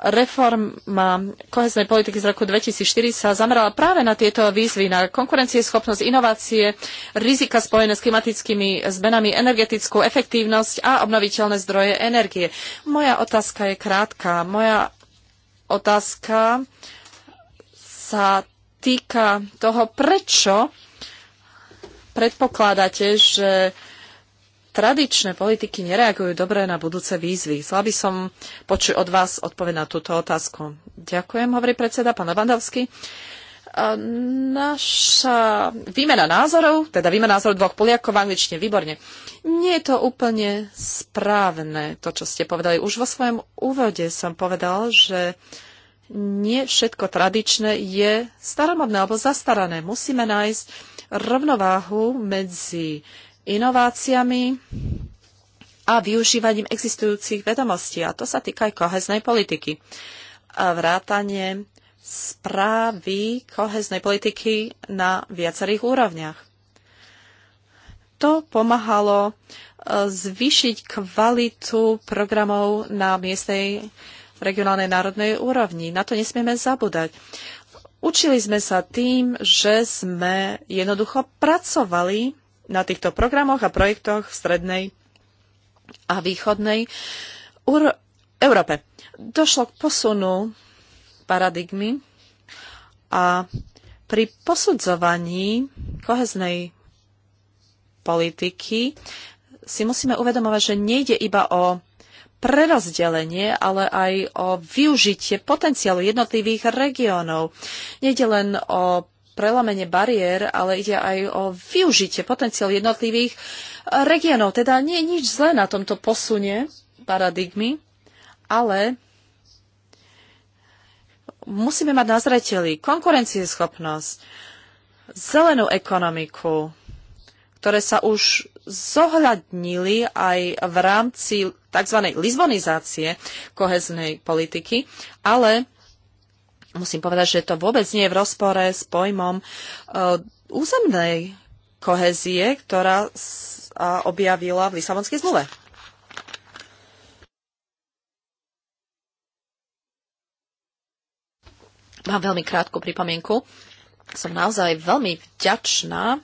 Reforma koheznej politiky z roku 2004 sa zamerala práve na tieto výzvy, na konkurencieschopnosť, inovácie, rizika spojené s klimatickými zmenami, energetickú efektívnosť a obnoviteľné zdroje energie. Moja otázka je krátka. Moja otázka sa týka toho, prečo predpokladáte, že tradičné politiky nereagujú dobre na budúce výzvy. Chcela by som počuť od vás odpoveď na túto otázku. Ďakujem, hovorí predseda, pán Levandovský. Naša výmena názorov, teda výmena názorov dvoch Poliakov v angličtine, výborne. Nie je to úplne správne, to, čo ste povedali. Už vo svojom úvode som povedal, že nie všetko tradičné je staromodné alebo zastarané. Musíme nájsť rovnováhu medzi inováciami a využívaním existujúcich vedomostí. A to sa týka aj koheznej politiky. A vrátanie správy koheznej politiky na viacerých úrovniach. To pomáhalo e, zvýšiť kvalitu programov na miestnej regionálnej národnej úrovni. Na to nesmieme zabúdať. Učili sme sa tým, že sme jednoducho pracovali na týchto programoch a projektoch v strednej a východnej Ur- Európe. Došlo k posunu paradigmy a pri posudzovaní koheznej politiky si musíme uvedomovať, že nejde iba o prerozdelenie, ale aj o využitie potenciálu jednotlivých regiónov. Nejde len o prelamenie bariér, ale ide aj o využitie potenciál jednotlivých eh, regiónov. Teda nie je nič zlé na tomto posune paradigmy, ale musíme mať na zreteli konkurencieschopnosť, zelenú ekonomiku, ktoré sa už zohľadnili aj v rámci tzv. lizbonizácie koheznej politiky, ale musím povedať, že to vôbec nie je v rozpore s pojmom e, územnej kohezie, ktorá sa objavila v Lisabonskej zmluve. Mám veľmi krátku pripomienku. Som naozaj veľmi vďačná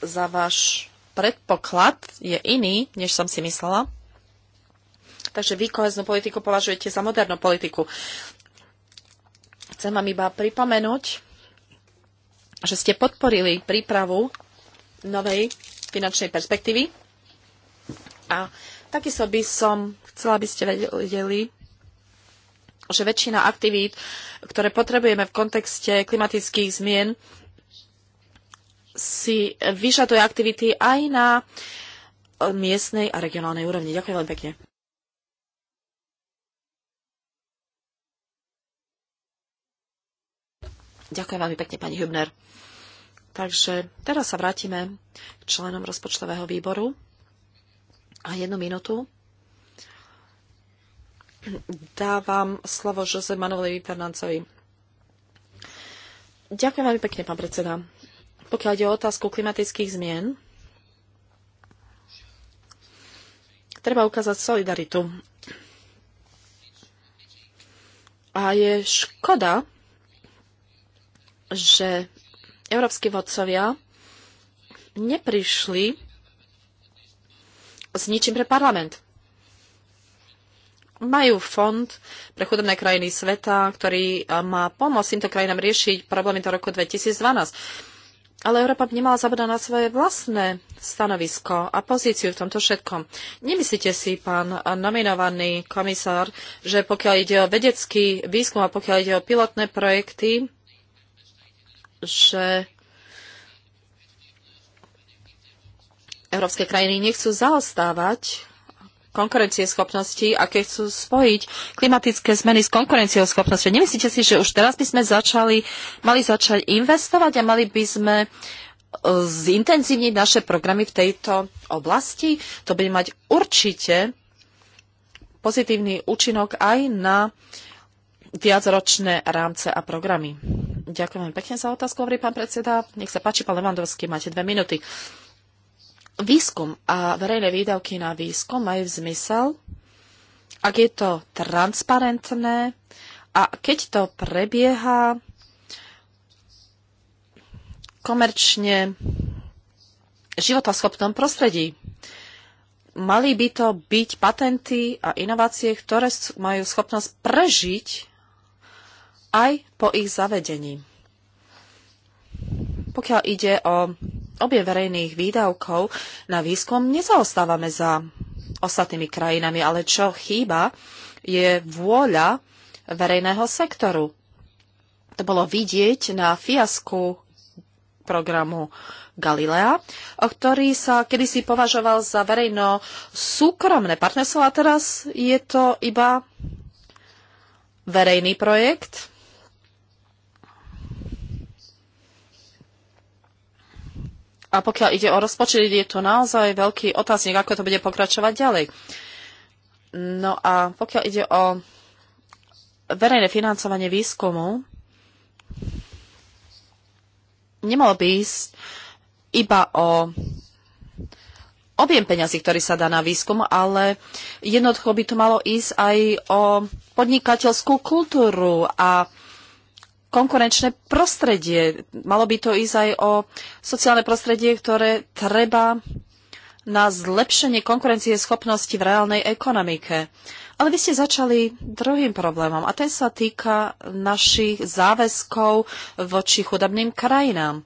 za váš predpoklad. Je iný, než som si myslela. Takže vy koheznú politiku považujete za modernú politiku. Chcem vám iba pripomenúť, že ste podporili prípravu novej finančnej perspektívy. A takisto by som chcela, aby ste vedeli, že väčšina aktivít, ktoré potrebujeme v kontexte klimatických zmien, si vyžaduje aktivity aj na miestnej a regionálnej úrovni. Ďakujem veľmi pekne. Ďakujem veľmi pekne, pani Hübner. Takže teraz sa vrátime k členom rozpočtového výboru. A jednu minútu dávam slovo Jose Manuelovi Fernancovi. Ďakujem veľmi pekne, pán predseda. Pokiaľ ide o otázku klimatických zmien, treba ukázať solidaritu. A je škoda, že európsky vodcovia neprišli s ničím pre parlament. Majú fond pre chudobné krajiny sveta, ktorý e, má pomôcť týmto krajinám riešiť problémy do roku 2012. Ale Európa by nemala zabúdať na svoje vlastné stanovisko a pozíciu v tomto všetkom. Nemyslíte si, pán nominovaný komisár, že pokiaľ ide o vedecký výskum a pokiaľ ide o pilotné projekty, že európske krajiny nechcú zaostávať konkurencieschopnosti a keď chcú spojiť klimatické zmeny s konkurencieschopnosťou. Nemyslíte si, že už teraz by sme začali, mali začať investovať a mali by sme e, zintenzívniť naše programy v tejto oblasti? To bude mať určite pozitívny účinok aj na viacročné rámce a programy. Ďakujem pekne za otázku, hovorí pán predseda. Nech sa páči, pán Levandovský, máte dve minúty. Výskum a verejné výdavky na výskum majú zmysel, ak je to transparentné a keď to prebieha komerčne životoschopnom prostredí. Mali by to byť patenty a inovácie, ktoré majú schopnosť prežiť aj po ich zavedení. Pokiaľ ide o obie verejných výdavkov na výskum, nezaostávame za ostatnými krajinami, ale čo chýba, je vôľa verejného sektoru. To bolo vidieť na fiasku programu Galilea, ktorý sa kedysi považoval za verejno-súkromné partnerstvo a teraz je to iba verejný projekt, A pokiaľ ide o rozpočet, je tu naozaj veľký otáznik, ako to bude pokračovať ďalej. No a pokiaľ ide o verejné financovanie výskumu, nemalo by ísť iba o objem peňazí, ktorý sa dá na výskum, ale jednoducho by to malo ísť aj o podnikateľskú kultúru a konkurenčné prostredie. Malo by to ísť aj o sociálne prostredie, ktoré treba na zlepšenie konkurencie schopnosti v reálnej ekonomike. Ale vy ste začali druhým problémom a ten sa týka našich záväzkov voči chudobným krajinám.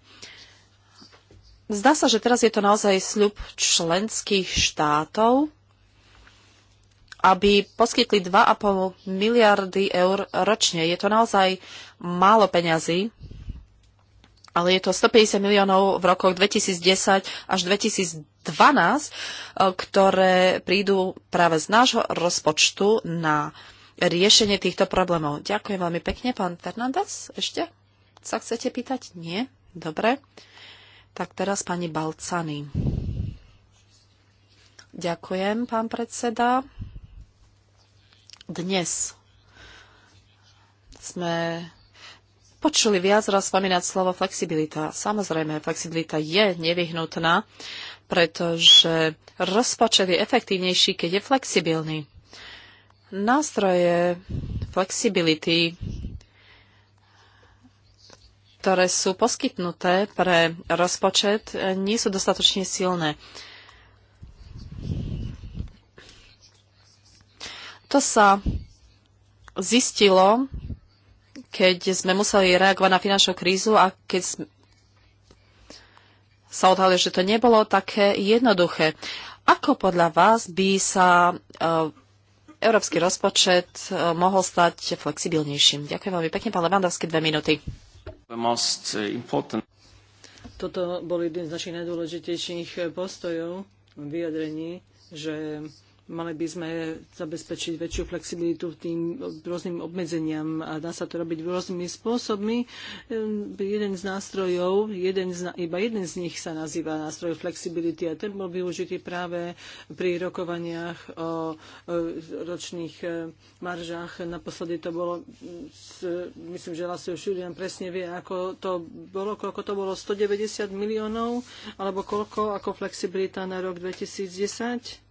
Zdá sa, že teraz je to naozaj sľub členských štátov, aby poskytli 2,5 miliardy eur ročne. Je to naozaj málo peňazí, ale je to 150 miliónov v rokoch 2010 až 2012, eh, ktoré prídu práve z nášho rozpočtu na riešenie týchto problémov. Ďakujem veľmi pekne, pán Fernández. Ešte sa chcete pýtať? Nie? Dobre. Tak teraz pani Balcany. Ďakujem, pán predseda dnes sme počuli viac raz spomínať slovo flexibilita. Samozrejme, flexibilita je nevyhnutná, pretože rozpočet je efektívnejší, keď je flexibilný. Nástroje flexibility, ktoré sú poskytnuté pre rozpočet, nie sú dostatočne silné. To sa zistilo, keď sme museli reagovať na finančnú krízu a keď sa odhalilo, že to nebolo také jednoduché. Ako podľa vás by sa e, európsky rozpočet e, mohol stať flexibilnejším. Ďakujem veľmi pekne, pán Levandovský, dve minúty. E, Toto bol jeden z našich najdôležitejších postojov v vyjadrení, že mali by sme zabezpečiť väčšiu flexibilitu tým rôznym obmedzeniam a dá sa to robiť rôznymi spôsobmi. Ehm, jeden z nástrojov, jeden z, iba jeden z nich sa nazýva nástroj flexibility a ten bol využitý práve pri rokovaniach o e, ročných e, maržách. Naposledy to bolo, myslím, že Lasio Šurian presne vie, ako to bolo, koľko to bolo, 190 miliónov alebo koľko ako flexibilita na rok 2010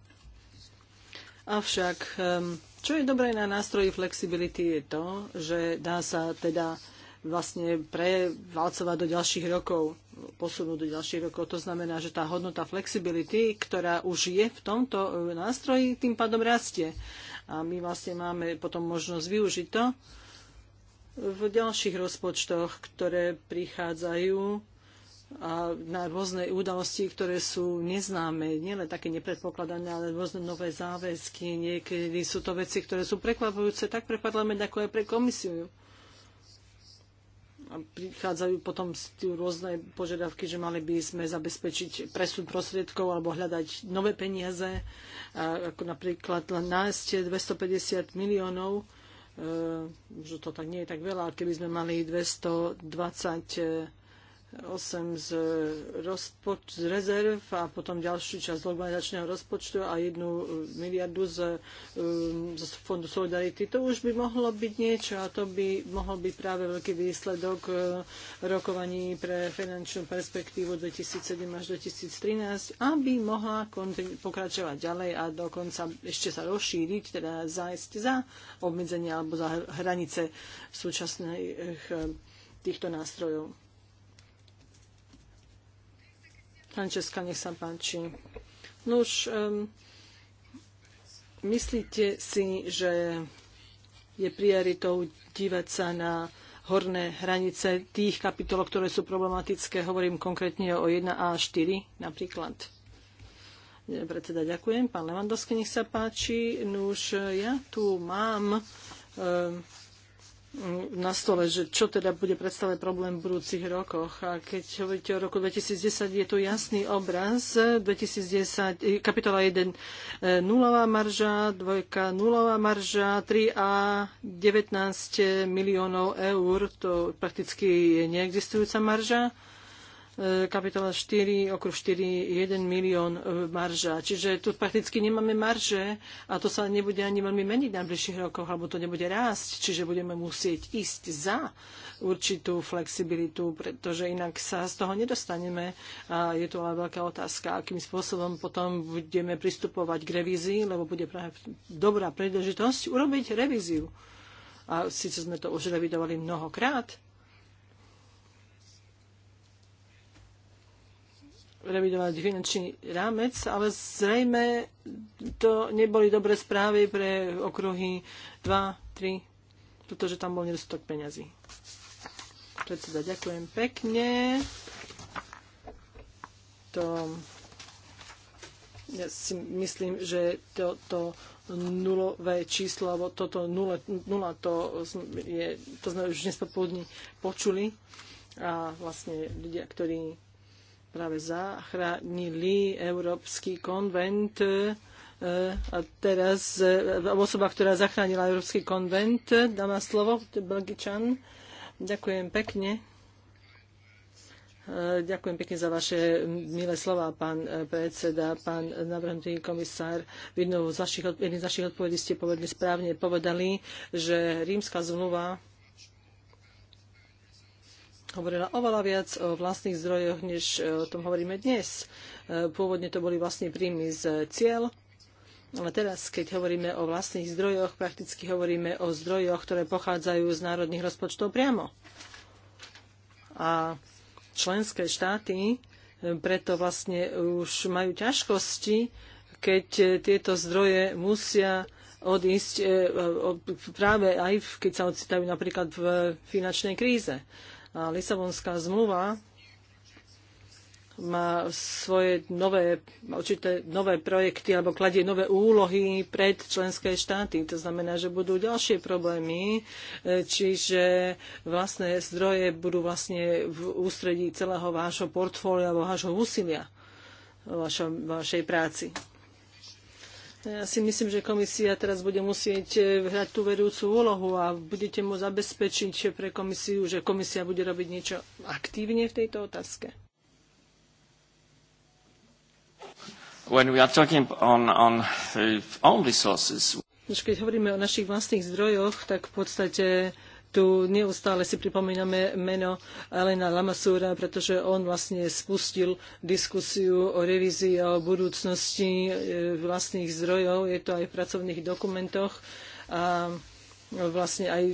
Avšak, ehm, čo je dobré na nástroji flexibility je to, že dá sa teda vlastne prevalcovať do ďalších rokov, posunúť do ďalších rokov. To znamená, že tá hodnota flexibility, ktorá už je v tomto eh, nástroji, tým pádom rastie. A my vlastne máme potom možnosť využiť to v ďalších rozpočtoch, ktoré prichádzajú a na rôzne udalosti, ktoré sú neznáme, nielen také nepredpokladané, ale rôzne nové záväzky. Niekedy sú to veci, ktoré sú prekvapujúce tak pre parlament, ako aj pre komisiu. A prichádzajú potom rôzne požiadavky, že mali by sme zabezpečiť presun prostriedkov alebo hľadať nové peniaze, ako napríklad len nájsť 250 miliónov, e, že to tak nie je tak veľa, keby sme mali 220 8 z, rozpoč- z rezerv a potom ďalšiu časť z organizačného rozpočtu a 1 e, miliardu z, um, z Fondu Solidarity. To už by mohlo byť niečo a to by mohol byť práve veľký výsledok uh, rokovaní pre finančnú perspektívu 2007 až 2013, aby mohla pokračovať ďalej a dokonca ešte sa rozšíriť, teda zájsť za obmedzenia alebo za hranice súčasných uh, týchto nástrojov. Frančeska, nech sa páči. No už, um, myslíte si, že je prioritou dívať sa na horné hranice tých kapitol, ktoré sú problematické. Hovorím konkrétne o 1A 4 napríklad. Predseda, ďakujem. Pán Levandovský, nech sa páči. Nuž, no ja tu mám um, na stole, že čo teda bude predstavovať problém v budúcich rokoch. A keď hovoríte o roku 2010, je tu jasný obraz. 2010, eh, kapitola 1 eh, nulová marža, 2 nulová marža, 3A 19 miliónov eur, to prakticky je neexistujúca marža. E, kapitola 4, okruh 4, 1 milión e, marža. Čiže tu prakticky nemáme marže a to sa nebude ani veľmi meniť na bližších rokoch, alebo to nebude rásť, čiže budeme musieť ísť za určitú flexibilitu, pretože inak sa z toho nedostaneme. A je tu ale veľká otázka, akým spôsobom potom budeme pristupovať k revízii, lebo bude práve dobrá príležitosť urobiť revíziu. A síce sme to už revidovali mnohokrát, revidovať finančný rámec, ale zrejme to neboli dobré správy pre okruhy 2, 3, pretože tam bol nedostatok peňazí. Predseda, ďakujem pekne. To, ja si myslím, že toto nulové číslo, alebo toto nule, nula to, je, to sme už dnes popoludní počuli a vlastne ľudia, ktorí práve zachránili Európsky konvent e, a teraz e, osoba, ktorá zachránila Európsky konvent, ma slovo, Belgičan. Ďakujem pekne. E, ďakujem pekne za vaše milé slova, pán predseda, pán navrhnutý komisár. V jednej z vašich odpovedí ste povedali správne povedali, že rímska zmluva hovorila oveľa viac o vlastných zdrojoch, než e, o tom hovoríme dnes. E, pôvodne to boli vlastne príjmy z cieľ, ale teraz, keď hovoríme o vlastných zdrojoch, prakticky hovoríme o zdrojoch, ktoré pochádzajú z národných rozpočtov priamo. A členské štáty e, preto vlastne už majú ťažkosti, keď tieto zdroje musia odísť práve aj, keď sa ocitajú napríklad v finančnej kríze. Lisabonská zmluva má svoje nové, určité nové projekty alebo kladie nové úlohy pred členské štáty. To znamená, že budú ďalšie problémy, e, čiže vlastné zdroje budú vlastne v ústredí celého vášho portfólia alebo vášho úsilia, vašej práci. Ja si myslím, že komisia teraz bude musieť e, hrať tú vedúcu úlohu a budete mu zabezpečiť pre komisiu, že komisia bude robiť niečo aktívne v tejto otázke. When we are talking on, on uh, own resources, keď hovoríme o našich vlastných zdrojoch, tak v podstate tu neustále si pripomíname meno Elena Lamasúra, pretože on vlastne spustil diskusiu o revízii a o budúcnosti e, vlastných zdrojov. Je to aj v pracovných dokumentoch. A vlastne aj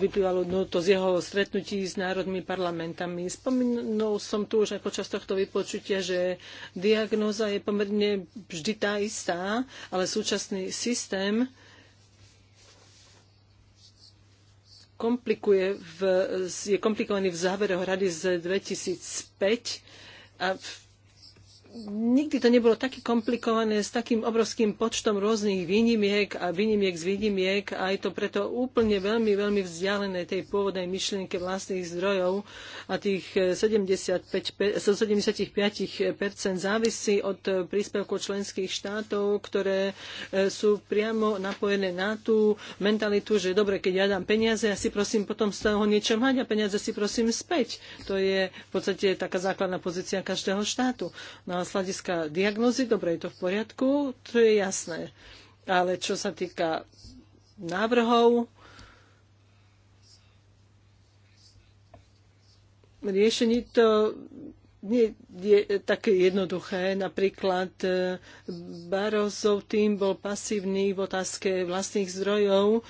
vyplývalo no, to z jeho stretnutí s národnými parlamentami. Spomenul som tu už aj počas tohto vypočutia, že diagnóza je pomerne vždy tá istá, ale súčasný systém komplikuje v, je komplikovaný v závere rady z 2005 a v nikdy to nebolo také komplikované s takým obrovským počtom rôznych výnimiek a výnimiek z výnimiek a je to preto úplne veľmi, veľmi vzdialené tej pôvodnej myšlienke vlastných zdrojov a tých 75, eh, 75% závisí od eh, príspevkov členských štátov, ktoré eh, sú priamo napojené na tú mentalitu, že dobre, keď ja dám peniaze, ja si prosím potom z toho niečo mať a peniaze si prosím späť. To je v podstate taká základná pozícia každého štátu. No z hľadiska diagnózy, dobre, je to v poriadku, to je jasné. Ale čo sa týka návrhov, riešení to nie je také jednoduché. Napríklad e, Barozov tým bol pasívny v otázke vlastných zdrojov e,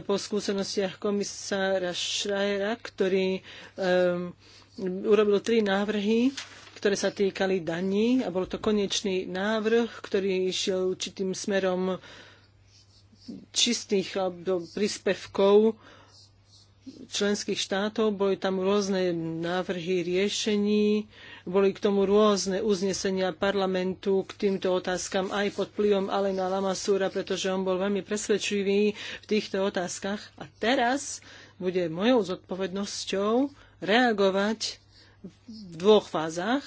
po skúsenostiach komisára Schreiera, ktorý um, urobil tri návrhy ktoré sa týkali daní a bol to konečný návrh, ktorý išiel určitým smerom čistých príspevkov členských štátov, boli tam rôzne návrhy riešení, boli k tomu rôzne uznesenia parlamentu k týmto otázkam aj pod plivom Alena Lamasúra, pretože on bol veľmi presvedčivý v týchto otázkach. A teraz bude mojou zodpovednosťou reagovať v dvoch fázach.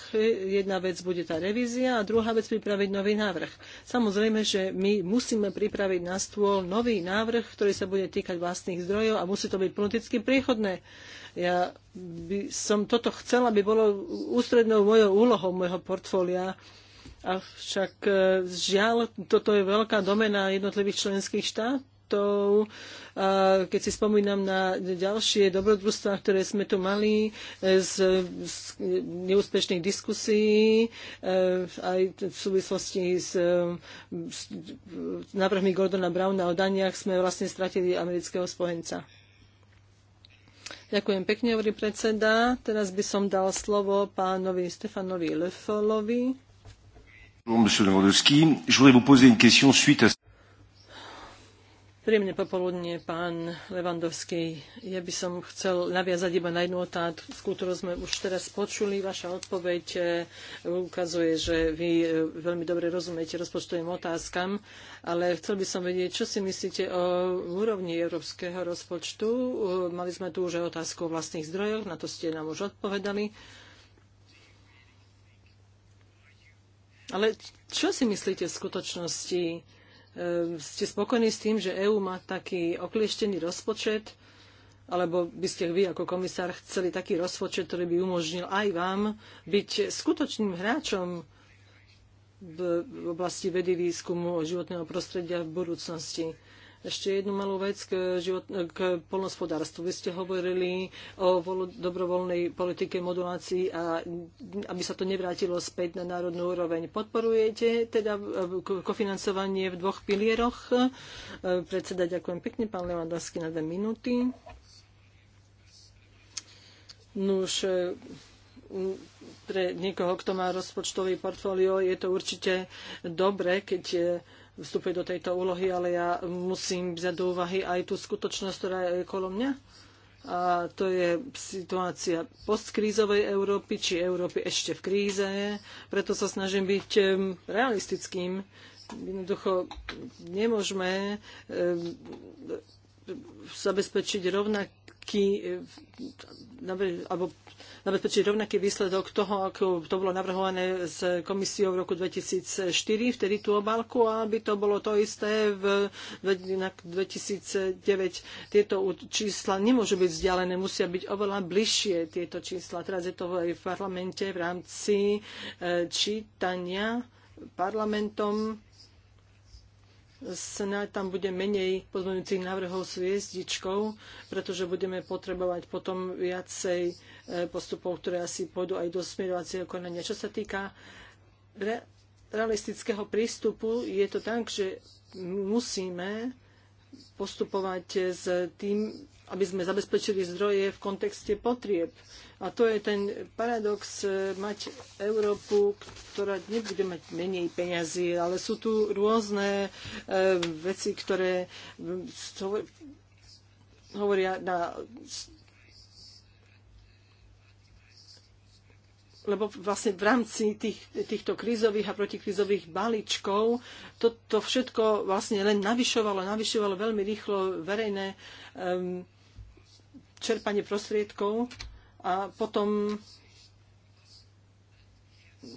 Jedna vec bude tá revízia a druhá vec pripraviť nový návrh. Samozrejme, že my musíme pripraviť na stôl nový návrh, ktorý sa bude týkať vlastných zdrojov a musí to byť politicky príchodné. Ja by som toto chcela, aby bolo ústrednou mojou úlohou môjho portfólia, Avšak e, žiaľ, toto je veľká domena jednotlivých členských štátov štátov. keď si spomínam na ďalšie dobrodružstvá, ktoré sme tu mali e, z, z neúspešných diskusí, e, aj v súvislosti s, e, s návrhmi Gordona Browna o daniach sme vlastne stratili amerického spojenca. Ďakujem pekne, hovorí predseda. Teraz by som dal slovo pánovi Stefanovi Lefolovi. Bonjour, monsieur Lewandowski. Je voudrais vous poser une question suite à... Príjemne popoludne, pán Levandovský. Ja by som chcel naviazať iba na jednu otázku, ktorú sme už teraz počuli. Vaša odpoveď e, ukazuje, že vy e, veľmi dobre rozumiete rozpočtovým otázkam, ale chcel by som vedieť, čo si myslíte o úrovni európskeho rozpočtu. E, mali sme tu už aj otázku o vlastných zdrojoch, na to ste nám už odpovedali. Ale čo si myslíte v skutočnosti? Ehm, ste spokojní s tým, že EÚ má taký oklieštený rozpočet, alebo by ste vy ako komisár chceli taký rozpočet, ktorý by umožnil aj vám byť skutočným hráčom v oblasti vedy výskumu životného prostredia v budúcnosti. Ešte jednu malú vec k, život, k polnospodárstvu. Vy ste hovorili o dobrovoľnej politike modulácii a aby sa to nevrátilo späť na národnú úroveň. Podporujete teda e, kofinancovanie v dvoch pilieroch? E, predseda, ďakujem pekne. Pán Levandovský na dve minúty. Nuž, e, pre niekoho, kto má rozpočtový portfólio, je to určite dobre, keď vstúpiť do tejto úlohy, ale ja musím vziať do úvahy aj tú skutočnosť, ktorá je okolo mňa. A to je situácia postkrízovej Európy, či Európy ešte v kríze. Preto sa snažím byť realistickým. Jednoducho nemôžeme zabezpečiť rovnaké rovnaký, e, alebo zabezpečiť rovnaký výsledok toho, ako to bolo navrhované s komisiou v roku 2004, vtedy tú obálku, aby to bolo to isté v 2009. Tieto čísla nemôžu byť vzdialené, musia byť oveľa bližšie tieto čísla. Teraz je to aj v parlamente v rámci e, čítania parlamentom snáď tam bude menej pozmeňujúcich návrhov s hviezdičkou, pretože budeme potrebovať potom viacej e, postupov, ktoré asi pôjdu aj do smerovacieho konania. Čo sa týka re- realistického prístupu, je to tak, že musíme postupovať s tým, aby sme zabezpečili zdroje v kontexte potrieb. A to je ten paradox e, mať Európu, ktorá nebude mať menej peňazí, ale sú tu rôzne e, veci, ktoré mm, hovoria na lebo vlastne v rámci tých, týchto krízových a protikrízových balíčkov toto to všetko vlastne len navyšovalo, navyšovalo veľmi rýchlo verejné um, čerpanie prostriedkov a potom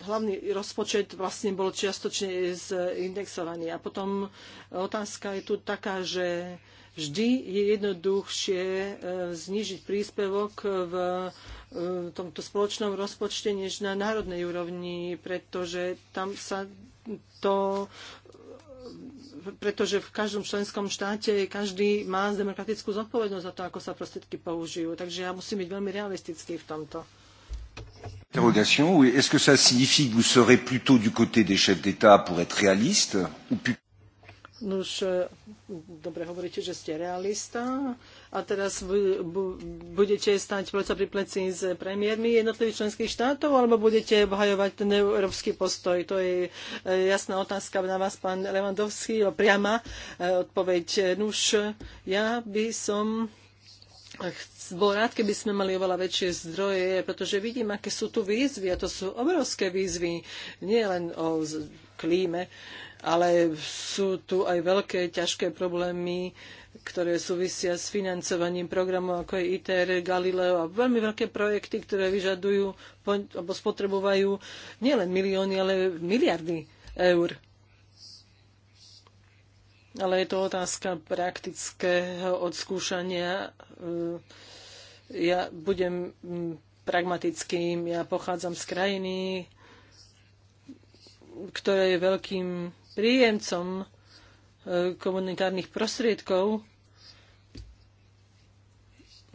hlavný rozpočet vlastne bol čiastočne zindexovaný. A potom otázka je tu taká, že vždy je jednoduchšie e, znížiť príspevok v e, tomto spoločnom rozpočte než na národnej úrovni, pretože tam sa to pretože v každom členskom štáte každý má demokratickú zodpovednosť za to, ako sa prostriedky použijú. Takže ja musím byť veľmi realistický v tomto. Interrogation, oui. Est-ce que ça signifie que vous serez plutôt du côté des chefs d'État pour être réaliste ou plutôt... No už e, dobre hovoríte, že ste realista a teraz budete stať pleca pri pleci s premiérmi jednotlivých členských štátov alebo budete obhajovať ten európsky postoj? To je e, jasná otázka na vás, pán Levandovský, priama e, odpoveď. Nuž, ja by som bol rád, keby sme mali oveľa väčšie zdroje, pretože vidím, aké sú tu výzvy a to sú obrovské výzvy, nie len o klíme, ale sú tu aj veľké ťažké problémy, ktoré súvisia s financovaním programov ako je ITER, Galileo a veľmi veľké projekty, ktoré vyžadujú alebo spotrebovajú nielen milióny, ale miliardy eur. Ale je to otázka praktického odskúšania. Ja budem mm, pragmatickým. Ja pochádzam z krajiny, ktoré je veľkým príjemcom e, komunitárnych prostriedkov.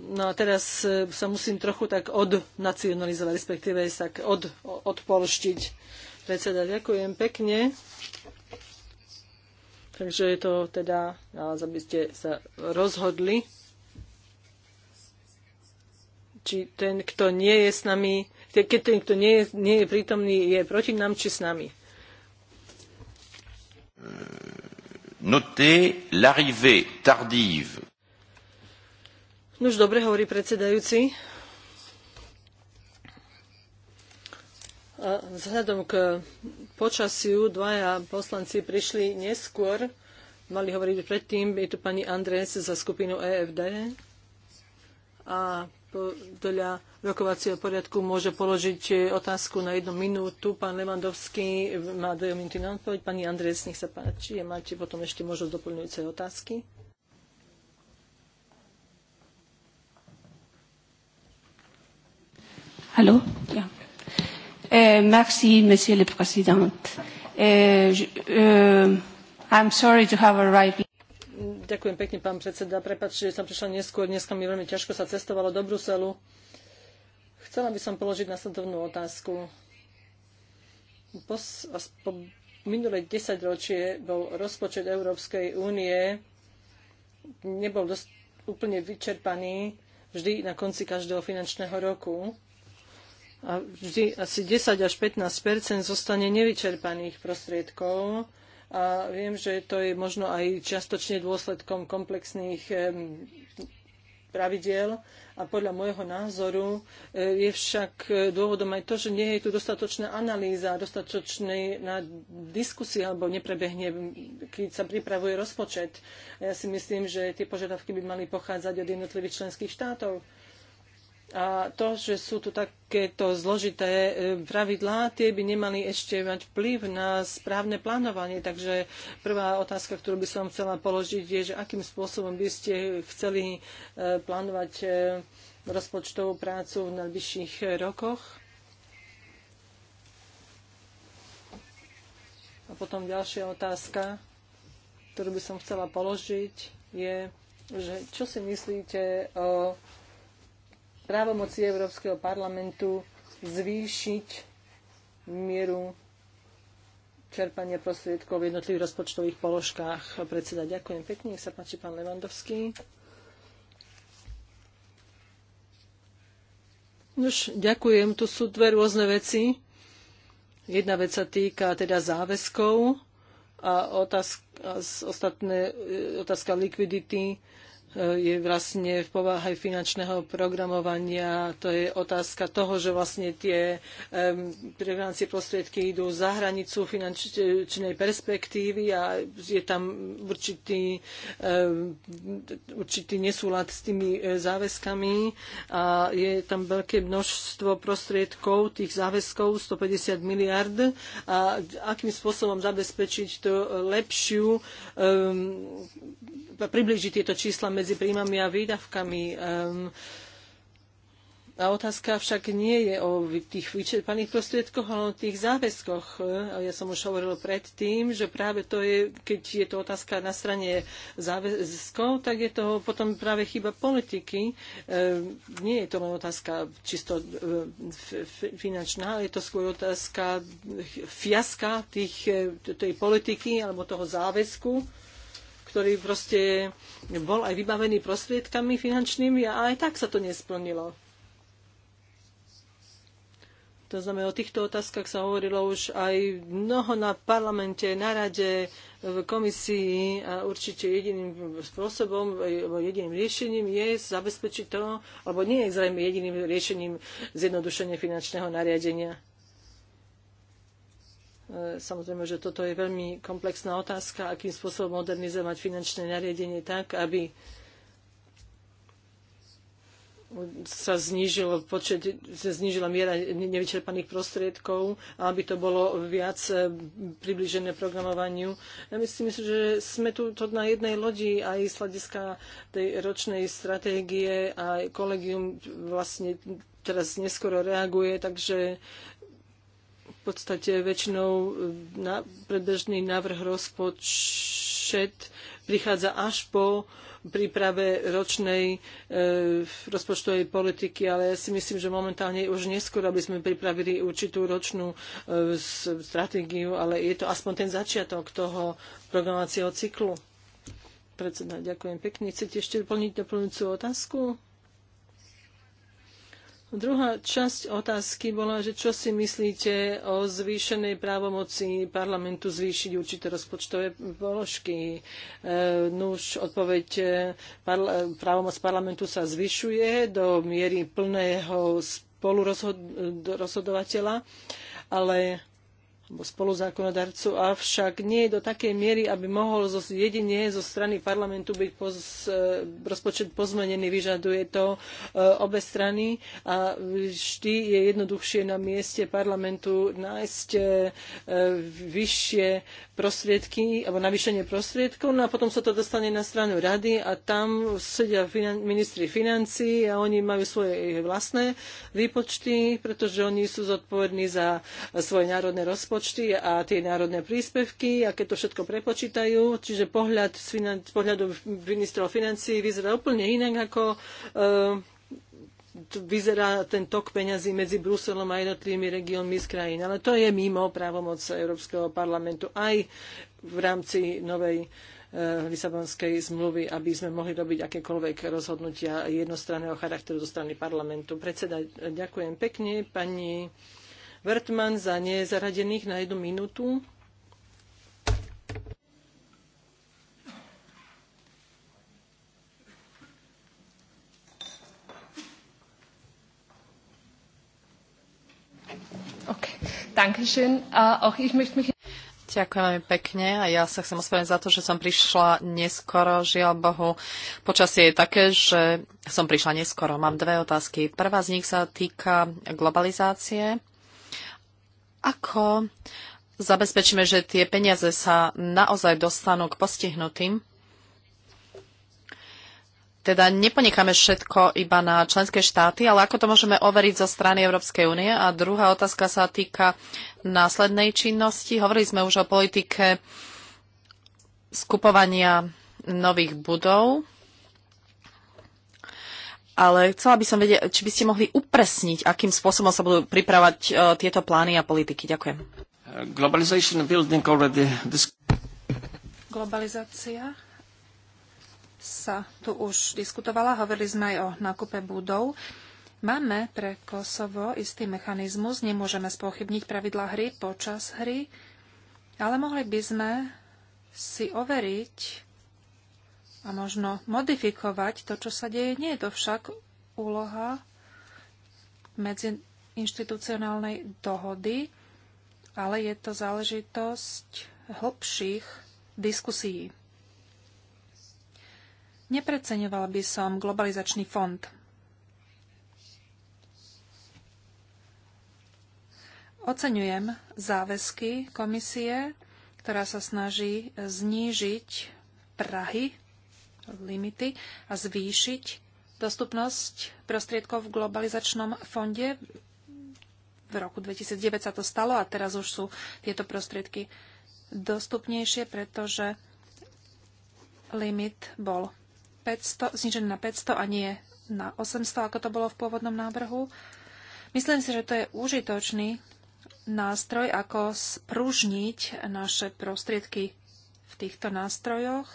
No a teraz e, sa musím trochu tak odnacionalizovať, respektíve tak od, odpolštiť. Predseda, ďakujem pekne. Takže je to teda, aby ste sa rozhodli, či ten, kto nie je s nami, keď ten, kto nie je, nie je prítomný, je proti nám, či s nami. Euh, noter l'arrivée tardive. Nož dobre hovorí predsedajúci. A vzhľadom k počasiu dvaja poslanci prišli neskôr. Mali hovoriť predtým, je tu pani Andres za skupinu EFD a podľa rokovacieho poriadku môže položiť otázku na jednu minútu. Pán Levandovský má dve minúty na odpoveď. Pani Andres, nech sa páči. A máte potom ešte možnosť doplňujúce otázky. Hello? yeah. Eh, uh, Merci, Monsieur le Président. Uh, uh, I'm sorry to have arrived Ďakujem pekne, pán predseda. Prepačte, že som prišla neskôr. Dneska mi veľmi ťažko sa cestovalo do Bruselu. Chcela by som položiť nasledovnú otázku. Po, po minulé desaťročie bol rozpočet Európskej únie nebol dosť úplne vyčerpaný vždy na konci každého finančného roku a vždy asi 10 až 15 zostane nevyčerpaných prostriedkov a viem, že to je možno aj čiastočne dôsledkom komplexných pravidiel a podľa môjho názoru e, je však e, dôvodom aj to, že nie je tu dostatočná analýza, dostatočná na diskusia alebo neprebehne, keď sa pripravuje rozpočet. Ja si myslím, že tie požiadavky by mali pochádzať od jednotlivých členských štátov. A to, že sú tu takéto zložité e, pravidlá, tie by nemali ešte mať vplyv na správne plánovanie. Takže prvá otázka, ktorú by som chcela položiť, je, že akým spôsobom by ste chceli e, plánovať e, rozpočtovú prácu v najbližších rokoch? A potom ďalšia otázka, ktorú by som chcela položiť, je, že čo si myslíte o právomoci Európskeho parlamentu zvýšiť mieru čerpania prostriedkov v jednotlivých rozpočtových položkách. Predseda, ďakujem pekne. Nech sa páči pán Levandovský. Nož, ďakujem. Tu sú dve rôzne veci. Jedna vec sa týka teda záväzkov a otázka, ostatné, e, otázka likvidity je vlastne v povahe finančného programovania. To je otázka toho, že vlastne tie preverancie prostriedky idú za hranicu finančnej perspektívy a je tam určitý, určitý nesúlad s tými e, záväzkami a je tam veľké množstvo prostriedkov, tých záväzkov 150 miliard a akým spôsobom zabezpečiť to lepšiu, približiť tieto čísla medzi medzi príjmami a výdavkami. Um, a otázka však nie je o tých vyčerpaných prostriedkoch, ale o tých záväzkoch. Ja som už hovorila predtým, že práve to je, keď je to otázka na strane záväzkov, tak je to potom práve chyba politiky. Ehm, nie je to len otázka čisto ehm, finančná, ale je to skôr otázka fiaska tých, tej politiky alebo toho záväzku ktorý proste bol aj vybavený prostriedkami finančnými a aj tak sa to nesplnilo. To znamená, o týchto otázkach sa hovorilo už aj mnoho na parlamente, na rade, v komisii a určite jediným spôsobom, alebo jediným riešením je zabezpečiť to, alebo nie je zrejme jediným riešením zjednodušenie finančného nariadenia E, samozrejme, že toto je veľmi komplexná otázka, akým spôsobom modernizovať finančné nariadenie tak, aby sa znížil počet, znížila miera nevyčerpaných prostriedkov a aby to bolo viac e, približené programovaniu. Ja myslím, že sme tu to na jednej lodi aj z hľadiska tej ročnej stratégie a kolegium vlastne teraz neskoro reaguje, takže v podstate väčšinou e, na predbežný návrh rozpočet prichádza až po príprave ročnej e, rozpočtovej politiky, ale ja si myslím, že momentálne je už neskôr, aby sme pripravili určitú ročnú e, stratégiu, ale je to aspoň ten začiatok toho programovacieho cyklu. Predseda, ďakujem pekne. Chcete ešte doplniť doplňujúcu otázku? Druhá časť otázky bola, že čo si myslíte o zvýšenej právomoci parlamentu zvýšiť určité rozpočtové položky. E, nuž odpoveď e, parla, právomoc parlamentu sa zvyšuje do miery plného spolurozhodovateľa, ale spoluzákonodarcu, avšak nie do takej miery, aby mohol zo, jedine zo strany parlamentu byť poz, e, rozpočet pozmenený. Vyžaduje to e, obe strany a vždy je jednoduchšie na mieste parlamentu nájsť e, vyššie prostriedky alebo navýšenie prostriedkov no a potom sa to dostane na stranu rady a tam sedia finan- ministri financií a oni majú svoje vlastné výpočty, pretože oni sú zodpovední za svoje národné rozpočty rozpočty a tie národné príspevky aké to všetko prepočítajú, čiže pohľad z, finan- pohľadu ministrov financí vyzerá úplne inak ako e, vyzerá ten tok peňazí medzi Bruselom a jednotlivými regiónmi z krajín. Ale to je mimo právomoc Európskeho parlamentu aj v rámci novej e, Lisabonskej zmluvy, aby sme mohli robiť akékoľvek rozhodnutia jednostranného charakteru zo strany parlamentu. Predseda, ďakujem pekne. Pani za nezaradených na jednu minútu. Äh, Ďakujem veľmi pekne a ja sa chcem ospravedlniť za to, že som prišla neskoro. Žiaľ Bohu, počasie je také, že som prišla neskoro. Mám dve otázky. Prvá z nich sa týka globalizácie. Ako zabezpečíme, že tie peniaze sa naozaj dostanú k postihnutým? Teda neponecháme všetko iba na členské štáty, ale ako to môžeme overiť zo strany Európskej únie? A druhá otázka sa týka následnej činnosti. Hovorili sme už o politike skupovania nových budov ale chcela by som vedieť, či by ste mohli upresniť, akým spôsobom sa budú pripravať uh, tieto plány a politiky. Ďakujem. Globalizácia sa tu už diskutovala, hovorili sme aj o nákupe budov. Máme pre Kosovo istý mechanizmus, nemôžeme spochybniť pravidla hry počas hry, ale mohli by sme si overiť, a možno modifikovať to, čo sa deje. Nie je to však úloha inštitucionálnej dohody, ale je to záležitosť hlbších diskusí. Nepreceňoval by som globalizačný fond. Oceňujem záväzky komisie, ktorá sa snaží znížiť Prahy limity a zvýšiť dostupnosť prostriedkov v globalizačnom fonde. V roku 2009 sa to stalo a teraz už sú tieto prostriedky dostupnejšie, pretože limit bol 500, znižený na 500 a nie na 800, ako to bolo v pôvodnom návrhu. Myslím si, že to je užitočný nástroj, ako spružniť naše prostriedky v týchto nástrojoch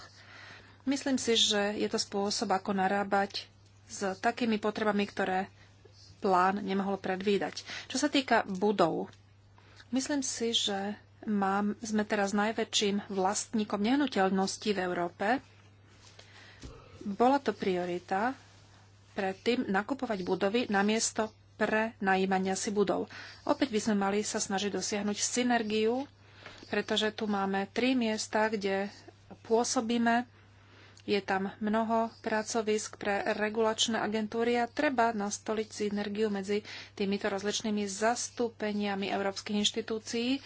Myslím si, že je to spôsob, ako narábať s takými potrebami, ktoré plán nemohol predvídať. Čo sa týka budov, myslím si, že mám, sme teraz najväčším vlastníkom nehnuteľností v Európe. Bola to priorita predtým nakupovať budovy namiesto pre najímania si budov. Opäť by sme mali sa snažiť dosiahnuť synergiu, pretože tu máme tri miesta, kde pôsobíme je tam mnoho pracovisk pre regulačné agentúry a treba nastoliť synergiu medzi týmito rozličnými zastúpeniami európskych inštitúcií,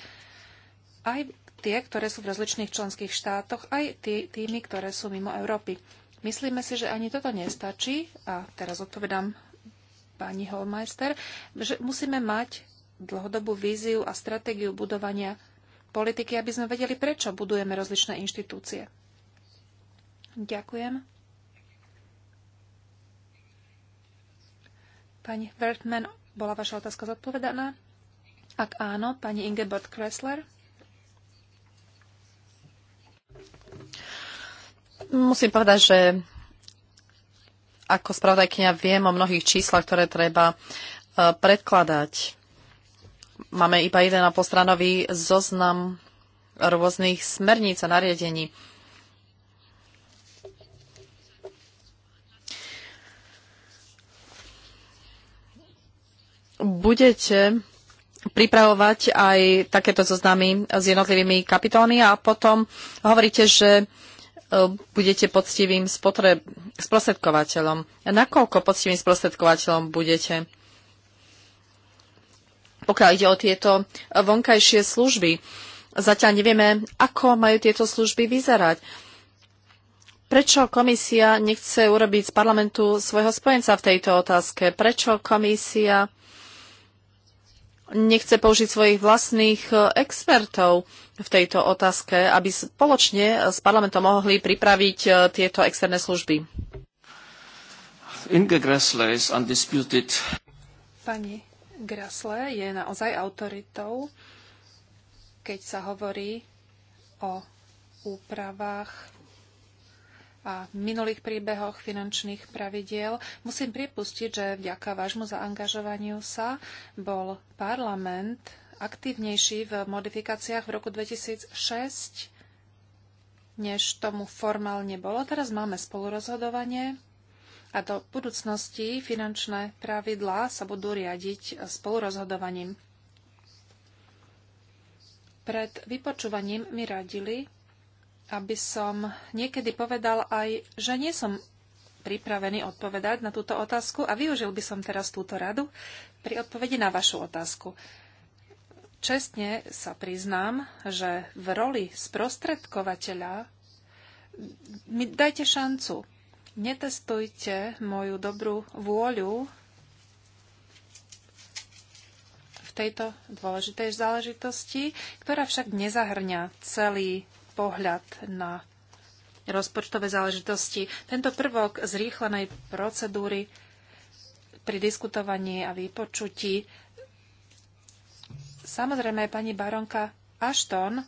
aj tie, ktoré sú v rozličných členských štátoch, aj tí, tými, ktoré sú mimo Európy. Myslíme si, že ani toto nestačí, a teraz odpovedám pani Holmeister, že musíme mať dlhodobú víziu a stratégiu budovania politiky, aby sme vedeli, prečo budujeme rozličné inštitúcie. Ďakujem. Pani Wertmann, bola vaša otázka zodpovedaná? Ak áno, pani Ingeborg Kressler. Musím povedať, že ako spravodajkňa viem o mnohých číslach, ktoré treba e, predkladať. Máme iba jeden a postranový zoznam rôznych smerníc a nariadení. budete pripravovať aj takéto zoznamy s jednotlivými kapitolami a potom hovoríte, že e, budete poctivým spotreb, sprostredkovateľom. Nakoľko poctivým sprostredkovateľom budete? Pokiaľ ide o tieto vonkajšie služby, zatiaľ nevieme, ako majú tieto služby vyzerať. Prečo komisia nechce urobiť z parlamentu svojho spojenca v tejto otázke? Prečo komisia nechce použiť svojich vlastných e, expertov v tejto otázke, aby spoločne s parlamentom mohli pripraviť e, tieto externé služby. Inge Gressle is undisputed. Pani Gressle je naozaj autoritou, keď sa hovorí o úpravách a minulých príbehoch finančných pravidiel. Musím pripustiť, že vďaka vášmu zaangažovaniu sa bol parlament aktívnejší v modifikáciách v roku 2006, než tomu formálne bolo. Teraz máme spolurozhodovanie a do budúcnosti finančné pravidlá sa budú riadiť spolurozhodovaním. Pred vypočúvaním mi radili, aby som niekedy povedal aj, že nie som pripravený odpovedať na túto otázku a využil by som teraz túto radu pri odpovedi na vašu otázku. Čestne sa priznám, že v roli sprostredkovateľa mi dajte šancu. Netestujte moju dobrú vôľu v tejto dôležitej záležitosti, ktorá však nezahrňa celý pohľad na rozpočtové záležitosti. Tento prvok zrýchlenej procedúry pri diskutovaní a vypočutí. Samozrejme, pani baronka Ashton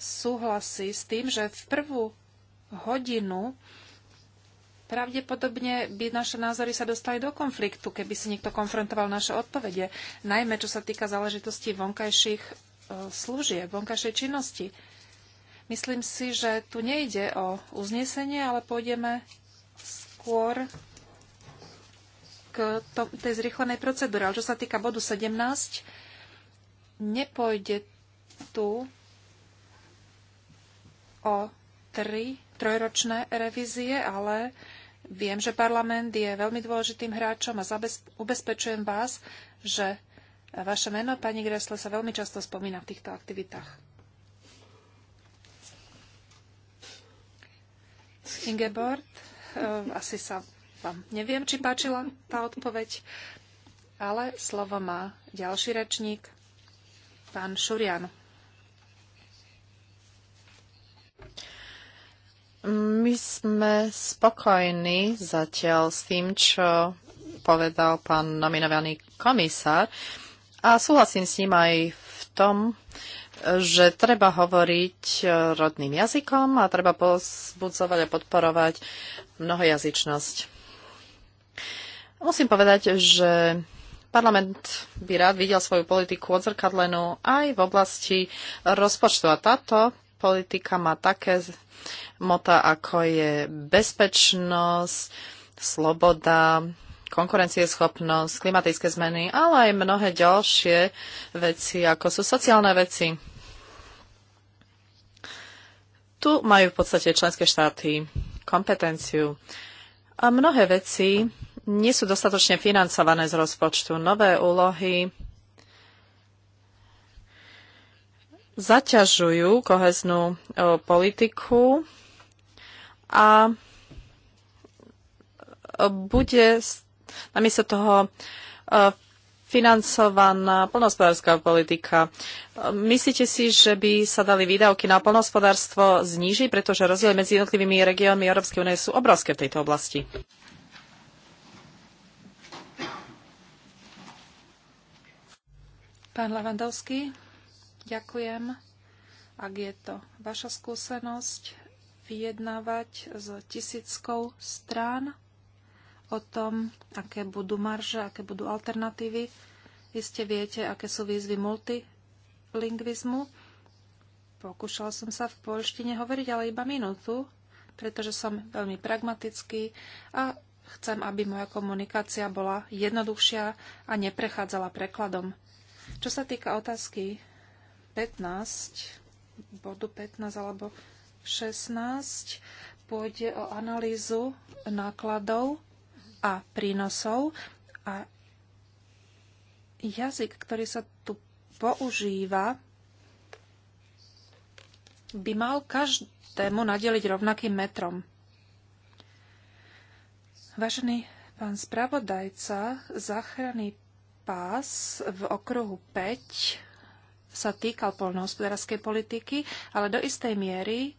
súhlasí s tým, že v prvú hodinu pravdepodobne by naše názory sa dostali do konfliktu, keby si niekto konfrontoval naše odpovede, najmä čo sa týka záležitosti vonkajších e, služieb, vonkajšej činnosti. Myslím si, že tu nejde o uznesenie, ale pôjdeme skôr k tej zrýchlenej procedúre. Ale čo sa týka bodu 17, nepôjde tu o tri trojročné revízie, ale viem, že parlament je veľmi dôležitým hráčom a ubezpečujem vás, že vaše meno, pani Gresle, sa veľmi často spomína v týchto aktivitách. Ingeborg. Eh, asi sa vám neviem, či páčila tá odpoveď, ale slovo má ďalší rečník, pán Šurian. My sme spokojní zatiaľ s tým, čo povedal pán nominovaný komisár a súhlasím s ním aj v tom, že treba hovoriť e, rodným jazykom a treba pozbudzovať a podporovať mnohojazyčnosť. Musím povedať, že parlament by rád videl svoju politiku odzrkadlenú aj v oblasti rozpočtu. A táto politika má také mota, ako je bezpečnosť, sloboda, konkurencieschopnosť, klimatické zmeny, ale aj mnohé ďalšie veci, ako sú sociálne veci. Tu majú v podstate členské štáty kompetenciu. A mnohé veci nie sú dostatočne financované z rozpočtu. Nové úlohy zaťažujú koheznú politiku a bude z namiesto toho e, financovaná polnohospodárska politika. Myslíte si, že by sa dali výdavky na polnohospodárstvo znížiť, pretože rozdiely medzi jednotlivými regiónmi Európskej únie sú obrovské v tejto oblasti? Pán Lavandovský, ďakujem. Ak je to vaša skúsenosť vyjednávať s tisíckou strán, o tom, aké budú marže, aké budú alternatívy. Iste viete, aké sú výzvy multilingvizmu. Pokúšal som sa v polštine hovoriť, ale iba minútu, pretože som veľmi pragmatický a chcem, aby moja komunikácia bola jednoduchšia a neprechádzala prekladom. Čo sa týka otázky 15, bodu 15 alebo 16, pôjde o analýzu nákladov a prínosov. A jazyk, ktorý sa tu používa, by mal každému nadeliť rovnakým metrom. Vážený pán spravodajca, záchranný pás v okruhu 5 sa týkal poľnohospodárskej politiky, ale do istej miery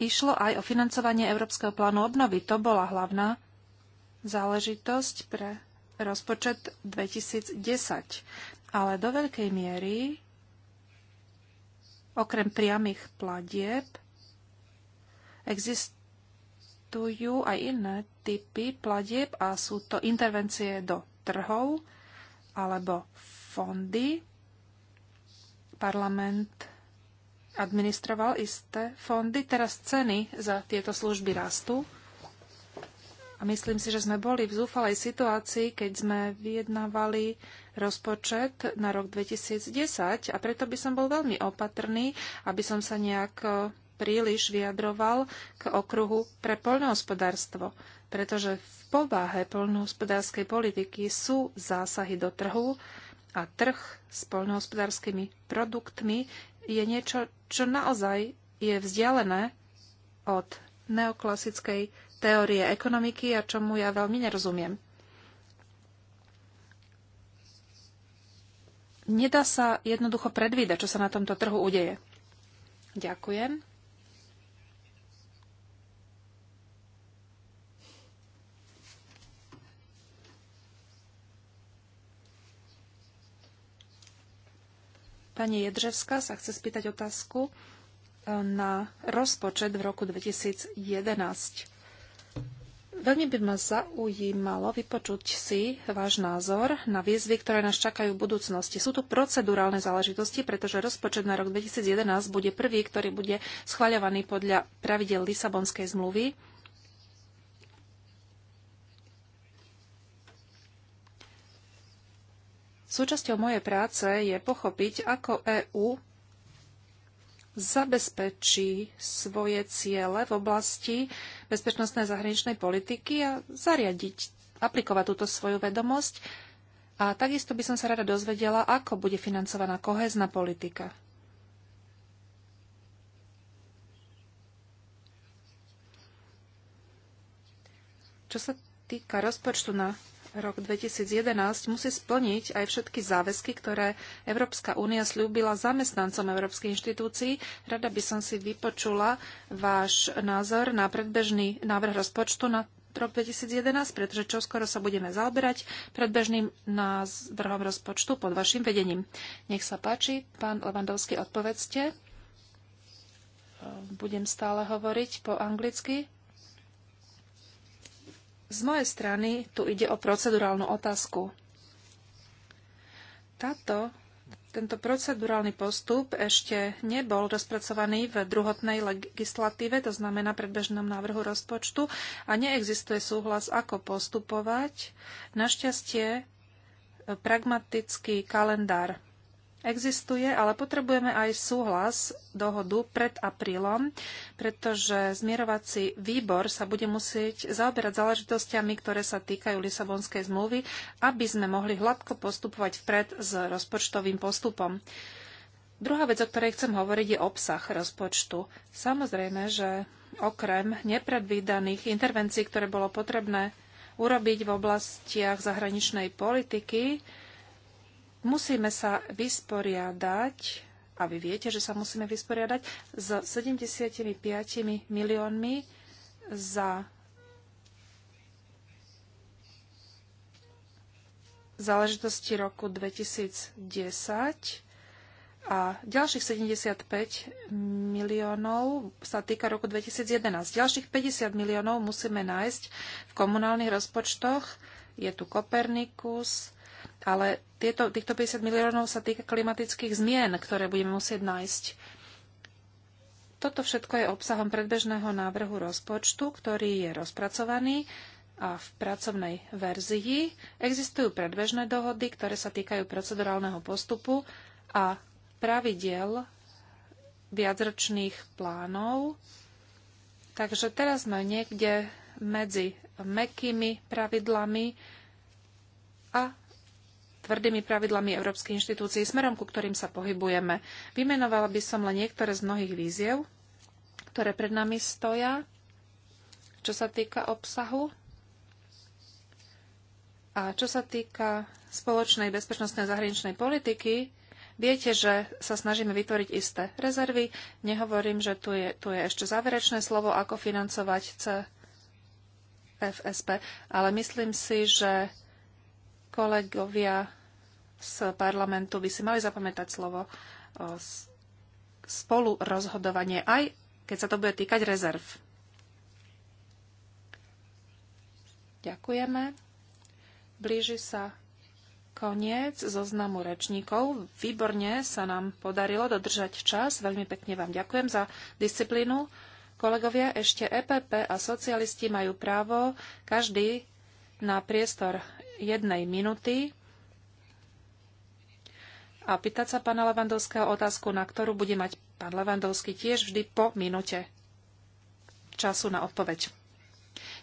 išlo aj o financovanie Európskeho plánu obnovy. To bola hlavná záležitosť pre rozpočet 2010. Ale do veľkej miery, okrem priamých platieb, existujú aj iné typy platieb a sú to intervencie do trhov alebo fondy. Parlament administroval isté fondy. Teraz ceny za tieto služby rastú. A myslím si, že sme boli v zúfalej situácii, keď sme vyjednávali rozpočet na rok 2010 a preto by som bol veľmi opatrný, aby som sa nejak e, príliš vyjadroval k okruhu pre poľnohospodárstvo, pretože v povahe poľnohospodárskej politiky sú zásahy do trhu a trh s poľnohospodárskymi produktmi je niečo, čo naozaj je vzdialené od neoklasickej teórie ekonomiky a čomu ja veľmi nerozumiem. Nedá sa jednoducho predvídať, čo sa na tomto trhu udeje. Ďakujem. Pani Jedřevská sa chce spýtať otázku e, na rozpočet v roku 2011. Veľmi by ma zaujímalo vypočuť si váš názor na výzvy, ktoré nás čakajú v budúcnosti. Sú to procedurálne záležitosti, pretože rozpočet na rok 2011 bude prvý, ktorý bude schvaľovaný podľa pravidel Lisabonskej zmluvy Súčasťou mojej práce je pochopiť, ako EÚ zabezpečí svoje ciele v oblasti bezpečnostnej zahraničnej politiky a zariadiť, aplikovať túto svoju vedomosť. A takisto by som sa rada dozvedela, ako bude financovaná kohezná politika. Čo sa týka rozpočtu na rok 2011 musí splniť aj všetky záväzky, ktoré Európska únia slúbila zamestnancom európskych inštitúcií. Rada by som si vypočula váš názor na predbežný návrh rozpočtu na rok 2011, pretože čoskoro sa budeme zaoberať predbežným návrhom rozpočtu pod vašim vedením. Nech sa páči, pán Levandovský, odpovedzte. Budem stále hovoriť po anglicky. Z mojej strany tu ide o procedurálnu otázku. Táto, tento procedurálny postup ešte nebol rozpracovaný v druhotnej legislatíve, to znamená predbežnom návrhu rozpočtu a neexistuje súhlas, ako postupovať. Našťastie pragmatický kalendár existuje, ale potrebujeme aj súhlas dohodu pred aprílom, pretože zmierovací výbor sa bude musieť zaoberať záležitostiami, ktoré sa týkajú Lisabonskej zmluvy, aby sme mohli hladko postupovať vpred s rozpočtovým postupom. Druhá vec, o ktorej chcem hovoriť, je obsah rozpočtu. Samozrejme, že okrem nepredvídaných intervencií, ktoré bolo potrebné urobiť v oblastiach zahraničnej politiky, Musíme sa vysporiadať, a vy viete, že sa musíme vysporiadať, s 75 miliónmi za záležitosti roku 2010 a ďalších 75 miliónov sa týka roku 2011. Ďalších 50 miliónov musíme nájsť v komunálnych rozpočtoch. Je tu Kopernikus, ale tieto, týchto 50 miliónov sa týka klimatických zmien, ktoré budeme musieť nájsť. Toto všetko je obsahom predbežného návrhu rozpočtu, ktorý je rozpracovaný a v pracovnej verzii. Existujú predbežné dohody, ktoré sa týkajú procedurálneho postupu a pravidel viacročných plánov. Takže teraz sme niekde medzi mekými pravidlami a tvrdými pravidlami Európskej inštitúcií, smerom ku ktorým sa pohybujeme. Vymenovala by som len niektoré z mnohých víziev, ktoré pred nami stoja, čo sa týka obsahu a čo sa týka spoločnej bezpečnostnej a zahraničnej politiky, Viete, že sa snažíme vytvoriť isté rezervy. Nehovorím, že tu je, tu je ešte záverečné slovo, ako financovať CFSP, ale myslím si, že Kolegovia z parlamentu by si mali zapamätať slovo spolu rozhodovanie, aj keď sa to bude týkať rezerv. Ďakujeme. Blíži sa koniec zoznamu rečníkov. Výborne sa nám podarilo dodržať čas. Veľmi pekne vám ďakujem za disciplínu. Kolegovia, ešte EPP a socialisti majú právo každý na priestor jednej minuty a pýtať sa pána Levandovského otázku, na ktorú bude mať pán Levandovský tiež vždy po minúte času na odpoveď.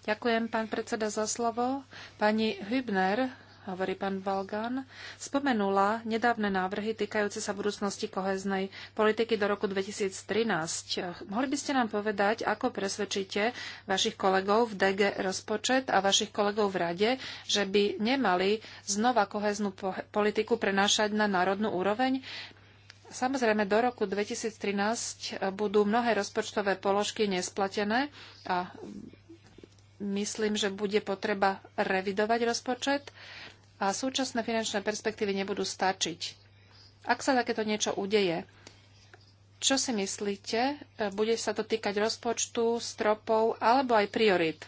Ďakujem, pán predseda, za slovo. Pani Hübner hovorí pán Balgan, spomenula nedávne návrhy týkajúce sa budúcnosti koheznej politiky do roku 2013. Mohli by ste nám povedať, ako presvedčíte vašich kolegov v DG rozpočet a vašich kolegov v Rade, že by nemali znova koheznú politiku prenášať na národnú úroveň? Samozrejme, do roku 2013 budú mnohé rozpočtové položky nesplatené a myslím, že bude potreba revidovať rozpočet a súčasné finančné perspektívy nebudú stačiť. Ak sa takéto niečo udeje, čo si myslíte, e, bude sa to týkať rozpočtu, stropov alebo aj priorit?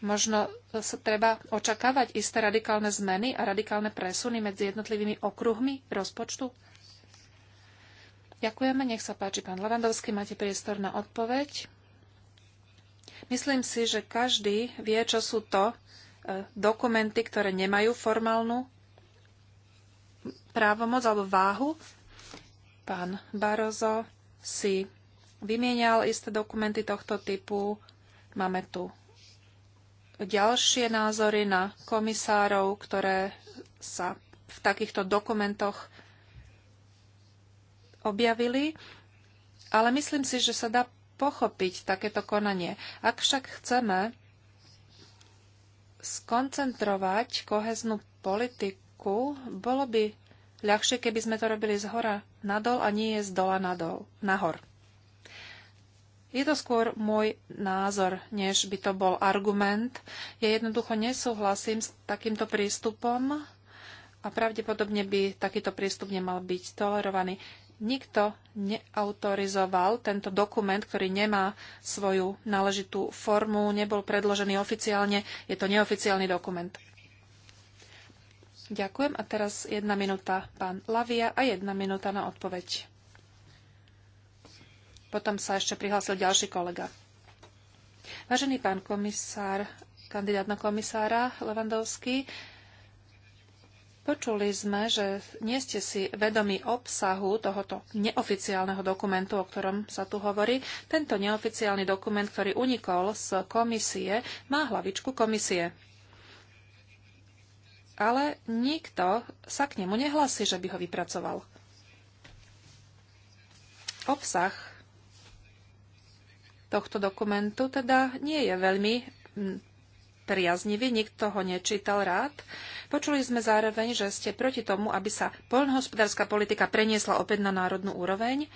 Možno sa treba očakávať isté radikálne zmeny a radikálne presuny medzi jednotlivými okruhmi rozpočtu? Ďakujeme, nech sa páči, pán Lavandovský, máte priestor na odpoveď. Myslím si, že každý vie, čo sú to dokumenty, ktoré nemajú formálnu právomoc alebo váhu. Pán Barozo si vymienial isté dokumenty tohto typu. Máme tu ďalšie názory na komisárov, ktoré sa v takýchto dokumentoch objavili, ale myslím si, že sa dá pochopiť takéto konanie. Ak však chceme skoncentrovať koheznú politiku, bolo by ľahšie, keby sme to robili z hora nadol a nie z dola nadol, nahor. Je to skôr môj názor, než by to bol argument. Ja jednoducho nesúhlasím s takýmto prístupom a pravdepodobne by takýto prístup nemal byť tolerovaný nikto neautorizoval tento dokument, ktorý nemá svoju náležitú formu, nebol predložený oficiálne, je to neoficiálny dokument. Ďakujem a teraz jedna minúta pán Lavia a jedna minúta na odpoveď. Potom sa ešte prihlásil ďalší kolega. Vážený pán komisár, kandidát na komisára Levandovský, Počuli sme, že nie ste si vedomi obsahu tohoto neoficiálneho dokumentu, o ktorom sa tu hovorí. Tento neoficiálny dokument, ktorý unikol z komisie, má hlavičku komisie. Ale nikto sa k nemu nehlasí, že by ho vypracoval. Obsah tohto dokumentu teda nie je veľmi priaznivý, nikto ho nečítal rád. Počuli sme zároveň, že ste proti tomu, aby sa poľnohospodárska politika preniesla opäť na národnú úroveň.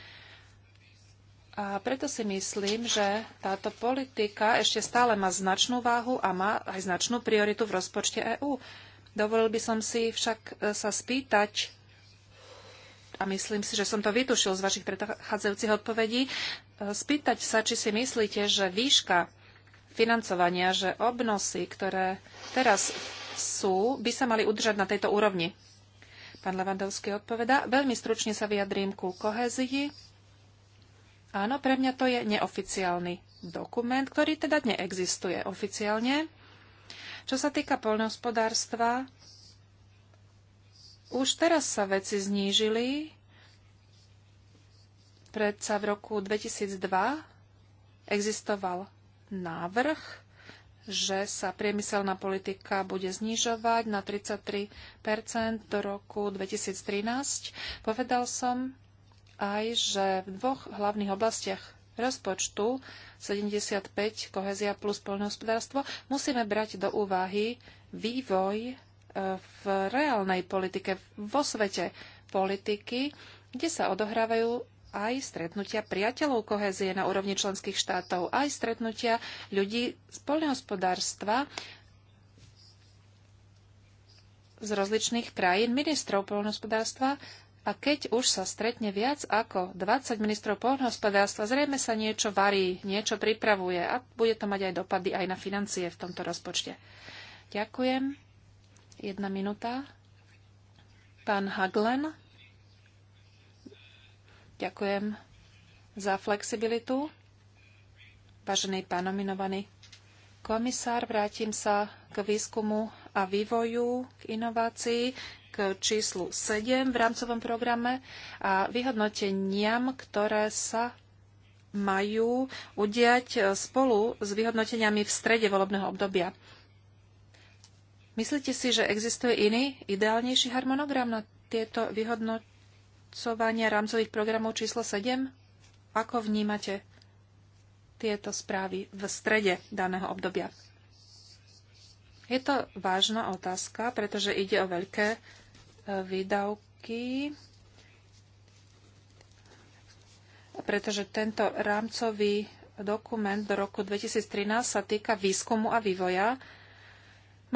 A preto si myslím, že táto politika ešte stále má značnú váhu a má aj značnú prioritu v rozpočte EÚ. Dovolil by som si však e, sa spýtať, a myslím si, že som to vytušil z vašich predchádzajúcich odpovedí, e, spýtať sa, či si myslíte, že výška financovania, že obnosy, ktoré teraz sú, by sa mali udržať na tejto úrovni. Pán Levandovský odpoveda. Veľmi stručne sa vyjadrím ku kohezii. Áno, pre mňa to je neoficiálny dokument, ktorý teda neexistuje oficiálne. Čo sa týka poľnohospodárstva, už teraz sa veci znížili. Predsa v roku 2002 existoval návrh, že sa priemyselná politika bude znižovať na 33 do roku 2013. Povedal som aj, že v dvoch hlavných oblastiach rozpočtu 75 kohezia plus poľnohospodárstvo musíme brať do úvahy vývoj e, v reálnej politike, vo svete politiky, kde sa odohrávajú aj stretnutia priateľov kohézie na úrovni členských štátov, aj stretnutia ľudí z poľnohospodárstva z rozličných krajín, ministrov poľnohospodárstva a keď už sa stretne viac ako 20 ministrov poľnohospodárstva, zrejme sa niečo varí, niečo pripravuje a bude to mať aj dopady aj na financie v tomto rozpočte. Ďakujem. Jedna minúta. Pán Haglen. Ďakujem za flexibilitu. Vážený pán nominovaný komisár, vrátim sa k výskumu a vývoju, k inovácii, k číslu 7 v rámcovom programe a vyhodnoteniam, ktoré sa majú udiať spolu s vyhodnoteniami v strede volebného obdobia. Myslíte si, že existuje iný, ideálnejší harmonogram na tieto vyhodnotenia? vyhodnocovania rámcových programov číslo 7? Ako vnímate tieto správy v strede daného obdobia? Je to vážna otázka, pretože ide o veľké e, výdavky, pretože tento rámcový dokument do roku 2013 sa týka výskumu a vývoja.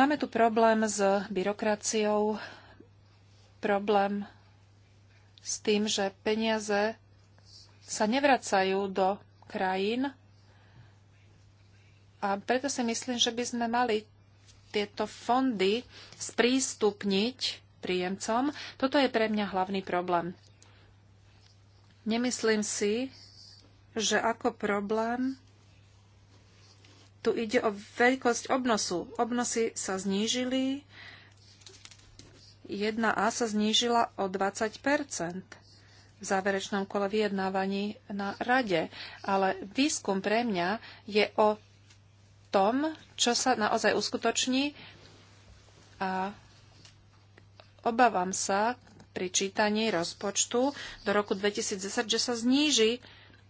Máme tu problém s byrokraciou, problém s tým, že peniaze sa nevracajú do krajín a preto si myslím, že by sme mali tieto fondy sprístupniť príjemcom. Toto je pre mňa hlavný problém. Nemyslím si, že ako problém tu ide o veľkosť obnosu. Obnosy sa znížili, 1A sa znížila o 20 v záverečnom kole vyjednávaní na rade. Ale výskum pre mňa je o tom, čo sa naozaj uskutoční a obávam sa pri čítaní rozpočtu do roku 2010, že sa zníži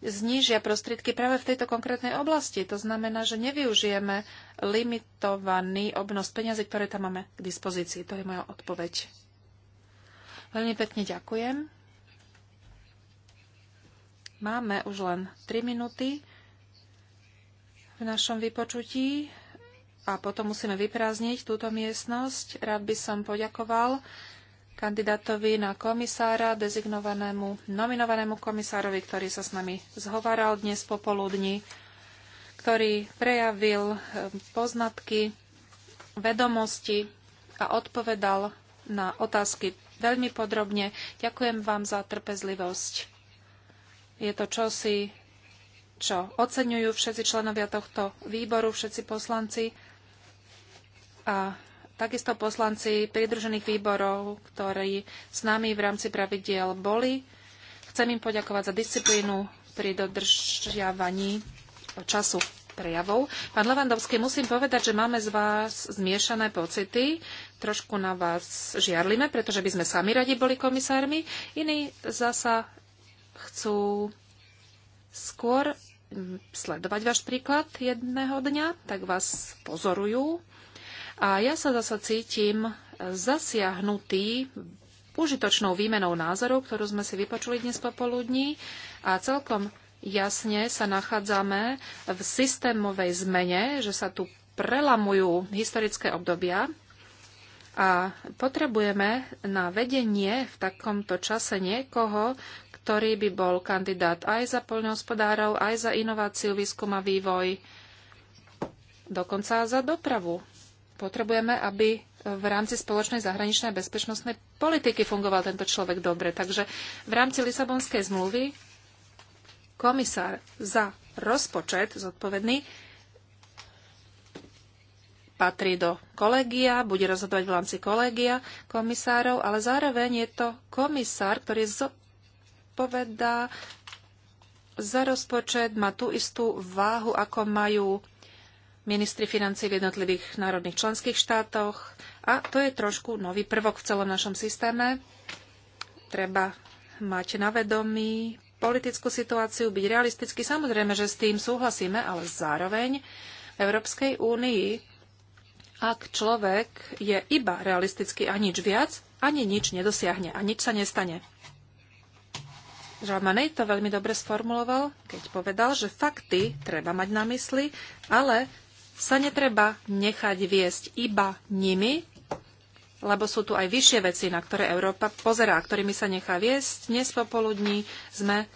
znížia prostriedky práve v tejto konkrétnej oblasti. To znamená, že nevyužijeme limitovaný obnos peniazy, ktoré tam máme k dispozícii. To je moja odpoveď. Veľmi pekne ďakujem. Máme už len 3 minúty v našom vypočutí a potom musíme vyprázdniť túto miestnosť. Rád by som poďakoval kandidátovi na komisára, dezignovanému, nominovanému komisárovi, ktorý sa s nami zhováral dnes popoludní, ktorý prejavil e, poznatky, vedomosti a odpovedal na otázky veľmi podrobne. Ďakujem vám za trpezlivosť. Je to čosi, čo oceňujú všetci členovia tohto výboru, všetci poslanci a takisto poslanci pridružených výborov, ktorí s nami v rámci pravidiel boli. Chcem im poďakovať za disciplínu pri dodržiavaní času prejavov. Pán Levandovský, musím povedať, že máme z vás zmiešané pocity. Trošku na vás žiarlime, pretože by sme sami radi boli komisármi. Iní zasa chcú skôr sledovať váš príklad jedného dňa, tak vás pozorujú a ja sa zasa cítim e, zasiahnutý užitočnou výmenou názorov, ktorú sme si vypočuli dnes popoludní a celkom jasne sa nachádzame v systémovej zmene, že sa tu prelamujú historické obdobia a potrebujeme na vedenie v takomto čase niekoho, ktorý by bol kandidát aj za poľnohospodárov, aj za inováciu, výskum a vývoj, dokonca za dopravu potrebujeme, aby v rámci spoločnej zahraničnej a bezpečnostnej politiky fungoval tento človek dobre. Takže v rámci Lisabonskej zmluvy komisár za rozpočet zodpovedný patrí do kolegia, bude rozhodovať v rámci kolegia komisárov, ale zároveň je to komisár, ktorý zodpovedá za rozpočet, má tú istú váhu, ako majú ministri financí v jednotlivých národných členských štátoch. A to je trošku nový prvok v celom našom systéme. Treba mať na vedomí politickú situáciu, byť realistický. Samozrejme, že s tým súhlasíme, ale zároveň v Európskej únii, ak človek je iba realistický a nič viac, ani nič nedosiahne a nič sa nestane. Žalmanej to veľmi dobre sformuloval, keď povedal, že fakty treba mať na mysli, ale sa netreba nechať viesť iba nimi, lebo sú tu aj vyššie veci, na ktoré Európa pozerá, ktorými sa nechá viesť. Dnes popoludní sme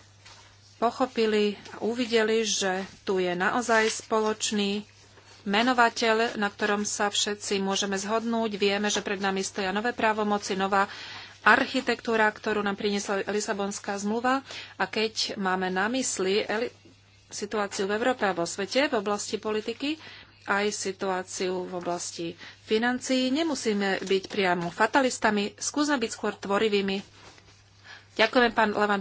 pochopili a uvideli, že tu je naozaj spoločný menovateľ, na ktorom sa všetci môžeme zhodnúť. Vieme, že pred nami stoja nové právomoci, nová architektúra, ktorú nám priniesla Lisabonská zmluva. A keď máme na mysli situáciu v Európe a vo svete v oblasti politiky, aj situáciu v oblasti financií. Nemusíme byť priamo fatalistami, skúsme byť skôr tvorivými. Ďakujem, pán Levan